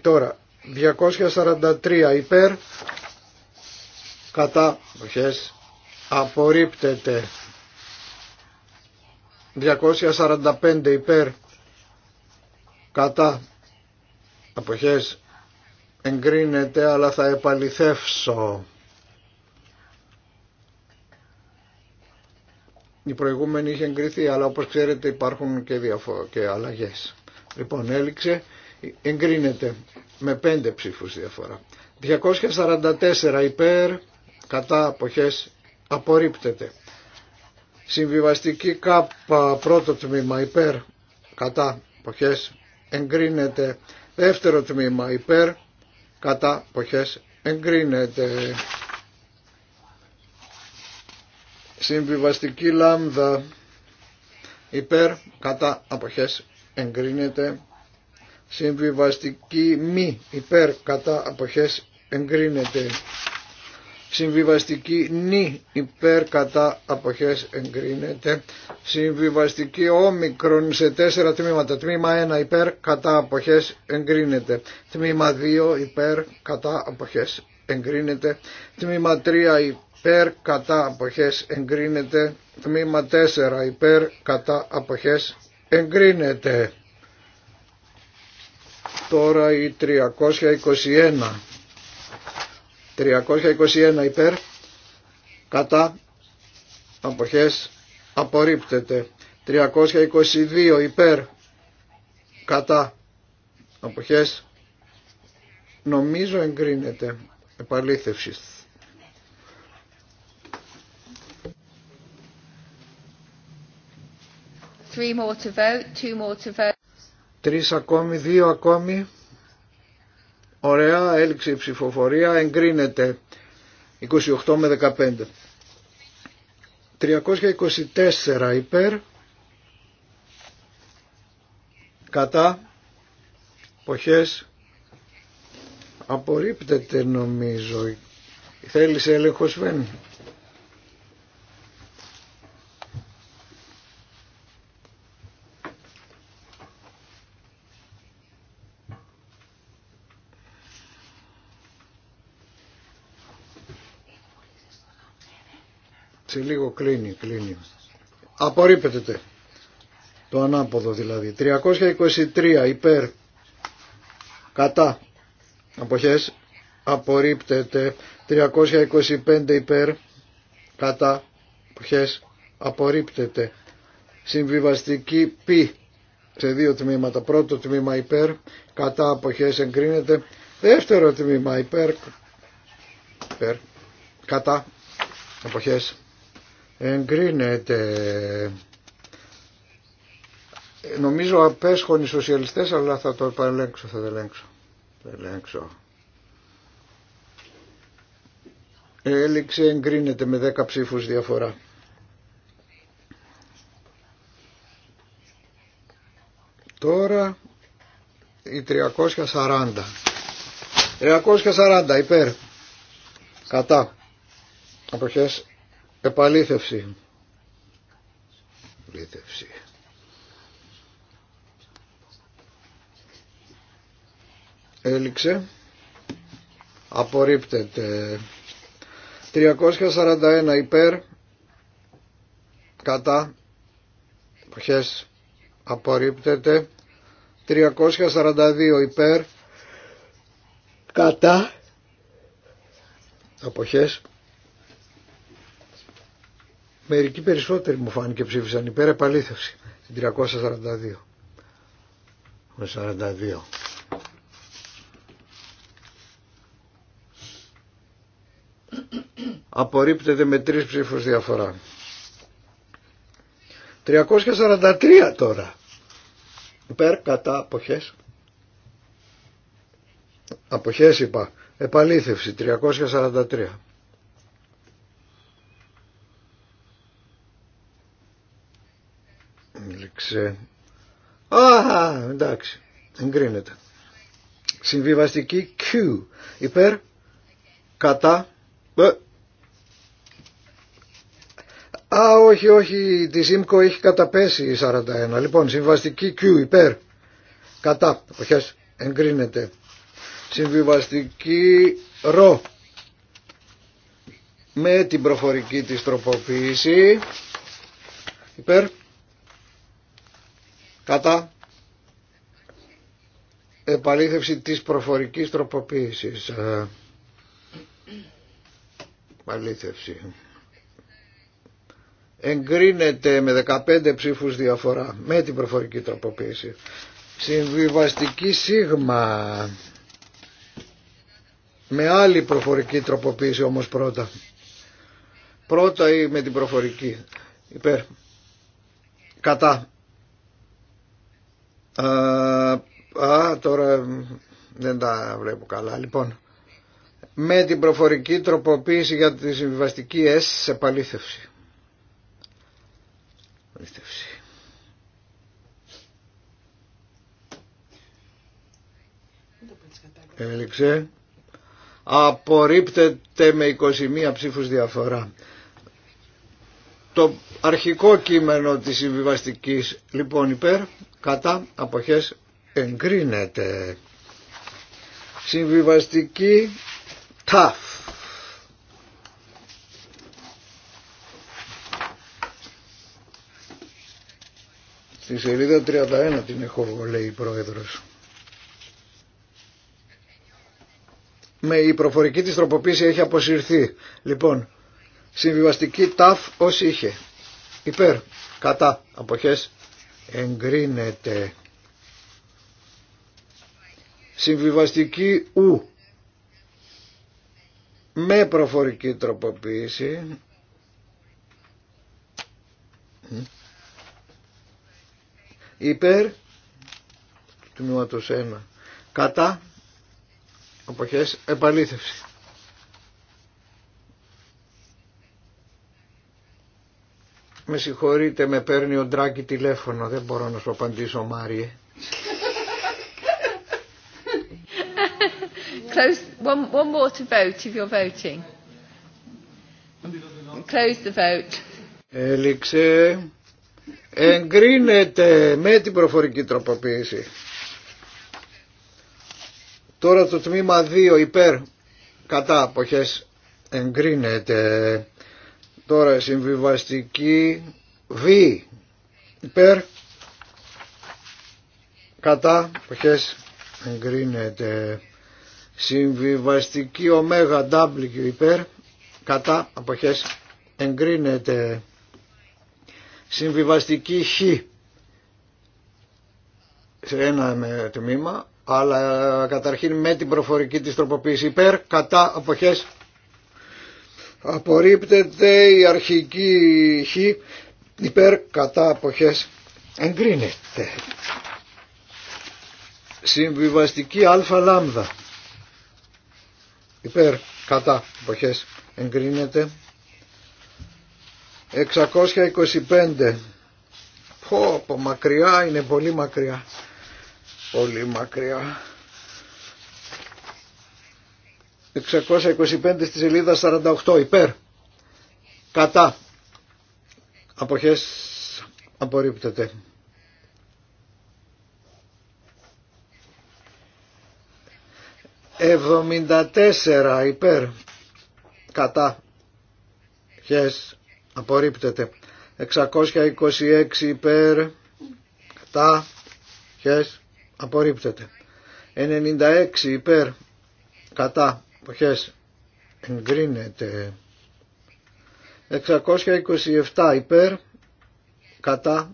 Τώρα, 243 υπέρ, κατά, αποχές, απορρίπτεται. 245 υπέρ, κατά, αποχές εγκρίνεται αλλά θα επαληθεύσω. Η προηγούμενη είχε εγκριθεί αλλά όπως ξέρετε υπάρχουν και, διαφο και αλλαγές. Λοιπόν έληξε, εγκρίνεται με 5 ψήφους διαφορά. 244 υπέρ, κατά αποχές απορρίπτεται. Συμβιβαστική κάπα πρώτο τμήμα υπέρ, κατά αποχές εγκρίνεται Δεύτερο τμήμα υπέρ κατά αποχές εγκρίνεται. Συμβιβαστική λάμδα υπέρ κατά αποχές εγκρίνεται. Συμβιβαστική μη υπέρ κατά αποχές εγκρίνεται. Συμβιβαστική νη υπέρ κατά αποχές εγκρίνεται. Συμβιβαστική όμικρον σε τέσσερα τμήματα. Τμήμα 1 υπέρ κατά αποχές εγκρίνεται. Τμήμα 2 υπέρ κατά αποχές εγκρίνεται. Τμήμα 3 υπέρ κατά αποχές εγκρίνεται. Τμήμα 4 υπέρ κατά αποχές εγκρίνεται. Τώρα η 321 321 υπέρ κατά αποχές απορρίπτεται 322 υπέρ κατά αποχές νομίζω εγκρίνεται επαλήθευσης Three more to vote, two more to vote. Τρεις ακόμη, δύο ακόμη. Ωραία, έληξε ψηφοφορία, εγκρίνεται 28 με 15. 324 υπέρ, κατά, ποχές, απορρίπτεται νομίζω. Θέλεις έλεγχος Βέν. λίγο κλείνει, κλείνει. Απορρίπτεται το ανάποδο δηλαδή. 323 υπέρ κατά αποχές απορρίπτεται. 325 υπέρ κατά αποχές απορρίπτεται. Συμβιβαστική π σε δύο τμήματα. Πρώτο τμήμα υπέρ κατά αποχές εγκρίνεται. Δεύτερο τμήμα υπέρ, υπέρ κατά αποχές Εγκρίνεται. Νομίζω απέσχον οι σοσιαλιστές αλλά θα το παρελέξω, θα το ελέγξω. Θα ελέγξω. Έληξε εγκρίνεται με 10 ψήφους διαφορά. Τώρα η 340. 340 υπέρ. Κατά. Αποχές Επαλήθευση. Επαλήθευση. Έληξε. Απορρίπτεται. 341 υπέρ. Κατά. Εποχές. Απορρίπτεται. 342 υπέρ. Κατά. Αποχές Μερικοί περισσότεροι μου φάνηκε ψήφισαν υπέρ επαλήθευση. 342. 42. Απορρίπτεται με τρεις ψήφους διαφορά. 343 τώρα. Υπέρ κατά αποχές. Αποχές είπα. Επαλήθευση 343. Α, εντάξει, εγκρίνεται. Συμβιβαστική Q, υπέρ, κατά, ε. Α, όχι, όχι, τη ΣΥΜΚΟ έχει καταπέσει η 41. Λοιπόν, συμβιβαστική Q, υπέρ, κατά, εγκρίνεται. Συμβιβαστική ρο, με την προφορική της τροποποίηση, υπέρ, κατά επαλήθευση της προφορικής τροποποίησης. Ε, επαλήθευση. Εγκρίνεται με 15 ψήφους διαφορά με την προφορική τροποποίηση. Συμβιβαστική σίγμα. Με άλλη προφορική τροποποίηση όμως πρώτα. Πρώτα ή με την προφορική. Υπέρ. Κατά α, τώρα δεν τα βλέπω καλά. Λοιπόν, με την προφορική τροποποίηση για τη συμβιβαστική S σε επαλήθευση. Επαλήθευση. Έληξε. Απορρίπτεται με 21 ψήφους διαφορά το αρχικό κείμενο της συμβιβαστική λοιπόν υπέρ κατά αποχές εγκρίνεται. Συμβιβαστική ταφ. Στη σελίδα 31 την έχω λέει η πρόεδρος. Με η προφορική της τροποποίηση έχει αποσυρθεί. Λοιπόν, Συμβιβαστική ταφ ως είχε. Υπέρ, κατά, αποχές, εγκρίνεται. Συμβιβαστική ου. Με προφορική τροποποίηση. Υπέρ του τμήματος 1. Κατά αποχές επαλήθευση. Με συγχωρείτε, με παίρνει ο Ντράκη τηλέφωνο. Δεν μπορώ να σου απαντήσω, Μάριε. Close one, Έληξε. Εγκρίνεται με την προφορική τροποποίηση. Τώρα το τμήμα 2 υπέρ κατά αποχές εγκρίνεται. Τώρα συμβιβαστική Β υπέρ κατά αποχές εγκρίνεται συμβιβαστική ωμέγα W υπέρ κατά αποχές εγκρίνεται συμβιβαστική Χ σε ένα τμήμα αλλά καταρχήν με την προφορική της τροποποίηση υπέρ κατά αποχές Απορρίπτεται η αρχική χ υπέρ κατά αποχές εγκρίνεται. Συμβιβαστική α λάμδα υπέρ κατά αποχές εγκρίνεται. 625 Πω, μακριά είναι πολύ μακριά. Πολύ μακριά. 625 στη σελίδα 48 υπέρ κατά αποχές απορρίπτεται. Εβδομήντα τέσσερα υπέρ κατά χες απορρίπτεται. 626 υπέρ κατά χες απορρίπτεται. 96 υπέρ κατά εποχές εγκρίνεται 627 υπέρ κατά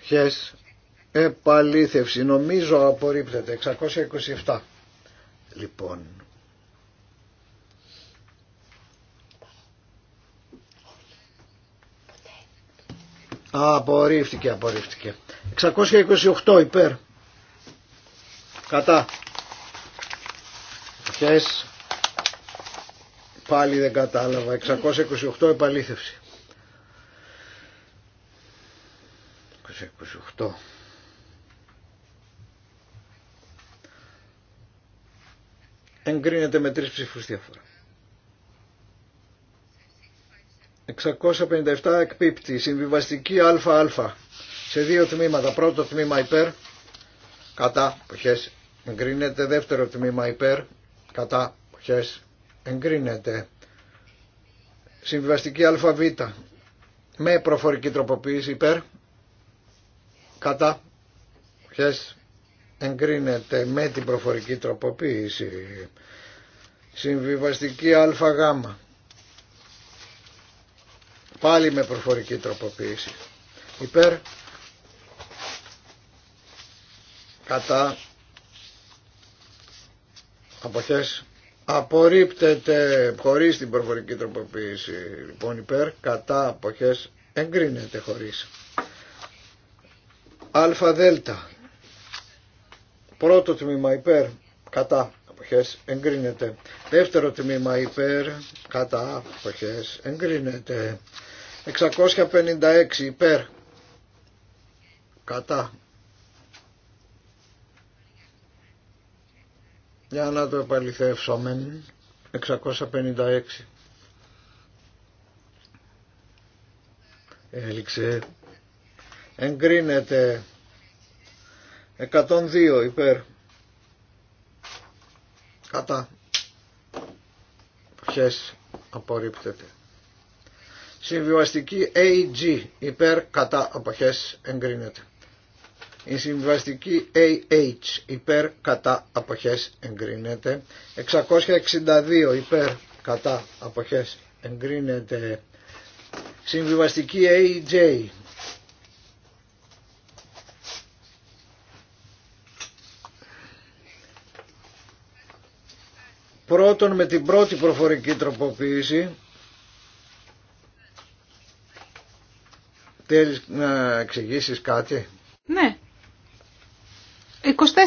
χες επαλήθευση νομίζω απορρίπτεται 627 λοιπόν Απορρίφθηκε, απορρίφθηκε. 628 υπέρ. Κατά. Ποιες πάλι δεν κατάλαβα. 628 επαλήθευση. 628. Εγκρίνεται με τρεις ψήφους διαφορά. 657 εκπίπτει. Συμβιβαστική ΑΑ. Σε δύο τμήματα. Πρώτο τμήμα υπέρ. Κατά. Ποιες Εγκρίνεται δεύτερο τμήμα υπέρ κατά χες εγκρίνεται. Συμβιβαστική ΑΒ με προφορική τροποποίηση υπέρ κατά χες εγκρίνεται με την προφορική τροποποίηση. Συμβιβαστική ΑΓ πάλι με προφορική τροποποίηση υπέρ κατά αποχές απορρίπτεται χωρίς την προφορική τροποποίηση λοιπόν υπέρ κατά αποχές εγκρίνεται χωρίς Αλφα δέλτα πρώτο τμήμα υπέρ κατά αποχές εγκρίνεται δεύτερο τμήμα υπέρ κατά αποχές εγκρίνεται 656 υπέρ κατά Για να το επαληθεύσουμε. 656. Έληξε. Εγκρίνεται. 102 υπέρ. Κατά. Ποιες απορρίπτεται. Συμβιβαστική AG υπέρ κατά αποχές εγκρίνεται. Η συμβιβαστική AH υπέρ κατά αποχές εγκρίνεται. 662 υπέρ κατά αποχές εγκρίνεται. Συμβιβαστική AJ πρώτον με την πρώτη προφορική τροποποίηση Θέλεις να εξηγήσεις κάτι. Ναι,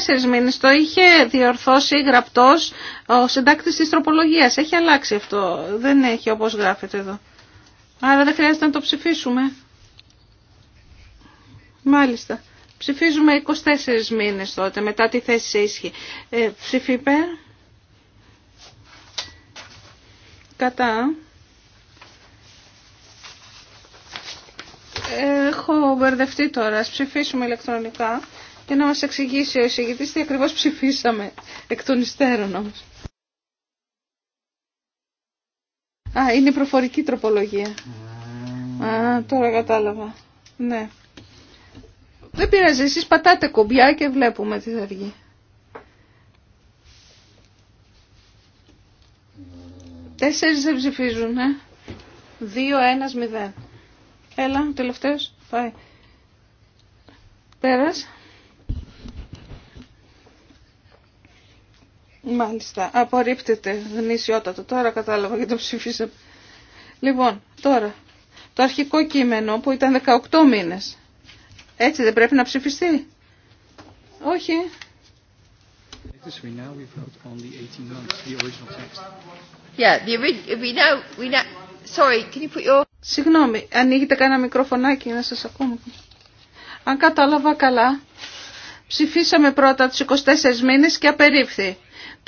τέσσερις μήνες. Το είχε διορθώσει γραπτός ο συντάκτης της τροπολογίας. Έχει αλλάξει αυτό. Δεν έχει όπως γράφεται εδώ. Άρα δεν χρειάζεται να το ψηφίσουμε. Μάλιστα. Ψηφίζουμε 24 μήνες τότε μετά τη θέση σε ίσχυ. Ε, Κατά. Έχω μπερδευτεί τώρα. Ας ψηφίσουμε ηλεκτρονικά και να μας εξηγήσει ο εισηγητής τι ακριβώς ψηφίσαμε εκ των υστέρων όμως. Α, είναι προφορική τροπολογία. Α, τώρα κατάλαβα. Ναι. Δεν πειράζει, εσείς πατάτε κουμπιά και βλέπουμε τι θα βγει. Τέσσερις δεν ψηφίζουν, ε. Δύο, ένας, μηδέν. Έλα, τελευταίος. Πάει. Πέρας. Μάλιστα. Απορρίπτεται γνησιότατο. Τώρα κατάλαβα γιατί το ψηφίσαμε. Λοιπόν, τώρα. Το αρχικό κείμενο που ήταν 18 μήνες. Έτσι δεν πρέπει να ψηφιστεί. Όχι. Συγγνώμη, ανοίγετε κανένα μικροφωνάκι να σας ακούμε. Αν κατάλαβα καλά, ψηφίσαμε πρώτα τους 24 μήνες και απερίφθη.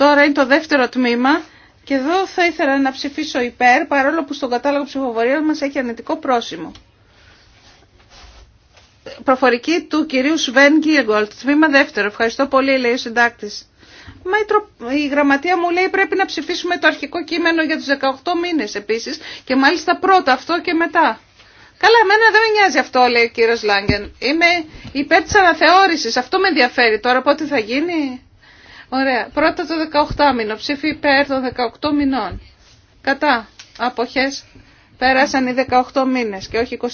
Τώρα είναι το δεύτερο τμήμα και εδώ θα ήθελα να ψηφίσω υπέρ παρόλο που στον κατάλογο ψηφοφορία μας έχει αρνητικό πρόσημο. Προφορική του κυρίου Σβέν Γκίγκολτ, τμήμα δεύτερο. Ευχαριστώ πολύ, λέει ο συντάκτη. Μα η, γραμματεία μου λέει πρέπει να ψηφίσουμε το αρχικό κείμενο για του 18 μήνε επίση. και μάλιστα πρώτα αυτό και μετά. Καλά, εμένα δεν με νοιάζει αυτό, λέει ο κύριο Λάγκεν. Είμαι υπέρ τη αναθεώρηση. Αυτό με ενδιαφέρει τώρα πότε θα γίνει. Ωραία. Πρώτα το 18 μήνο. Ψήφι υπέρ των 18 μηνών. Κατά. Αποχές. Πέρασαν οι 18 μήνες και όχι 24.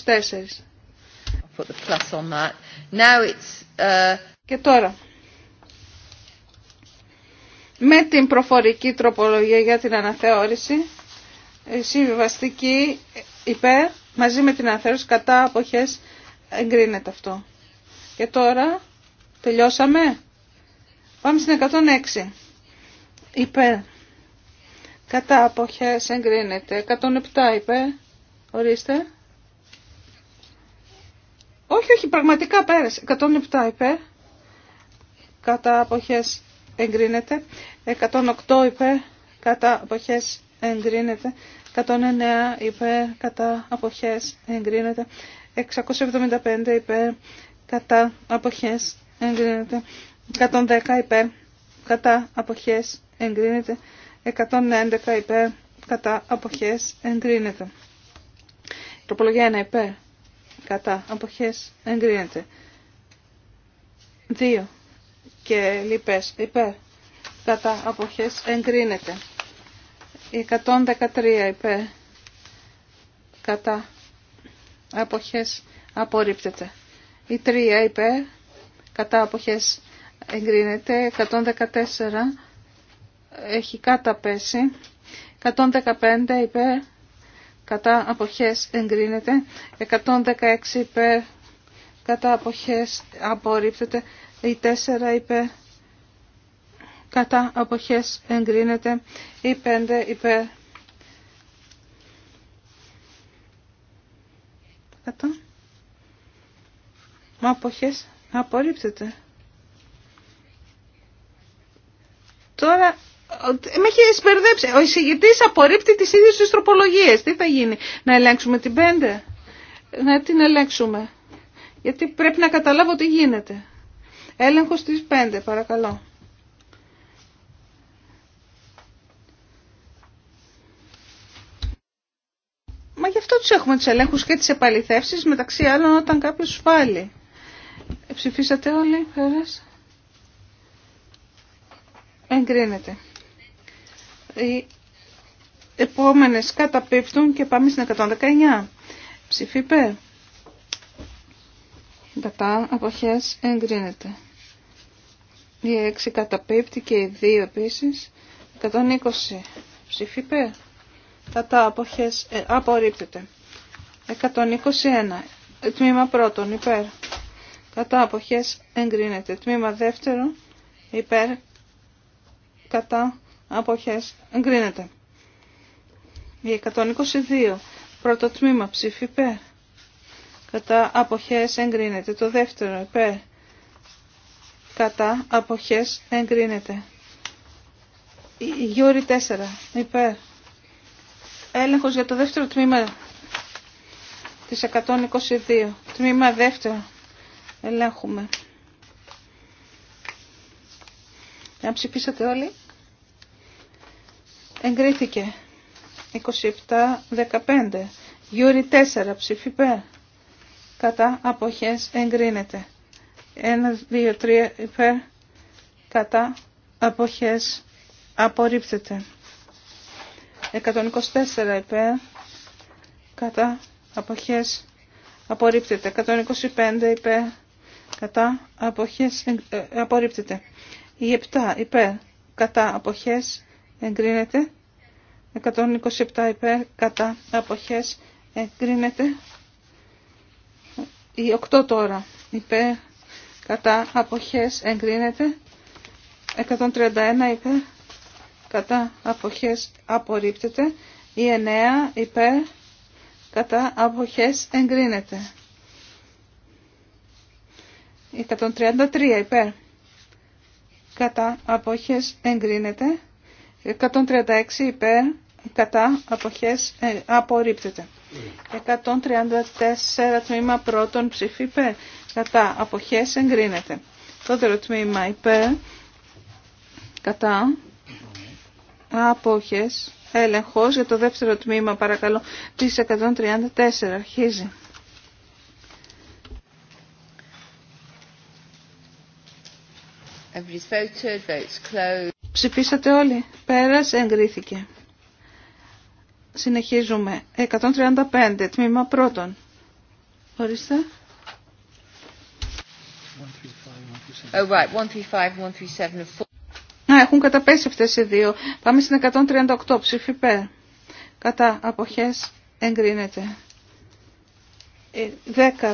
Uh, και τώρα. Με την προφορική τροπολογία για την αναθεώρηση, ε, συμβιβαστική υπέρ, μαζί με την αναθεώρηση κατά αποχές εγκρίνεται αυτό. Και τώρα τελειώσαμε. Πάμε στην 106. Υπέρ. Κατά αποχές εγκρίνεται. 107 υπέρ. Ορίστε. Όχι, όχι, πραγματικά πέρασε. 107 υπέρ. Κατά αποχές εγκρίνεται. 108 υπέρ. Κατά αποχές εγκρίνεται. 109 υπέρ. Κατά αποχές εγκρίνεται. 675 υπέρ. Κατά αποχές εγκρίνεται. 110 υπέρ κατά αποχές εγκρίνεται. 111 υπέρ κατά αποχές εγκρίνεται. Τροπολογία 1 υπέρ κατά αποχές εγκρίνεται. 2 και λοιπές υπέρ κατά αποχές εγκρίνεται. 113 υπέρ κατά αποχές απορρίπτεται. Η 3 υπέρ κατά αποχές εγκρίνεται, 114 έχει καταπέσει, 115 υπέρ κατά αποχές εγκρίνεται, 116 υπέρ κατά αποχές απορρίπτεται, η 4 υπέρ κατά αποχές εγκρίνεται, η 5 υπέρ κατά αποχές απορρίπτεται. Τώρα με έχει συμπερδέψει. Ο εισηγητή απορρίπτει τι ίδιε τι τροπολογίε. Τι θα γίνει, να ελέγξουμε την 5. Να την ελέγξουμε. Γιατί πρέπει να καταλάβω τι γίνεται. Έλεγχο τη 5, παρακαλώ. Μα γι' αυτό τους έχουμε τους ελέγχους και τις επαληθεύσεις μεταξύ άλλων όταν κάποιος σφάλει. Ε, ψηφίσατε όλοι, Εγκρίνεται. Οι επόμενες καταπίπτουν και πάμε στην 119. Ψηφί Κατά αποχές εγκρίνεται. Η 6 καταπίπτει και οι 2 επίσης. 120 ψηφί Τα τά αποχές απορρίπτεται. 121. Τμήμα πρώτον υπέρ. Κατά αποχές ε, απορρίπτεται. 121. Ε, τμήμα πρώτον υπέρ. Κατά αποχές εγκρίνεται. Τμήμα δεύτερο υπέρ κατά αποχές εγκρίνεται. Η 122 πρώτο τμήμα ψήφι κατά αποχές εγκρίνεται. Το δεύτερο υπέρ κατά αποχές εγκρίνεται. Γιούρι 4 υπέρ έλεγχος για το δεύτερο τμήμα της 122 τμήμα δεύτερο ελέγχουμε. να ψηφίσατε όλοι. Εγκρίθηκε. 27-15. Γιούρι 4. Ψήφι Κατά αποχές εγκρίνεται. 1, 2, 3 υπέρ. Κατά αποχές απορρίπτεται. 124 υπέρ. Κατά αποχές απορρίπτεται. 125 υπέρ. Κατά αποχές ε, ε, απορρίπτεται. Η 7 υπέρ κατά αποχές εγκρίνεται. 127 υπέρ κατά αποχές εγκρίνεται. Η 8 τώρα υπέρ κατά αποχές εγκρίνεται. 131 υπέρ κατά αποχές απορρίπτεται. Η 9 υπέρ κατά αποχές εγκρίνεται. 133 υπέρ κατά αποχές εγκρίνεται, 136 υπέρ κατά αποχές ε, απορρίπτεται. 134 τμήμα πρώτον ψήφι υπέρ κατά αποχές εγκρίνεται. Δεύτερο τμήμα υπέρ κατά αποχές έλεγχος για το δεύτερο τμήμα παρακαλώ της 134 αρχίζει. Ψηφίσατε όλοι. Πέρας εγκρίθηκε. Συνεχίζουμε. 135 τμήμα πρώτον. Ορίστε. Oh, έχουν καταπέσει αυτές οι δύο. Πάμε στην 138. Ψήφι Πέρα. Κατά αποχές εγκρίνεται. 10 ε,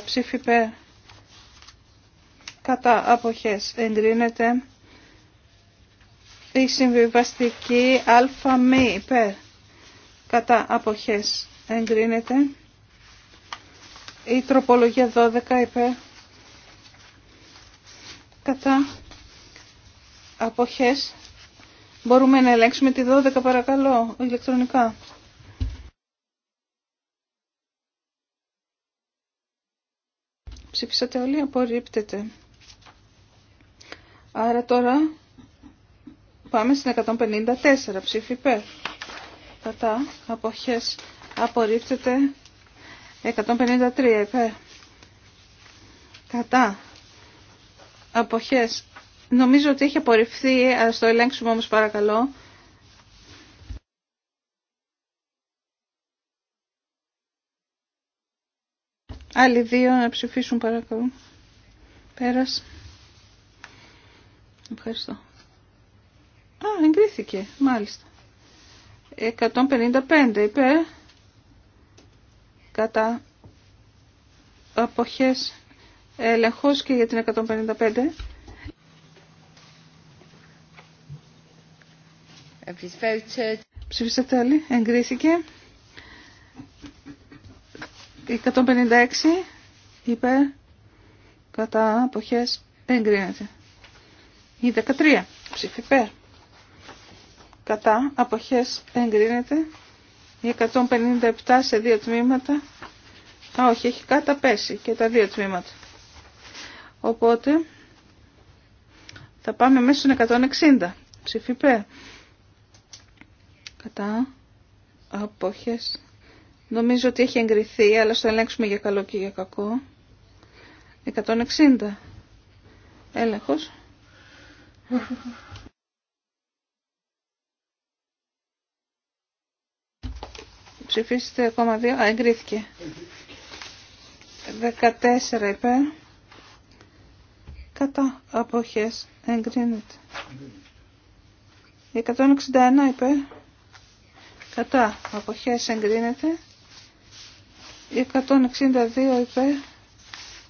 ψήφι πέρα κατά αποχές εγκρίνεται η συμβιβαστική αλφα μη υπέρ κατά αποχές εγκρίνεται η τροπολογία 12 υπέρ κατά αποχές μπορούμε να ελέγξουμε τη 12 παρακαλώ ηλεκτρονικά ψηφίσατε όλοι απορρίπτεται Άρα τώρα πάμε στην 154 ψήφι υπέρ. Κατά αποχές απορρίπτεται 153 υπέρ. Κατά αποχές. Νομίζω ότι έχει απορριφθεί, ας το ελέγξουμε όμως παρακαλώ. Άλλοι δύο να ψηφίσουν παρακαλώ. Πέρας. Ευχαριστώ. Α, εγκρίθηκε, μάλιστα. 155 είπε Κατά αποχές έλεγχος και για την 155. Ψήφισατε όλοι, εγκρίθηκε. 156 υπέρ κατά αποχές εγκρίνεται. Η 13. Ψήφι Κατά αποχές εγκρίνεται. Η 157 σε δύο τμήματα. Α, όχι, έχει καταπέσει και τα δύο τμήματα. Οπότε θα πάμε μέσα στον 160. Ψήφι Κατά αποχές. Νομίζω ότι έχει εγκριθεί, αλλά στο ελέγξουμε για καλό και για κακό. 160. Έλεγχος. Ψηφίσετε ακόμα δύο. Α, εγκρίθηκε. 14 υπέρ. Κατά αποχές. Εγκρίνεται. 161 υπέρ. Κατά αποχές εγκρίνεται. 162 υπέρ.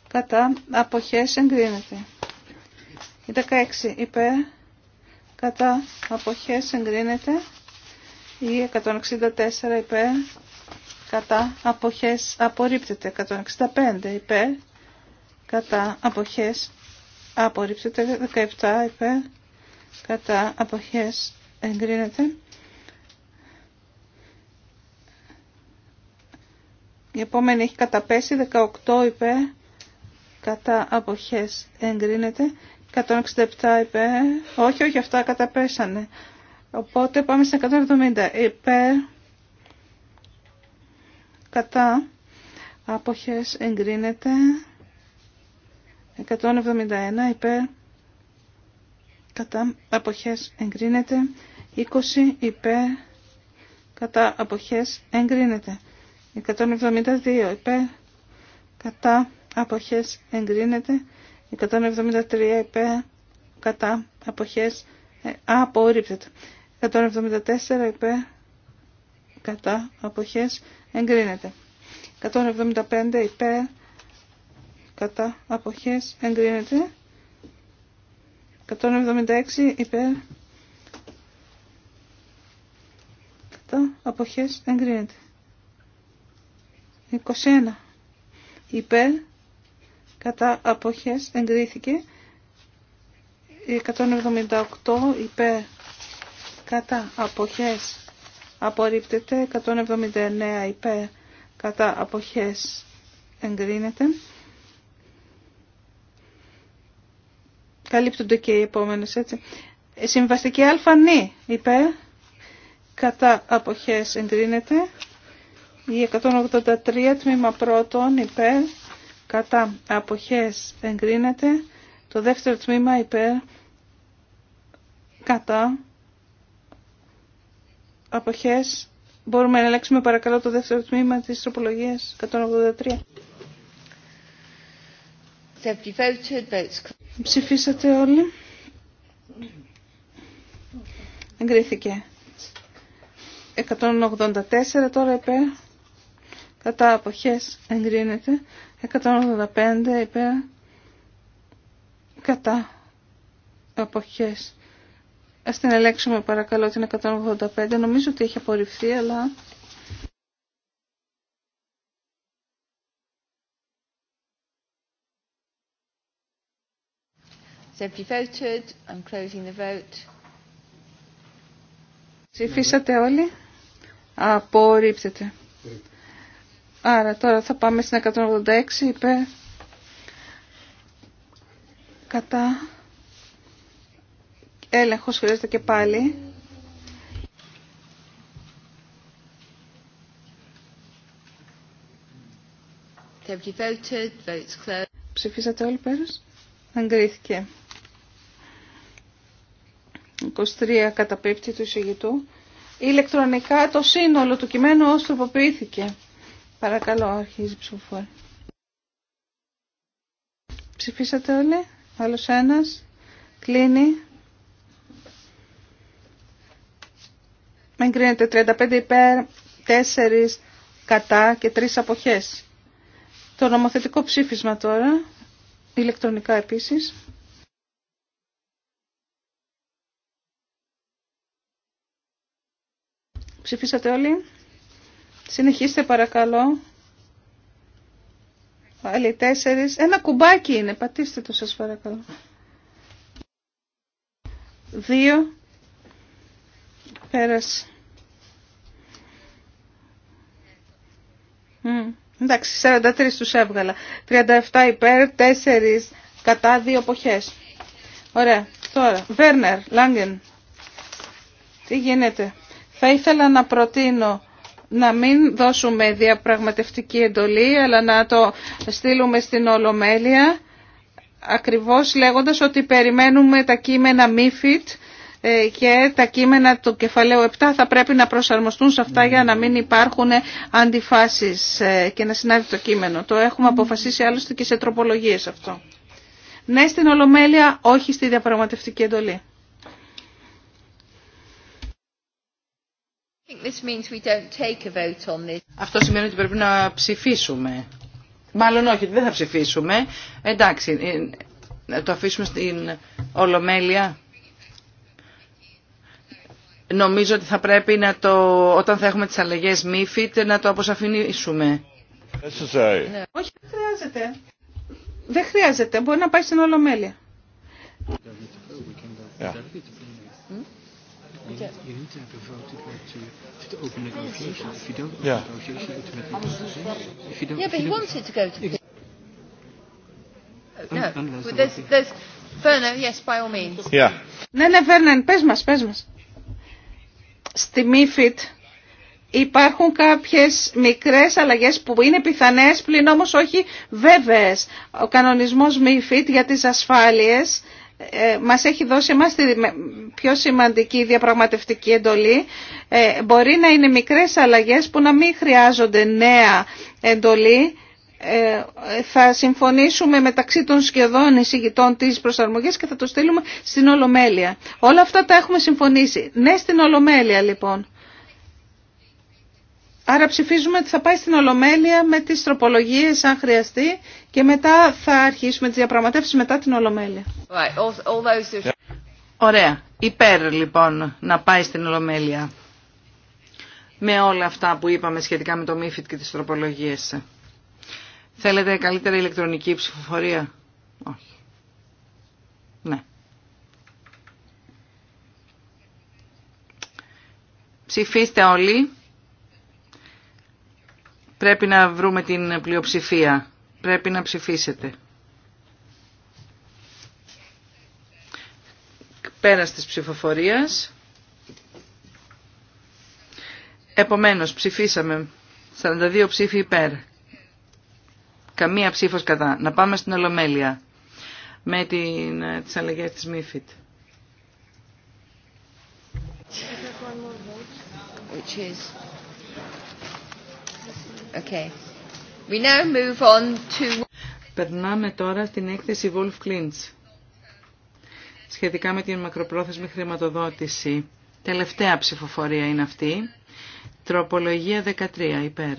Κατά αποχές εγκρίνεται. Η 16 υπέρ κατά αποχές εγκρίνεται. Η 164 υπέρ κατά αποχές απορρίπτεται. 165 υπέρ κατά αποχές απορρίπτεται. 17 υπέρ κατά αποχές εγκρίνεται. Η επόμενη έχει καταπέσει 18 υπέρ κατά αποχές εγκρίνεται 167 υπέρ. Όχι, όχι, αυτά καταπέσανε. Οπότε πάμε στα 170 υπέρ. Κατά. Άποχες εγκρίνεται. 171 υπέρ. Κατά. Αποχές εγκρίνεται. 20 υπέρ. Κατά. Αποχές εγκρίνεται. 172 υπέρ. Κατά. Αποχές εγκρίνεται. 173 υπέρ κατά αποχές ε, α, απορρίπτεται 174 υπέρ κατά αποχές εγκρίνεται 175 υπέρ κατά αποχές εγκρίνεται 176 υπέρ κατά αποχές εγκρίνεται 21 υπέρ κατά αποχές εγκρίθηκε 178 υπέρ κατά αποχές απορρίπτεται 179 υπέρ κατά αποχές εγκρίνεται καλύπτονται και οι επόμενες έτσι ε, συμβαστική αλφανή ναι, υπέρ κατά αποχές εγκρίνεται η 183 τμήμα πρώτον υπέρ κατά αποχές εγκρίνεται το δεύτερο τμήμα υπέρ κατά αποχές μπορούμε να ελέγξουμε παρακαλώ το δεύτερο τμήμα της τροπολογίας 183 Ψηφίσατε όλοι. Εγκρίθηκε. 184 τώρα υπέρ κατά αποχές εγκρίνεται 185 υπέρ κατά αποχές ας την ελέγξουμε παρακαλώ την 185 νομίζω ότι έχει απορριφθεί αλλά Συμφίσατε Ψηφίσατε όλοι. Απορρίπτεται. Άρα τώρα θα πάμε στην 186 είπε. κατά έλεγχος χρειάζεται και πάλι. Ψηφίσατε όλοι πέρας. Αγκρίθηκε. 23 καταπίπτει του εισηγητού. Ηλεκτρονικά το σύνολο του κειμένου ως τροποποιήθηκε. Παρακαλώ, αρχίζει η ψηφοφορία. Ψηφίσατε όλοι. Άλλος ένας. Κλείνει. Εγκρίνεται 35 υπέρ, 4 κατά και 3 αποχές. Το νομοθετικό ψήφισμα τώρα, ηλεκτρονικά επίσης. Ψηφίσατε όλοι. Συνεχίστε παρακαλώ. Άλλοι τέσσερις. Ένα κουμπάκι είναι. Πατήστε το σας παρακαλώ. Δύο. Πέρασε. Mm. Εντάξει, 43 τους έβγαλα. 37 υπέρ, 4 κατά, 2 εποχές. Ωραία. Τώρα, Βέρνερ, Λάγκεν. Τι γίνεται. Θα ήθελα να προτείνω να μην δώσουμε διαπραγματευτική εντολή, αλλά να το στείλουμε στην Ολομέλεια, ακριβώς λέγοντας ότι περιμένουμε τα κείμενα MIFID ε, και τα κείμενα του κεφαλαίου 7 θα πρέπει να προσαρμοστούν σε αυτά για να μην υπάρχουν αντιφάσεις ε, και να συνάδει το κείμενο. Το έχουμε αποφασίσει άλλωστε και σε τροπολογίες αυτό. Ναι στην Ολομέλεια, όχι στη διαπραγματευτική εντολή. Αυτό σημαίνει ότι πρέπει να ψηφίσουμε. Μάλλον όχι, δεν θα ψηφίσουμε. Εντάξει, ε, να το αφήσουμε στην Ολομέλεια. Νομίζω ότι θα πρέπει να το, όταν θα έχουμε τις αλλαγές MIFID να το αποσαφηνίσουμε. Ναι. Όχι, δεν χρειάζεται. Δεν χρειάζεται. Μπορεί να πάει στην Ολομέλεια. Ναι, ναι, Βέρνεν, πες μας, πες μας. Στη Μίφιτ υπάρχουν κάποιες μικρές αλλαγές που είναι πιθανές, πλην όμως όχι βέβαιες. Ο κανονισμός ΜΥΦΙΤ για τις ασφάλειες ε, μας έχει δώσει εμάς τη πιο σημαντική διαπραγματευτική εντολή. Ε, μπορεί να είναι μικρές αλλαγές που να μην χρειάζονται νέα εντολή. Ε, θα συμφωνήσουμε μεταξύ των σχεδόν εισηγητών της προσαρμογής και θα το στείλουμε στην Ολομέλεια. Όλα αυτά τα έχουμε συμφωνήσει. Ναι στην Ολομέλεια λοιπόν. Άρα ψηφίζουμε ότι θα πάει στην Ολομέλεια με τις τροπολογίες αν χρειαστεί και μετά θα αρχίσουμε τις διαπραγματεύσεις μετά την Ολομέλεια. Ωραία. Υπέρ λοιπόν να πάει στην Ολομέλεια με όλα αυτά που είπαμε σχετικά με το MIFID και τις τροπολογίες. Θέλετε καλύτερη ηλεκτρονική ψηφοφορία. Όχι. Ναι. Ψηφίστε όλοι. Πρέπει να βρούμε την πλειοψηφία πρέπει να ψηφίσετε. Πέρας της ψηφοφορίας. Επομένως ψηφίσαμε 42 ψήφοι υπέρ. Καμία ψήφος κατά. Να πάμε στην Ολομέλεια με την, ε, τις αλλαγές της ΜΥΦΙΤ. Okay. Περνάμε τώρα στην έκθεση Wolf Klintz σχετικά με την μακροπρόθεσμη χρηματοδότηση. Τελευταία ψηφοφορία είναι αυτή. Τροπολογία 13 υπέρ.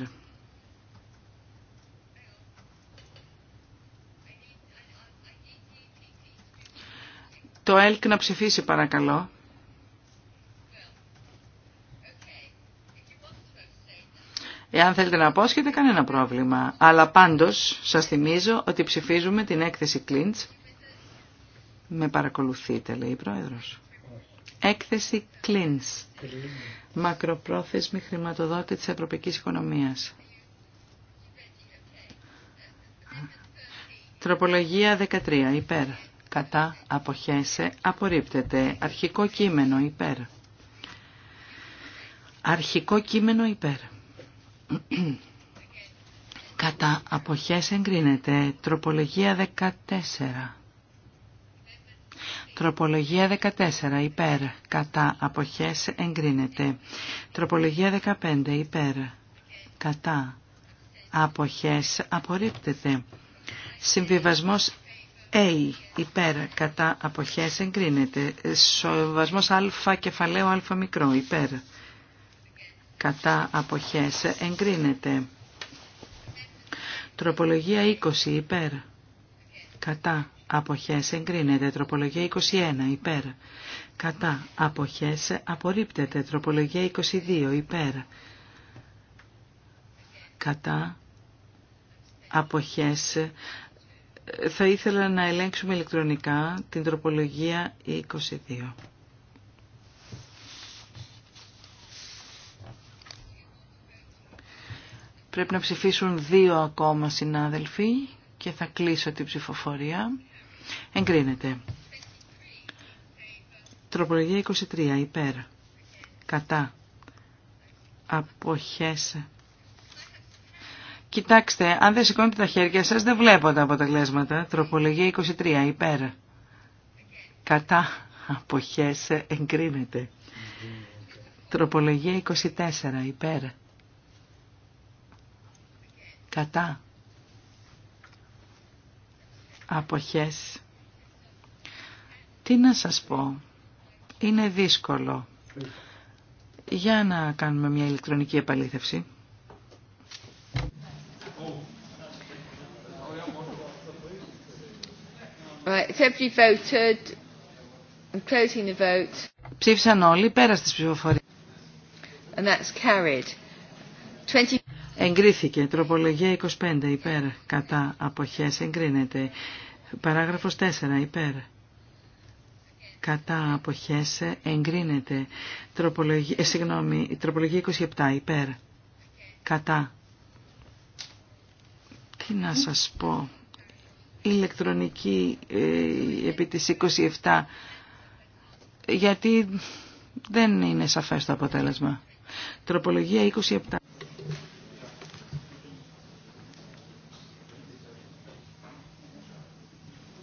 Το ΕΛΚ να ψηφίσει παρακαλώ. Εάν θέλετε να απόσχετε, κανένα πρόβλημα. Αλλά πάντως, σας θυμίζω ότι ψηφίζουμε την έκθεση Κλίντς. Με παρακολουθείτε, λέει η Πρόεδρος. Έκθεση Κλίντς. Μακροπρόθεσμη χρηματοδότη της ευρωπαϊκής οικονομίας. Τροπολογία 13. Υπέρ. Κατά. Αποχέσε. Απορρίπτεται. Αρχικό κείμενο. Υπέρ. Αρχικό κείμενο. Υπέρ Κατά αποχές εγκρίνεται. Τροπολογία 14. Τροπολογία 14. Υπέρ. Κατά αποχές εγκρίνεται. Τροπολογία 15. Υπέρ. Κατά αποχές απορρίπτεται. Συμβιβασμός A. Υπέρ. Κατά αποχές εγκρίνεται. Συμβιβασμός α κεφαλαίο α μικρό. Υπέρ κατά αποχές εγκρίνεται. Τροπολογία 20 υπέρ κατά αποχές εγκρίνεται. Τροπολογία 21 υπέρ κατά αποχές απορρίπτεται. Τροπολογία 22 υπέρ κατά αποχές θα ήθελα να ελέγξουμε ηλεκτρονικά την τροπολογία 22. Πρέπει να ψηφίσουν δύο ακόμα συνάδελφοι και θα κλείσω την ψηφοφορία. Εγκρίνεται. Τροπολογία 23. Υπέρ. Κατά. Αποχές. Κοιτάξτε, αν δεν σηκώνετε τα χέρια σας δεν βλέπω τα αποτελέσματα. Τροπολογία 23. Υπέρ. Κατά. Αποχές. Εγκρίνεται. Τροπολογία 24. Υπέρ κατά αποχές. Τι να σας πω, είναι δύσκολο. Για να κάνουμε μια ηλεκτρονική επαλήθευση. Right, closing the vote. Ψήφισαν όλοι πέρα στις ψηφοφορίες. And that's carried. 20... Εγκρίθηκε. Τροπολογία 25 υπέρ. Κατά αποχές εγκρίνεται. Παράγραφος 4 υπέρ. Κατά αποχές εγκρίνεται. Τροπολογία, ε, τροπολογία 27 υπέρ. Κατά. Τι να σας πω. Ηλεκτρονική ε, επί της 27. Γιατί δεν είναι σαφές το αποτέλεσμα. Τροπολογία 27.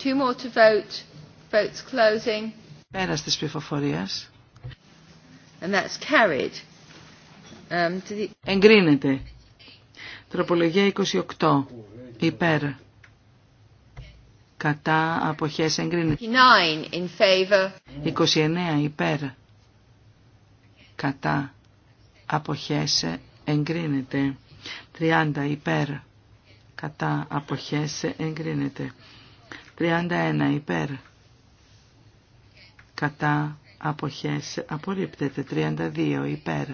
Two more to vote. Votes closing. Πέρας της And that's carried. Um, to the... Εγκρίνεται. Τροπολογία 28. Υπέρ. Κατά αποχές εγκρίνεται. 29, 29 υπέρ. Κατά αποχές εγκρίνεται. 30 υπέρ. Κατά αποχές εγκρίνεται. 31 υπέρ κατά αποχές απορρίπτεται 32 υπέρ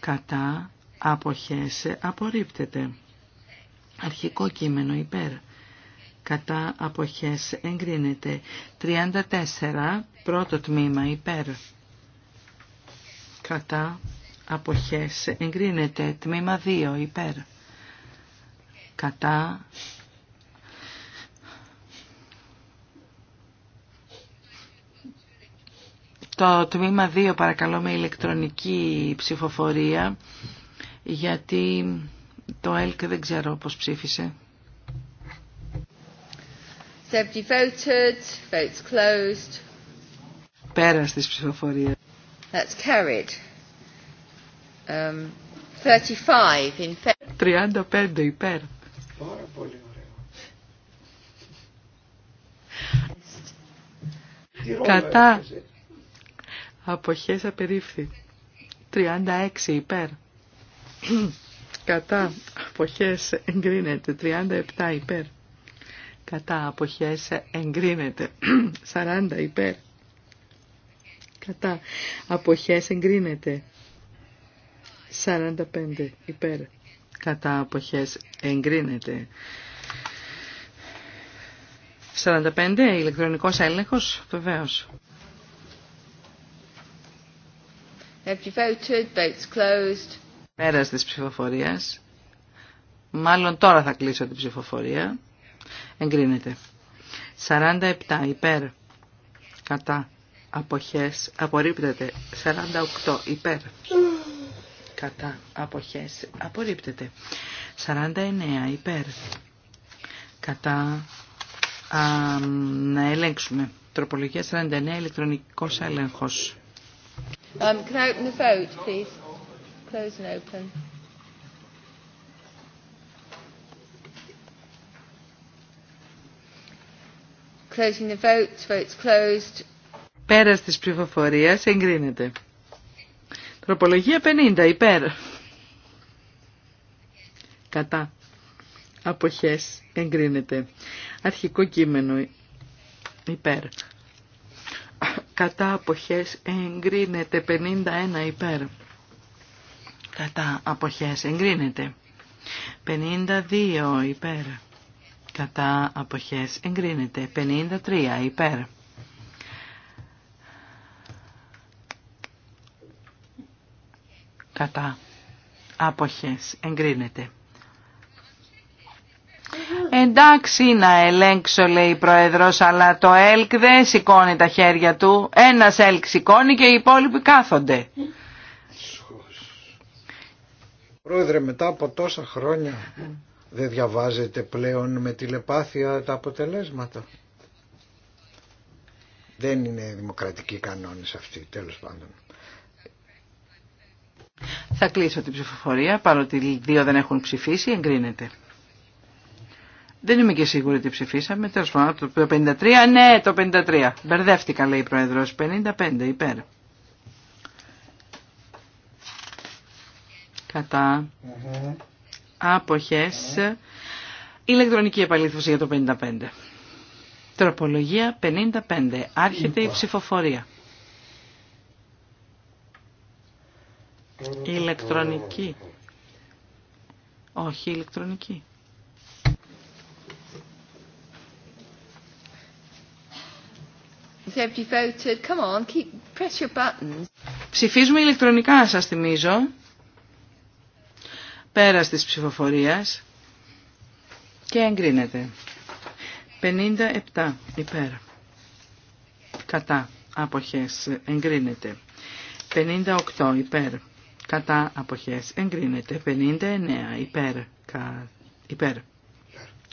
κατά αποχές απορρίπτεται αρχικό κείμενο υπέρ κατά αποχές εγκρίνεται 34 πρώτο τμήμα υπέρ κατά αποχές εγκρίνεται τμήμα 2 υπέρ κατά Το τμήμα 2 παρακαλώ με ηλεκτρονική ψηφοφορία γιατί το ΕΛΚ δεν ξέρω πώς ψήφισε. Voted, votes closed. Πέρας της ψηφοφορίας. That's carried. Um, 35 in 35 υπέρ. Πάρα πολύ ωραίο. Κατά αποχές απερίφθη. 36 υπέρ. Κατά αποχές εγκρίνεται. 37 υπέρ. Κατά αποχές εγκρίνεται. 40 υπέρ. Κατά αποχές εγκρίνεται. 45 υπέρ. Κατά αποχές εγκρίνεται. 45 ηλεκτρονικός έλεγχος βεβαίως. Have you voted? Votes closed. Πέρας της ψηφοφορίας. Μάλλον τώρα θα κλείσω την ψηφοφορία. Εγκρίνεται. 47 υπέρ. Κατά. Αποχές. Απορρίπτεται. 48 υπέρ. Κατά. Αποχές. Απορρίπτεται. 49 υπέρ. Κατά. να ελέγξουμε. Τροπολογία 49 ηλεκτρονικός έλεγχος. Um, can I open the vote, please? Close and open. Closing the vote. Votes closed. Πέρας της ψηφοφορίας εγκρίνεται. Τροπολογία 50 υπέρ. Κατά. Αποχές εγκρίνεται. Αρχικό κείμενο υπέρ κατά αποχές εγκρίνεται 51 υπέρ. Κατά αποχές εγκρίνεται 52 υπέρ. Κατά αποχές εγκρίνεται 53 υπέρ. Κατά αποχές εγκρίνεται Εντάξει να ελέγξω λέει η Πρόεδρος αλλά το ΕΛΚ δεν σηκώνει τα χέρια του. Ένας ΕΛΚ σηκώνει και οι υπόλοιποι κάθονται. Πρόεδρε μετά από τόσα χρόνια δεν διαβάζετε πλέον με τηλεπάθεια τα αποτελέσματα. Δεν είναι δημοκρατικοί κανόνες αυτοί τέλος πάντων. Θα κλείσω την ψηφοφορία, παρότι οι δύο δεν έχουν ψηφίσει, εγκρίνεται. Δεν είμαι και σίγουρη τι ψηφίσαμε. Τέλο πάντων, το 53, ναι, το 53. Μπερδεύτηκα, λέει η Πρόεδρο. 55, υπέρ. Κατά. Mm Άποχε. Mm Ηλεκτρονική επαλήφωση για το 55. Τροπολογία 55. Άρχεται η λοιπόν. ψηφοφορία. Ηλεκτρονική. Όχι ηλεκτρονική. Ψηφίζουμε ηλεκτρονικά, σας θυμίζω. Πέρας της ψηφοφορίας. Και εγκρίνεται. 57 υπέρ. Κατά. Αποχές. Εγκρίνεται. 58 υπέρ. Κατά. Αποχές. Εγκρίνεται. 59 υπέρ. Κα, υπέρ.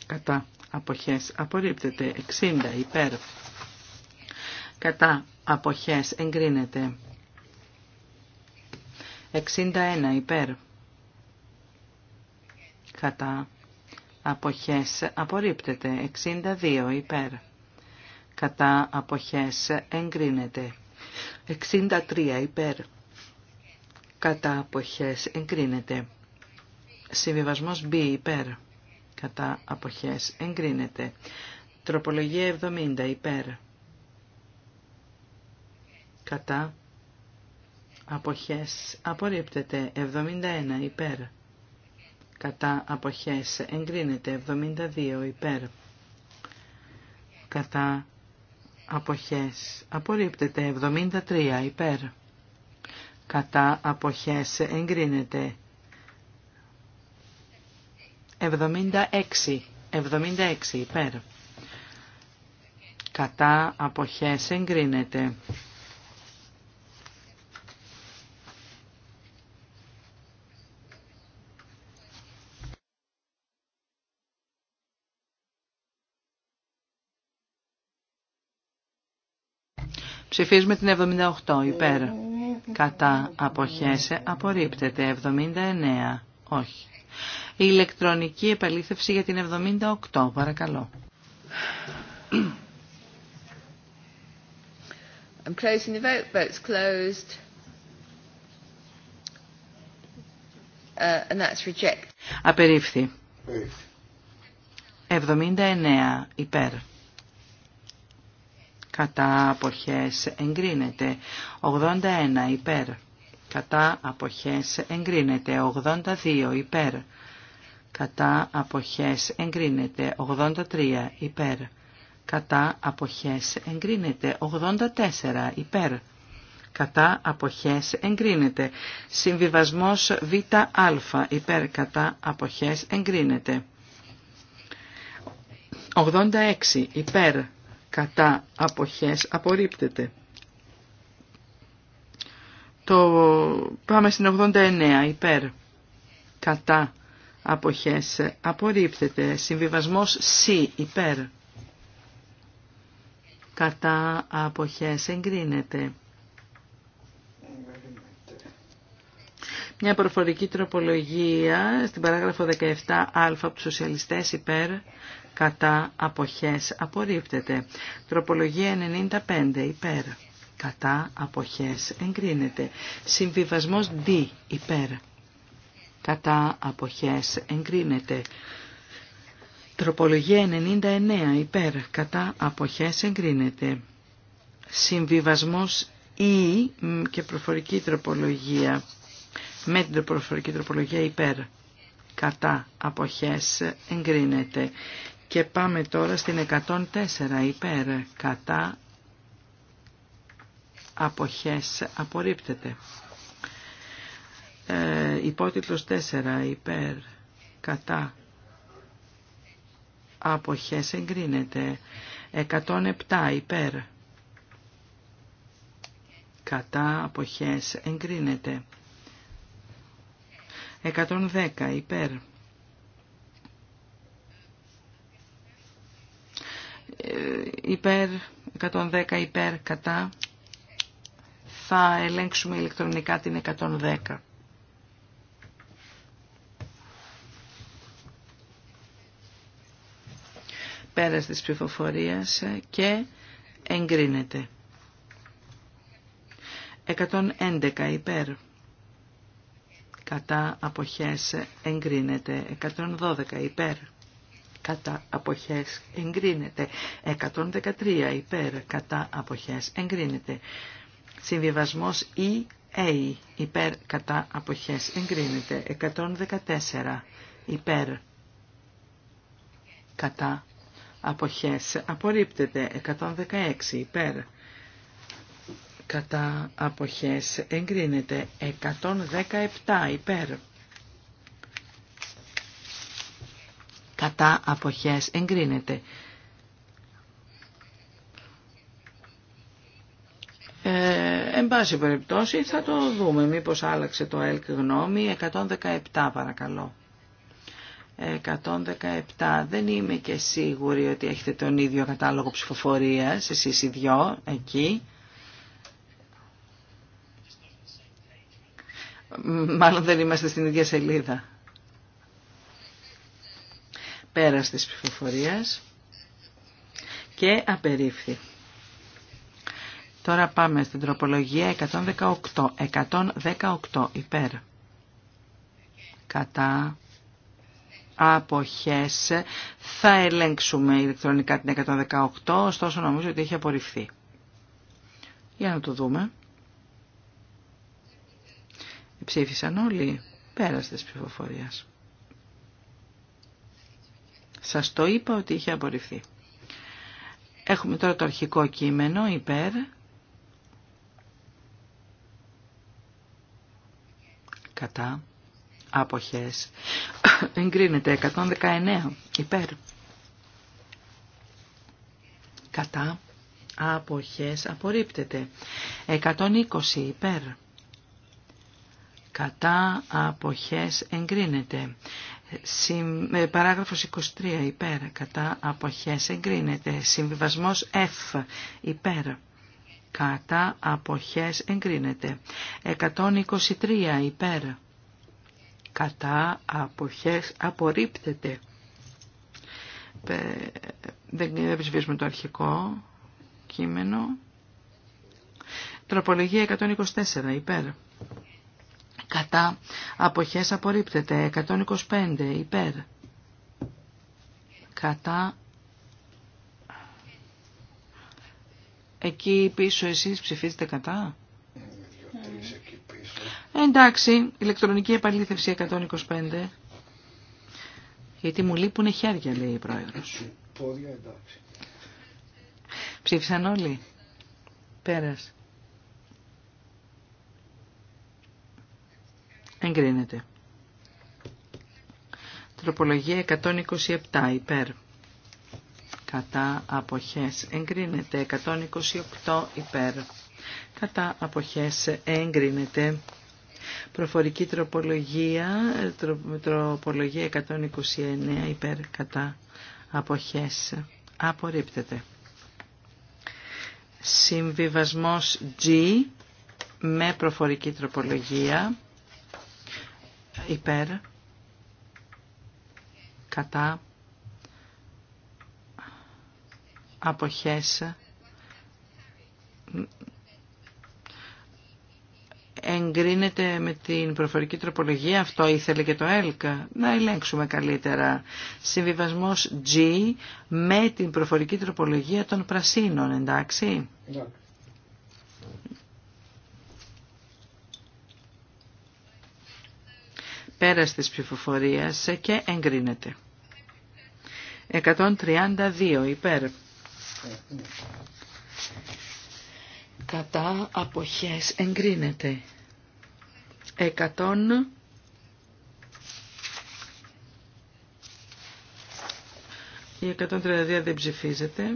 Κατά. Αποχές. Απορρίπτεται. 60 υπέρ κατά αποχές εγκρίνεται. 61 υπέρ κατά αποχές απορρίπτεται. 62 υπέρ κατά αποχές εγκρίνεται. 63 υπέρ κατά αποχές εγκρίνεται. Συμβιβασμός B υπέρ κατά αποχές εγκρίνεται. Τροπολογία 70 υπέρ κατά αποχές απορρίπτεται 71 υπέρ κατά αποχές εγκρίνεται 72 υπέρ κατά αποχές απορρίπτεται 73 υπέρ κατά αποχές εγκρίνεται 76 76 υπέρ κατά αποχές εγκρίνεται Ψηφίζουμε την 78 υπέρ. Ε, Κατά αποχέσαι. απορρίπτεται 79. Όχι. Η ηλεκτρονική επαλήθευση για την 78. Παρακαλώ. I'm closing the vote. Vote's closed. Uh, and that's reject. Απερίφθη. 79 υπέρ κατά αποχές εγκρίνεται. 81 υπέρ, κατά αποχές εγκρίνεται. 82 υπέρ, κατά αποχές εγκρίνεται. 83 υπέρ, κατά αποχές εγκρίνεται. 84 υπέρ, κατά αποχές εγκρίνεται. Συμβιβασμός ΒΑ υπέρ κατά αποχές εγκρίνεται. 86 υπέρ κατά αποχές απορρίπτεται. Το πάμε στην 89 υπέρ κατά αποχές απορρίπτεται. Συμβιβασμός C υπέρ κατά αποχές εγκρίνεται. Μια προφορική τροπολογία στην παράγραφο 17α από τους σοσιαλιστές υπέρ κατά αποχές απορρίπτεται. Τροπολογία 95 υπέρ κατά αποχές εγκρίνεται. Συμβιβασμός D υπέρ κατά αποχές εγκρίνεται. Τροπολογία 99 υπέρ κατά αποχές εγκρίνεται. Συμβιβασμός Ή e και προφορική τροπολογία με την προφορική τροπολογία υπέρ. Κατά αποχές εγκρίνεται. Και πάμε τώρα στην 104 υπέρ. Κατά αποχές απορρίπτεται. Ε, υπότιτλος 4 υπέρ. Κατά αποχές εγκρίνεται. 107 υπέρ. Κατά αποχές εγκρίνεται. 110 υπέρ. Ε, υπέρ 110 υπέρ κατά. Θα ελέγξουμε ηλεκτρονικά την 110. πέρας της ψηφοφορίας και εγκρίνεται. 111 υπέρ κατά αποχές εγκρίνεται 112 υπέρ κατά αποχές εγκρίνεται 113 υπέρ κατά αποχές εγκρίνεται συμβιβασμός ή e A υπέρ κατά αποχές εγκρίνεται 114 υπέρ κατά αποχές απορρίπτεται 116 υπέρ κατά αποχές εγκρίνεται 117 υπέρ κατά αποχές εγκρίνεται ε, εν πάση περιπτώσει θα το δούμε μήπως άλλαξε το ΕΛΚ γνώμη 117 παρακαλώ 117. Δεν είμαι και σίγουρη ότι έχετε τον ίδιο κατάλογο ψηφοφορίας, εσείς οι δυο, εκεί. Μάλλον δεν είμαστε στην ίδια σελίδα. Πέρας της ψηφοφορία και απερίφθη. Τώρα πάμε στην τροπολογία 118. 118 υπέρ. Κατά αποχές θα ελέγξουμε ηλεκτρονικά την 118, ωστόσο νομίζω ότι έχει απορριφθεί. Για να το δούμε. Ψήφισαν όλοι πέρας της ψηφοφορίας. Σας το είπα ότι είχε απορριφθεί. Έχουμε τώρα το αρχικό κείμενο υπέρ κατά αποχές. Εγκρίνεται 119 υπέρ κατά αποχές απορρίπτεται. 120 υπέρ κατά αποχές εγκρίνεται. Ε, παράγραφος 23 υπέρ κατά αποχές εγκρίνεται. Συμβιβασμός F υπέρ κατά αποχές εγκρίνεται. 123 υπέρ κατά αποχές απορρίπτεται. Δεν επισβήσουμε το αρχικό κείμενο. Τροπολογία 124 υπέρ κατά αποχές απορρίπτεται 125 υπέρ κατά εκεί πίσω εσείς ψηφίζετε κατά εντάξει ηλεκτρονική επαλήθευση 125 γιατί μου λείπουν χέρια λέει η πρόεδρος Πόδια, Ψήφισαν όλοι. Πέρασε. Εγκρίνεται. Τροπολογία 127 υπέρ. Κατά αποχές εγκρίνεται. 128 υπέρ. Κατά αποχές εγκρίνεται. Προφορική τροπολογία, τροπολογία 129 υπέρ κατά αποχές. Απορρίπτεται. Συμβιβασμός G με προφορική τροπολογία υπέρ, κατά, αποχές, εγκρίνεται με την προφορική τροπολογία, αυτό ήθελε και το ΕΛΚΑ, να ελέγξουμε καλύτερα. Συμβιβασμός G με την προφορική τροπολογία των πρασίνων, εντάξει. εντάξει. πέρας της ψηφοφορίας και εγκρίνεται. 132 υπέρ. Κατά αποχές εγκρίνεται. 100 Η 132 δεν ψηφίζεται.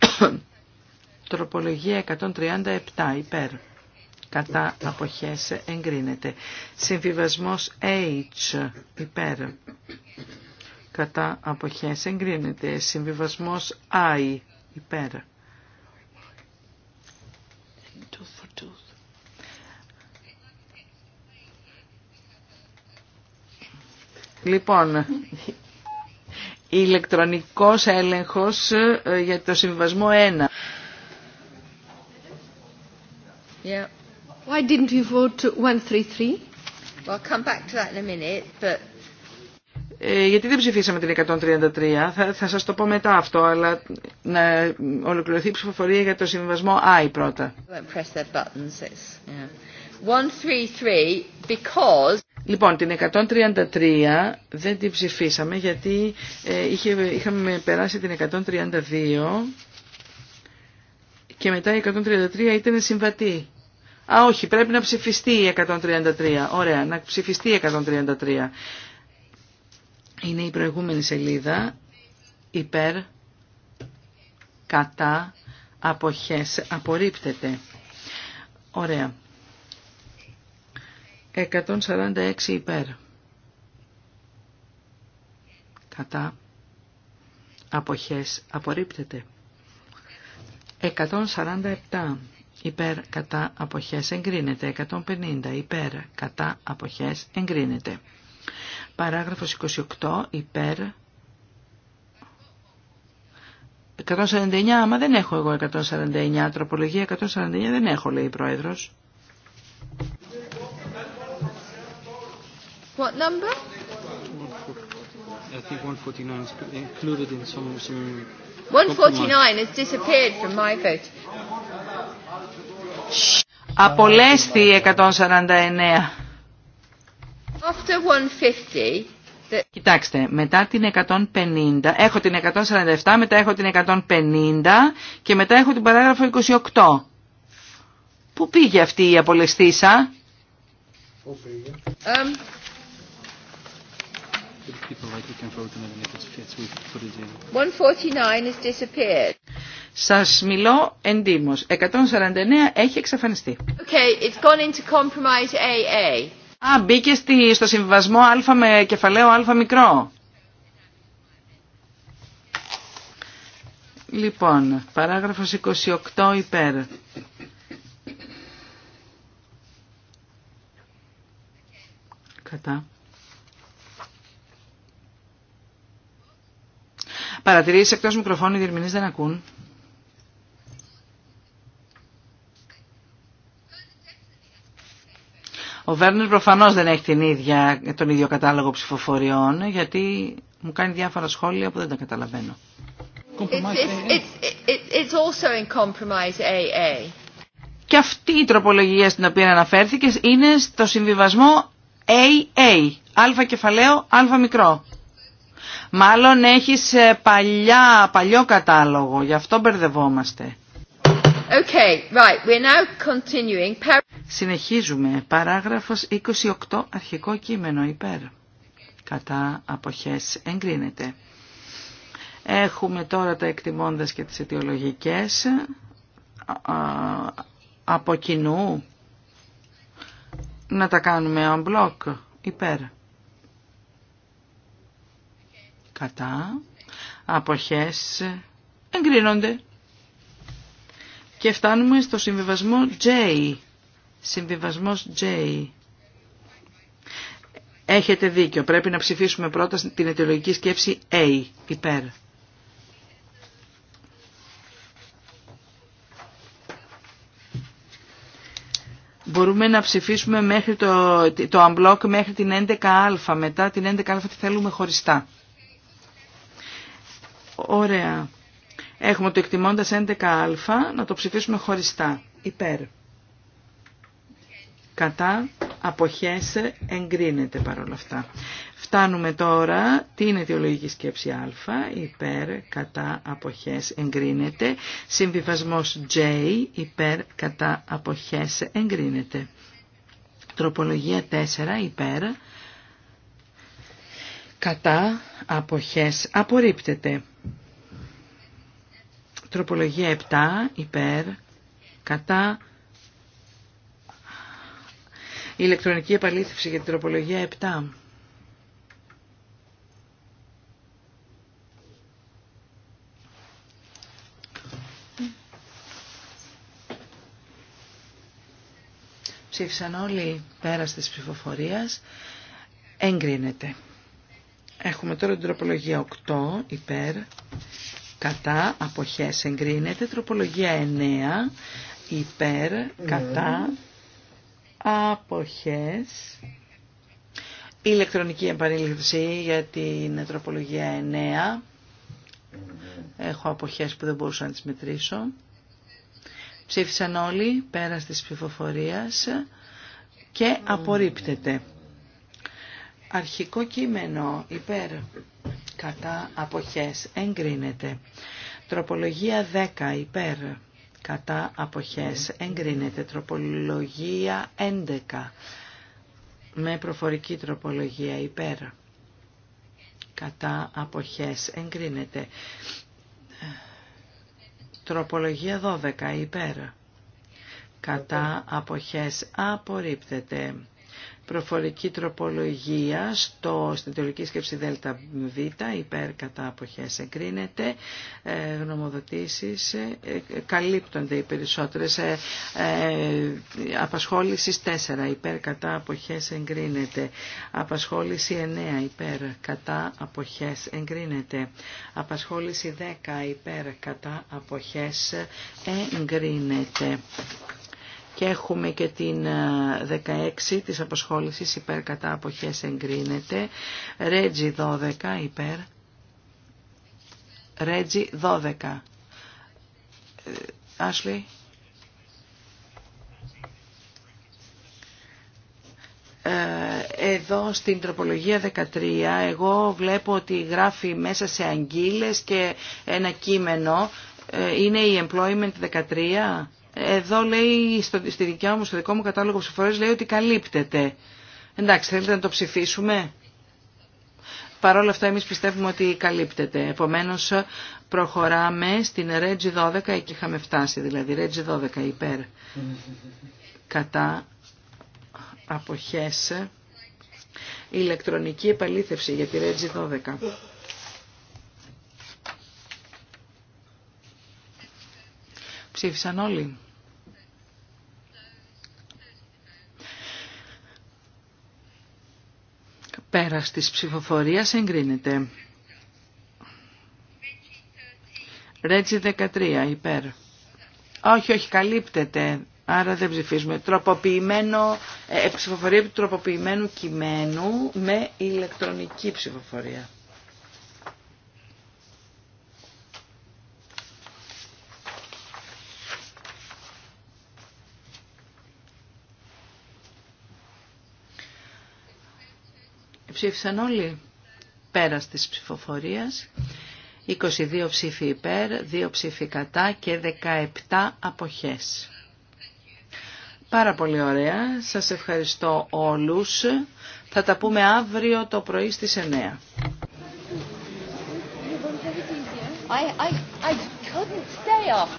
Τροπολογία 137 υπέρ κατά αποχές εγκρίνεται. Συμβιβασμός H υπέρ κατά αποχές εγκρίνεται. Συμβιβασμός I υπέρ. Λοιπόν, ηλεκτρονικός έλεγχος ε, για το συμβιβασμό 1. Why didn't you vote γιατί δεν ψηφίσαμε την 133, θα, θα σας το πω μετά αυτό, αλλά να ολοκληρωθεί η ψηφοφορία για το συμβασμό I πρώτα. Λοιπόν, την 133 δεν την ψηφίσαμε γιατί ε, είχε, είχαμε περάσει την 132 και μετά η 133 ήταν συμβατή. Α, όχι, πρέπει να ψηφιστεί η 133. Ωραία, να ψηφιστεί η 133. Είναι η προηγούμενη σελίδα. Υπέρ, κατά, αποχές, απορρίπτεται. Ωραία. 146 υπέρ. Κατά, αποχές, απορρίπτεται. 147 υπέρ κατά αποχές εγκρίνεται. 150 υπέρ κατά αποχές εγκρίνεται. Παράγραφος 28 υπέρ 149, άμα δεν έχω εγώ 149, τροπολογία 149 δεν έχω, λέει η Πρόεδρος. What number? I think 149 is included in some... some 149 has disappeared from my vote. Απολέστη 149. Κοιτάξτε, μετά την 150, έχω την 147, μετά έχω την 150 και μετά έχω την παράγραφο 28. Πού πήγε αυτή η απολεστήσα? Πού πήγε. Um, 149 Σας μιλώ εντύμως. 149 έχει εξαφανιστεί. Okay, it's gone into compromise AA. Α, μπήκε στη, στο συμβιβασμό α με κεφαλαίο α μικρό. Λοιπόν, παράγραφος 28 υπέρ. Κατά. Παρατηρήσεις εκτός μικροφώνου, οι διερμηνείς δεν ακούν. Ο Βέρνερ προφανώς δεν έχει την ίδια, τον ίδιο κατάλογο ψηφοφοριών, γιατί μου κάνει διάφορα σχόλια που δεν τα καταλαβαίνω. Και αυτή η τροπολογία στην οποία αναφέρθηκε είναι στο συμβιβασμό AA, α κεφαλαίο, α μικρό. Μάλλον έχεις ε, παλιά, παλιό κατάλογο, γι' αυτό μπερδευόμαστε. Συνεχίζουμε. Παράγραφος 28, αρχικό κείμενο, υπέρ. Κατά αποχές εγκρίνεται. Έχουμε τώρα τα εκτιμώντας και τις αιτιολογικές. Από κοινού να τα κάνουμε on block, υπέρ κατά, αποχές, εγκρίνονται. Και φτάνουμε στο συμβιβασμό J. Συμβιβασμός J. Έχετε δίκιο. Πρέπει να ψηφίσουμε πρώτα την αιτιολογική σκέψη A, υπέρ. Μπορούμε να ψηφίσουμε μέχρι το, το unblock μέχρι την 11α. Μετά την 11α τη θέλουμε χωριστά. Ωραία. Έχουμε το εκτιμώντας 11α, να το ψηφίσουμε χωριστά. Υπέρ. Κατά αποχές εγκρίνεται παρόλα αυτά. Φτάνουμε τώρα την αιτιολογική σκέψη α, υπέρ, κατά, αποχές, εγκρίνεται. Συμβιβασμός J, υπέρ, κατά, αποχές, εγκρίνεται. Τροπολογία 4, υπέρ, κατά, αποχές, απορρίπτεται. Τροπολογία 7 υπέρ κατά ηλεκτρονική επαλήθευση για την τροπολογία 7. Ψήφισαν όλοι πέρα της ψηφοφορίας. Έγκρινεται. Έχουμε τώρα την τροπολογία 8 υπέρ κατά αποχές εγκρίνεται. Τροπολογία 9 υπέρ κατά αποχές ηλεκτρονική επανήλυψη για την τροπολογία 9 έχω αποχές που δεν μπορούσα να τις μετρήσω ψήφισαν όλοι πέρα της ψηφοφορίας και απορρίπτεται αρχικό κείμενο υπέρ κατά αποχές εγκρίνεται. Τροπολογία 10 υπέρ κατά αποχές εγκρίνεται. Τροπολογία 11 με προφορική τροπολογία υπέρ κατά αποχές εγκρίνεται. Τροπολογία 12 υπέρ κατά αποχές απορρίπτεται προφορική τροπολογία στο, στην τελική σκέψη ΔΕΛΤΑ υπέρ κατά αποχές εγκρίνεται, ε, γνωμοδοτήσεις ε, ε, καλύπτονται οι περισσότερες, ε, 4, ε, υπέρ κατά αποχές εγκρίνεται, απασχόληση 9, υπέρ κατά αποχές εγκρίνεται, απασχόληση 10, υπέρ κατά αποχές εγκρίνεται και έχουμε και την 16 ε, της αποσχόλησης υπέρ κατά αποχές εγκρίνεται. Ρέτζι 12 υπέρ. Ρέτζι 12. Ε, Άσλι. Ε, εδώ στην τροπολογία 13 εγώ βλέπω ότι γράφει μέσα σε αγγίλες και ένα κείμενο. Είναι η employment 13. Εδώ λέει, στο, στη δικιά μου, στο δικό μου κατάλογο ψηφορές λέει ότι καλύπτεται. Εντάξει, θέλετε να το ψηφίσουμε. Παρ' όλα αυτά εμείς πιστεύουμε ότι καλύπτεται. Επομένως προχωράμε στην Ρέτζι 12, εκεί είχαμε φτάσει δηλαδή, Ρέτζι 12 υπέρ κατά αποχές ηλεκτρονική επαλήθευση για τη Ρέτζι 12. Ψήφισαν όλοι. Πέρας της ψηφοφορίας εγκρίνεται. Ρέτζι 13 υπέρ. Όχι, όχι, καλύπτεται. Άρα δεν ψηφίζουμε. Τροποποιημένο, ε, ψηφοφορία του τροποποιημένου κειμένου με ηλεκτρονική ψηφοφορία. Ψήφισαν όλοι πέρα της ψηφοφορίας. 22 ψήφοι υπέρ, 2 ψήφοι κατά και 17 αποχές. Πάρα πολύ ωραία. Σας ευχαριστώ όλους. Θα τα πούμε αύριο το πρωί στις 9.